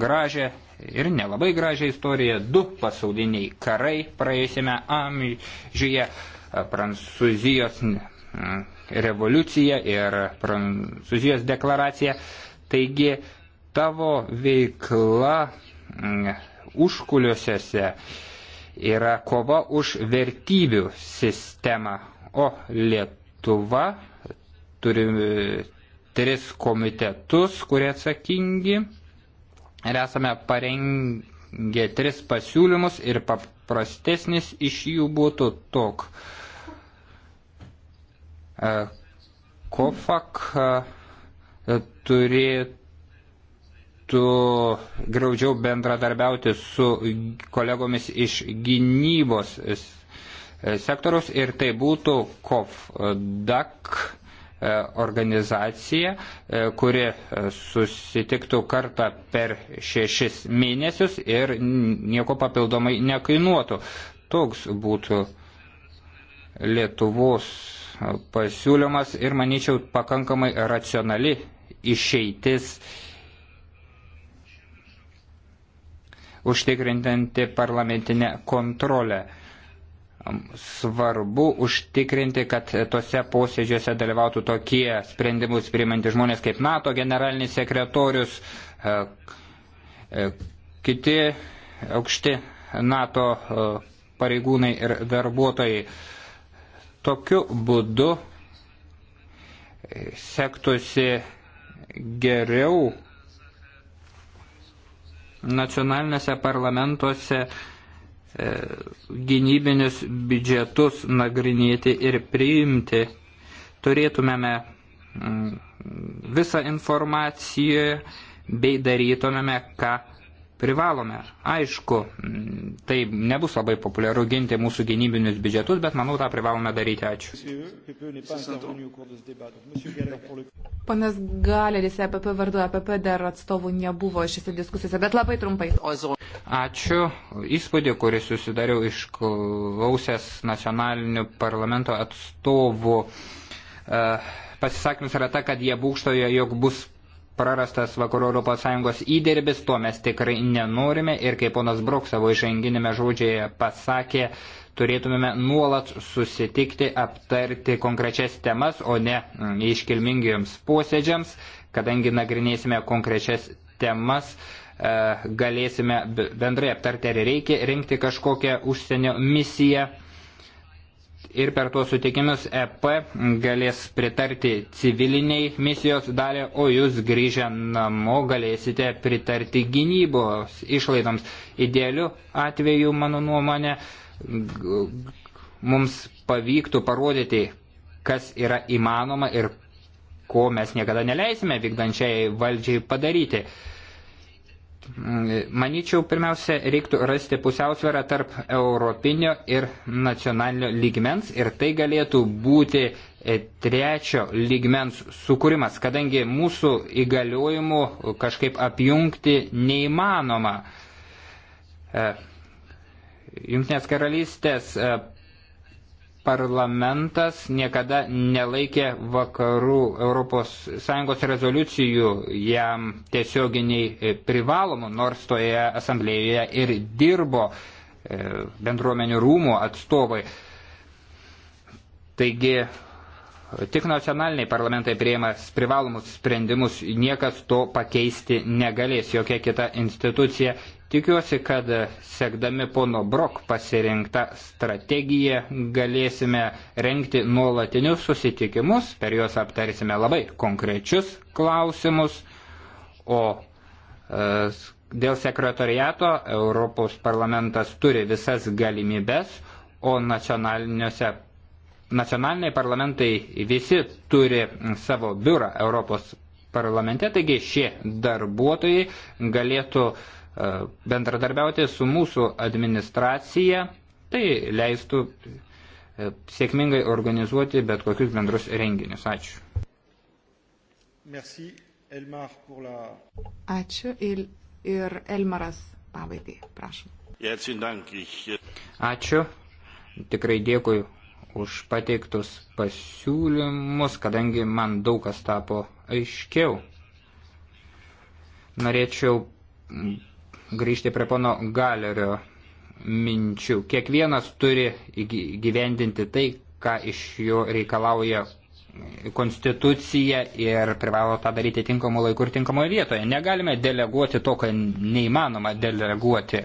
gražią ir nelabai gražią istoriją. Du pasauliniai karai praėjusiame amžiuje. E, Prancūzijos e, revoliucija ir Prancūzijos deklaracija. Taigi tavo veikla užkuliuosiuose yra kova už vertybių sistemą, o Lietuva turi e, tris komitetus, kurie atsakingi ir esame parengę tris pasiūlymus ir paprastesnis iš jų būtų tok. E, Kofak e, turėtų graudžiau bendradarbiauti su kolegomis iš gynybos E, sektoriaus ir tai būtų COFDAC e, organizacija, e, kuri susitiktų kartą per šešis mėnesius ir nieko papildomai nekainuotų. Toks būtų Lietuvos pasiūlymas ir, manyčiau, pakankamai racionali išeitis užtikrintinti parlamentinę kontrolę svarbu užtikrinti, kad tose posėdžiuose dalyvautų tokie sprendimus priimantys žmonės kaip NATO generalinis sekretorius, e, e, kiti aukšti NATO e, pareigūnai ir darbuotojai. Tokiu būdu sektusi geriau nacionalinėse parlamentuose uh, E, gynybinius biudžetus nagrinėti ir priimti. Turėtumėme mm, visą informaciją bei darytumėme, ką privalome. Aišku, tai nebus labai populiaru ginti mūsų gynybinius biudžetus, bet manau, tą privalome daryti. Ačiū. Panas Galeris, EPP vardu, EPP dar atstovų nebuvo šiose diskusijose, bet labai trumpai. Ačiū. Įspūdį, kurį susidariau išklausęs nacionalinių parlamento atstovų e, pasisakymus yra ta, kad jie būkštoja, jog bus prarastas Vakarų Europos Sąjungos įdirbis, to mes tikrai nenorime ir kaip ponas Brok savo išanginėme žodžiai pasakė, turėtumėme nuolat susitikti, aptarti konkrečias temas, o ne mm, iškilmingiams posėdžiams, kadangi nagrinėsime konkrečias temas, e, galėsime bendrai aptarti, ar reikia rinkti kažkokią užsienio misiją ir per tuos sutikimus EP galės pritarti civiliniai misijos dalį, o jūs grįžę namo galėsite pritarti gynybos išlaidoms. Idealiu atveju, mano nuomonė, mums pavyktų parodyti, kas yra įmanoma ir ko mes niekada neleisime vykdančiai valdžiai padaryti. Mm, Maničiau, pirmiausia, reiktų rasti pusiausvėrą tarp europinio ir nacionalinio lygmens ir tai galėtų būti e, trečio lygmens sukūrimas, kadangi mūsų įgaliojimų kažkaip apjungti neįmanoma. E, Junktinės karalystės e, parlamentas niekada nelaikė vakarų ES rezoliucijų jam tiesioginiai e, privalomų, nors toje asamblėjoje ir dirbo e, bendruomenių rūmų atstovai. Taigi tik nacionaliniai parlamentai prieima privalomus sprendimus, niekas to pakeisti negalės, jokia kita institucija Tikiuosi, kad sekdami pono Brok pasirinktą strategiją galėsime renkti nuolatinius susitikimus, per juos aptarsime labai konkrečius klausimus, o e, dėl sekretoriato Europos parlamentas turi visas galimybes, o nacionaliniai parlamentai visi turi savo biurą Europos parlamente, taigi šie darbuotojai galėtų E, bendradarbiauti su mūsų administracija, tai leistų e, sėkmingai organizuoti bet kokius bendrus renginius. Ačiū. Merci, Elmar, la... Ačiū ir, ir Elmaras pabaigai, prašom. Äh, Ačiū, tikrai dėkui už pateiktus pasiūlymus, kadangi man daug kas tapo aiškiau. Norėčiau grįžti prie pono Galerio minčių. Kiekvienas turi gyvendinti tai, ką iš jo reikalauja konstitucija ir privalo tą daryti tinkamu laiku ir tinkamoje vietoje. Negalime deleguoti to, ką neįmanoma deleguoti.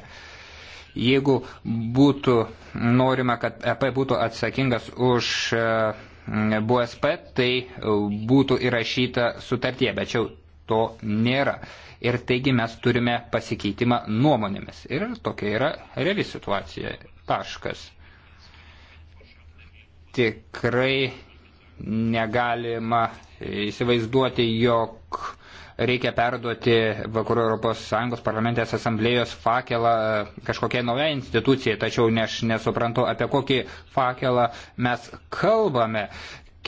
Jeigu būtų norima, kad EP būtų atsakingas už e, BSP, tai būtų įrašyta sutartie, bet to nėra. Ir taigi mes turime pasikeitimą nuomonėmis. Ir tokia yra reali situacija. Taškas. Tikrai negalima įsivaizduoti, jog reikia perduoti Vakarų Europos Sąjungos parlamentės asamblėjos fakelą kažkokiai naujai institucijai, tačiau ne aš nesuprantu, apie kokį fakelą mes kalbame.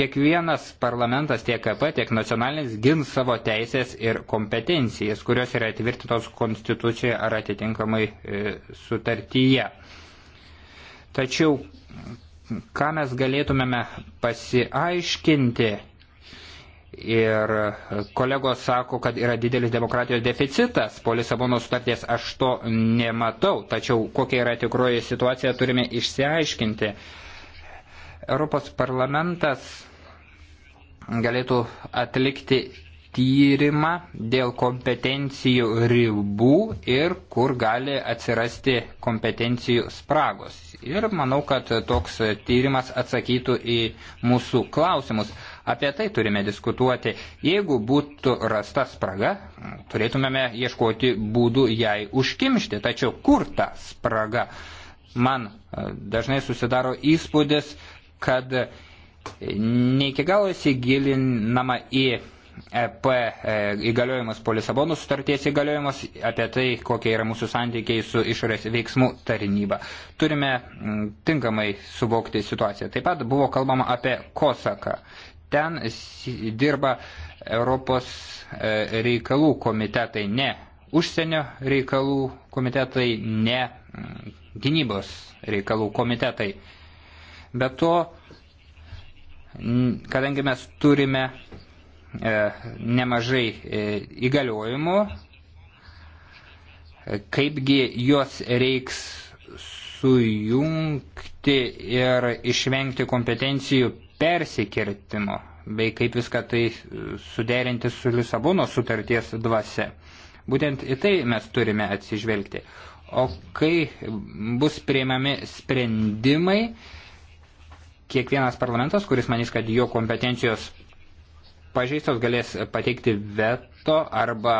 Kiekvienas parlamentas tiek EP, tiek nacionalinis gins savo teisės ir kompetencijas, kurios yra atvirtintos konstitucijoje ar atitinkamai e, sutartyje. Tačiau, ką mes galėtumėme pasiaiškinti ir kolegos sako, kad yra didelis demokratijos deficitas po Lisabono sutarties, aš to nematau, tačiau kokia yra tikroji situacija turime išsiaiškinti. Europos parlamentas galėtų atlikti tyrimą dėl kompetencijų ribų ir kur gali atsirasti kompetencijų spragos. Ir manau, kad toks tyrimas atsakytų į mūsų klausimus. Apie tai turime diskutuoti. Jeigu būtų rasta spraga, turėtumėme ieškoti būdų jai užkimšti. Tačiau kur ta spraga? Man e, dažnai susidaro įspūdis, kad ne iki galo įsigilinama į EP e, įgaliojimus po Lisabono sutarties įgaliojimus, apie tai, kokie yra mūsų santykiai su išorės veiksmų tarnyba. Turime tinkamai suvokti situaciją. Taip pat buvo kalbama apie Kosaką. Ten dirba Europos e, reikalų komitetai, ne užsienio reikalų komitetai, ne gynybos reikalų komitetai. Be to, kadangi mes turime e, nemažai e, įgaliojimų, e, kaipgi juos reiks sujungti ir išvengti kompetencijų persikirtimo, bei kaip viską tai suderinti su Lisabono sutarties dvasia. Būtent į tai mes turime atsižvelgti. O kai bus prieimami sprendimai, kiekvienas parlamentas, kuris manys, kad jo kompetencijos pažeistos, galės pateikti veto arba